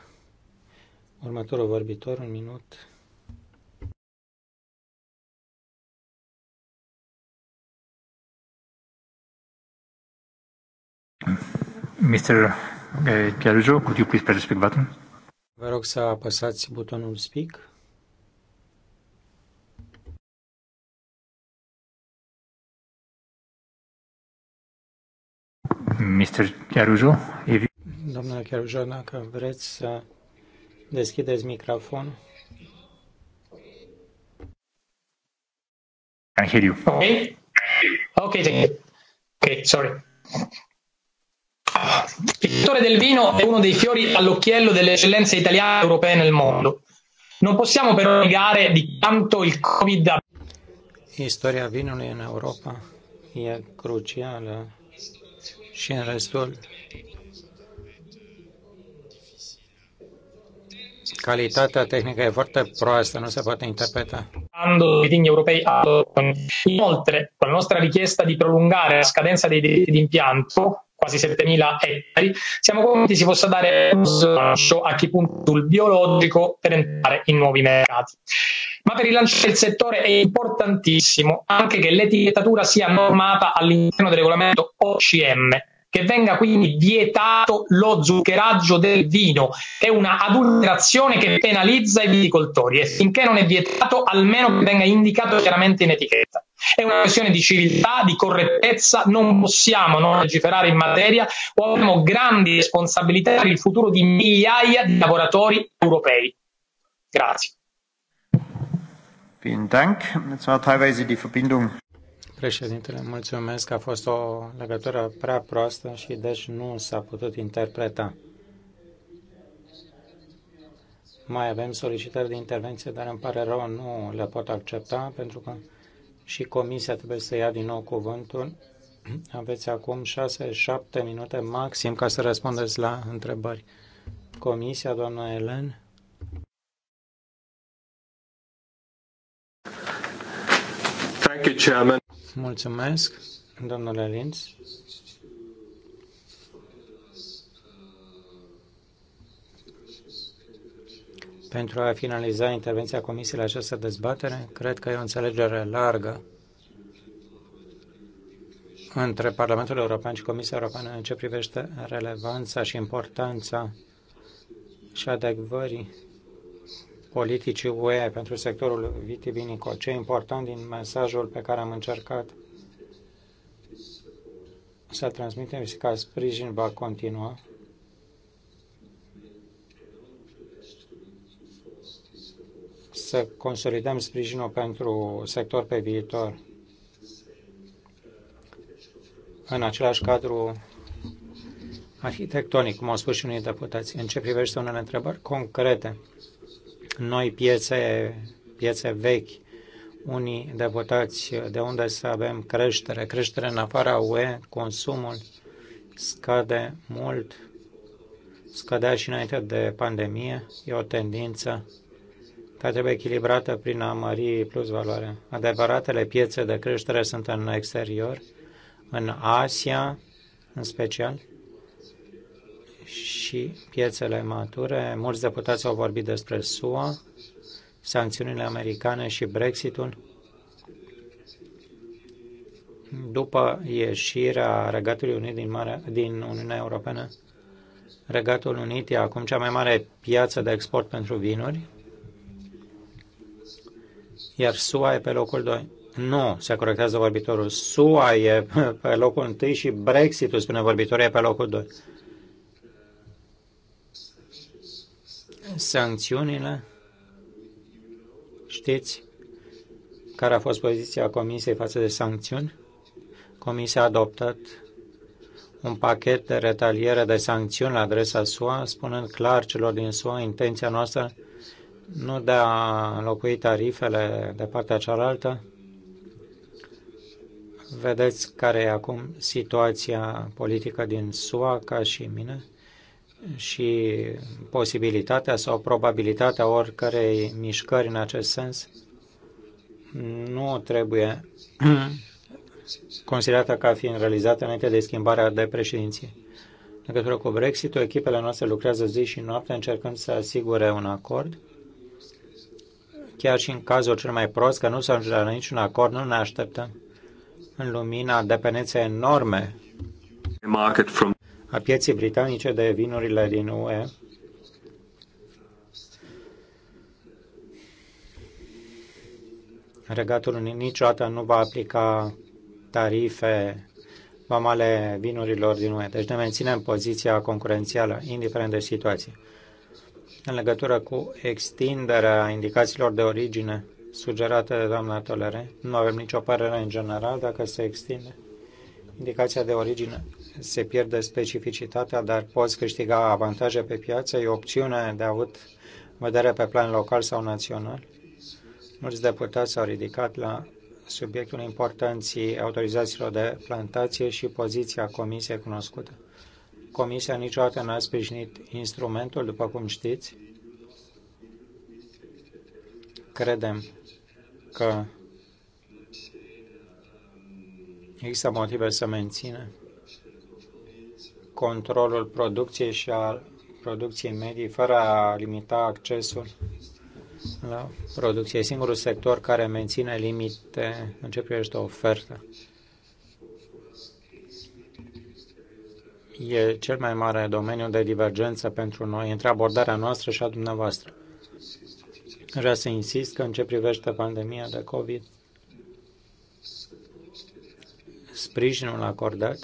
Următorul vorbitor, un minut. Mr. Eh, Chiarujo, could you please press the speak button? Vă rog să apăsați butonul speak. Mr. Chiarujo, if you... Domnule Chiarujo, dacă vreți să deschideți microfon. I hear you. Okay. Okay, thank you. Okay, sorry. Il settore del vino è uno dei fiori all'occhiello delle eccellenze italiane e europee nel mondo. Non possiamo però negare di quanto il Covid ha... La storia del vino in Europa è cruciale. și în restul Calitatea tehnică e foarte proastă, nu se poate interpreta. inoltre, cu la nostra richiesta di prolungare la scadenza dei diritti di impianto, quasi 7.000 ettari, siamo convinti si possa dare uno slancio a chi punta sul biologico per entrare in nuovi mercati. Ma per rilanciare il settore è importantissimo anche che l'etichettatura sia normata all'interno del regolamento OCM, che venga quindi vietato lo zuccheraggio del vino, è una adulterazione che penalizza i viticoltori e finché non è vietato almeno che venga indicato chiaramente in etichetta. È una questione di civiltà, di correttezza, non possiamo non legiferare in materia o abbiamo grandi responsabilità per il futuro di migliaia di lavoratori europei. Grazie. Vielen Dank. Jetzt war teilweise die Verbindung Președintele, mulțumesc că a fost o legătură prea proastă și deci nu s-a putut interpreta. Mai avem solicitări de intervenție, dar îmi pare rău, nu le pot accepta, pentru că și comisia trebuie să ia din nou cuvântul. Aveți acum 6-7 minute maxim ca să răspundeți la întrebări. Comisia, doamna Elen. Thank you, Chairman. Mulțumesc, domnule Linz. Pentru a finaliza intervenția Comisiei la această dezbatere, cred că e o înțelegere largă între Parlamentul European și Comisia Europeană în ce privește relevanța și importanța și adecvării politicii UE pentru sectorul vitivinicol. Ce important din mesajul pe care am încercat să-l transmitem și ca sprijin va continua. Să consolidăm sprijinul pentru sector pe viitor. În același cadru arhitectonic, cum au spus și unii deputați, în ce privește unele întrebări concrete noi piețe, piețe vechi, unii deputați, de unde să avem creștere. Creștere în afara UE, consumul scade mult, scădea și înainte de pandemie. E o tendință care trebuie echilibrată prin a mări plus valoare. Adevăratele piețe de creștere sunt în exterior, în Asia în special, și piețele mature. Mulți deputați au vorbit despre SUA, sancțiunile americane și Brexitul. După ieșirea Regatului Unit din, Mare, din Uniunea Europeană, Regatul Unit e acum cea mai mare piață de export pentru vinuri, iar SUA e pe locul 2. Nu, se corectează vorbitorul. SUA e pe locul 1 și Brexitul, spune vorbitorul, e pe locul 2. sancțiunile. Știți care a fost poziția Comisiei față de sancțiuni? Comisia a adoptat un pachet de retaliere de sancțiuni la adresa SUA, spunând clar celor din SUA intenția noastră nu de a înlocui tarifele de partea cealaltă. Vedeți care e acum situația politică din SUA, ca și mine și posibilitatea sau probabilitatea oricărei mișcări în acest sens nu trebuie considerată ca fiind realizată înainte de schimbarea de președinție. În legătură cu Brexit, echipele noastre lucrează zi și noapte încercând să asigure un acord. Chiar și în cazul cel mai prost, că nu s-a ajunge la niciun acord, nu ne așteptăm în lumina dependenței enorme a pieții britanice de vinurile din UE, Regatul niciodată nu va aplica tarife vamale vinurilor din UE. Deci ne menținem poziția concurențială, indiferent de situație. În legătură cu extinderea indicațiilor de origine sugerată de doamna Tolere, nu avem nicio părere în general dacă se extinde indicația de origine se pierde specificitatea, dar poți câștiga avantaje pe piață, e o opțiune de avut vedere pe plan local sau național. Mulți deputați s-au ridicat la subiectul importanții autorizațiilor de plantație și poziția comisiei cunoscută. Comisia niciodată n-a sprijinit instrumentul, după cum știți. Credem că există motive să menținem controlul producției și a producției medii fără a limita accesul la producție. E singurul sector care menține limite în ce privește oferta. E cel mai mare domeniu de divergență pentru noi între abordarea noastră și a dumneavoastră. Vreau să insist că în ce privește pandemia de COVID, sprijinul acordat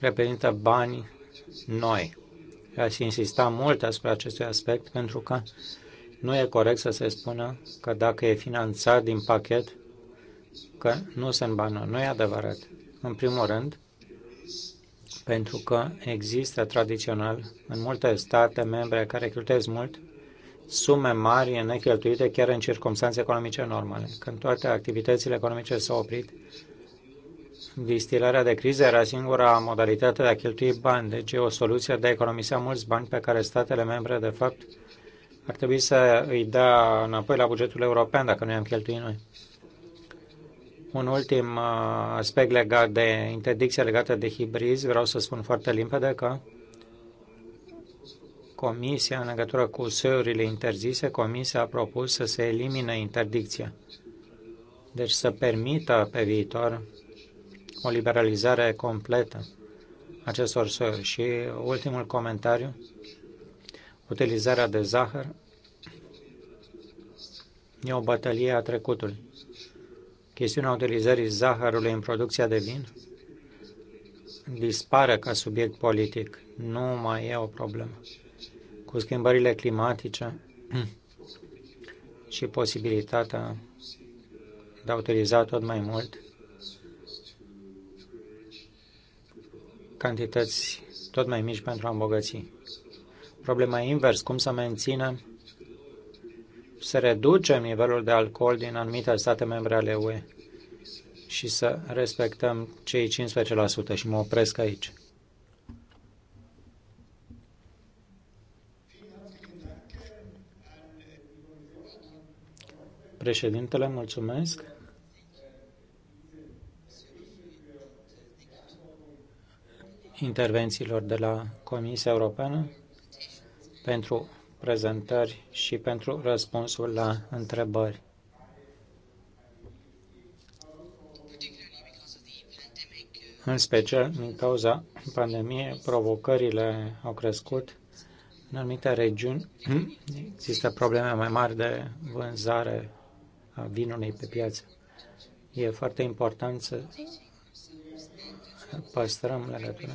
reprezintă bani noi. Aș insista mult asupra acestui aspect pentru că nu e corect să se spună că dacă e finanțat din pachet, că nu sunt bani. Nu e adevărat. În primul rând, pentru că există tradițional în multe state membre care cheltuiesc mult sume mari necheltuite chiar în circunstanțe economice normale. Când toate activitățile economice s-au oprit, Distilarea de criză era singura modalitate de a cheltui bani, deci e o soluție de a economisea mulți bani pe care statele membre, de fapt, ar trebui să îi dea înapoi la bugetul european dacă nu i-am cheltuit noi. Un ultim uh, aspect legat de interdicția legată de hibrizi, vreau să spun foarte limpede că Comisia, în legătură cu seurile interzise, Comisia a propus să se elimine interdicția. Deci să permită pe viitor o liberalizare completă acestor soiuri. Și ultimul comentariu, utilizarea de zahăr e o bătălie a trecutului. Chestiunea utilizării zahărului în producția de vin dispare ca subiect politic. Nu mai e o problemă. Cu schimbările climatice și posibilitatea de a utiliza tot mai mult cantități tot mai mici pentru a îmbogăți. Problema invers, cum să menținem, să reducem nivelul de alcool din anumite state membre ale UE și să respectăm cei 15% și mă opresc aici. Președintele, mulțumesc. intervențiilor de la Comisia Europeană pentru prezentări și pentru răspunsul la întrebări. În special, din cauza pandemiei, provocările au crescut. În anumite regiuni există probleme mai mari de vânzare a vinului pe piață. E foarte important să păstrăm legătura,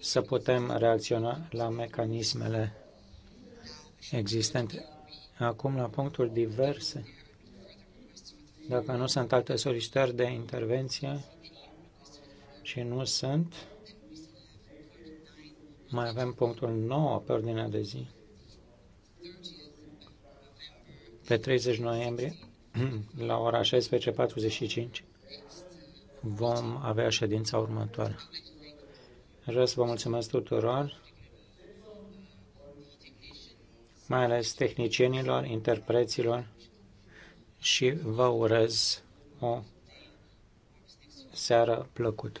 să putem reacționa la mecanismele existente. Acum, la punctul diverse, dacă nu sunt alte solicitări de intervenție și nu sunt, mai avem punctul 9 pe ordinea de zi. Pe 30 noiembrie, la ora 16.45, vom avea ședința următoare. Vreau să vă mulțumesc tuturor, mai ales tehnicienilor, interpreților și vă urez o seară plăcută.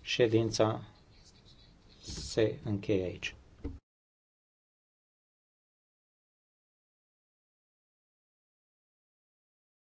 Ședința se încheie aici.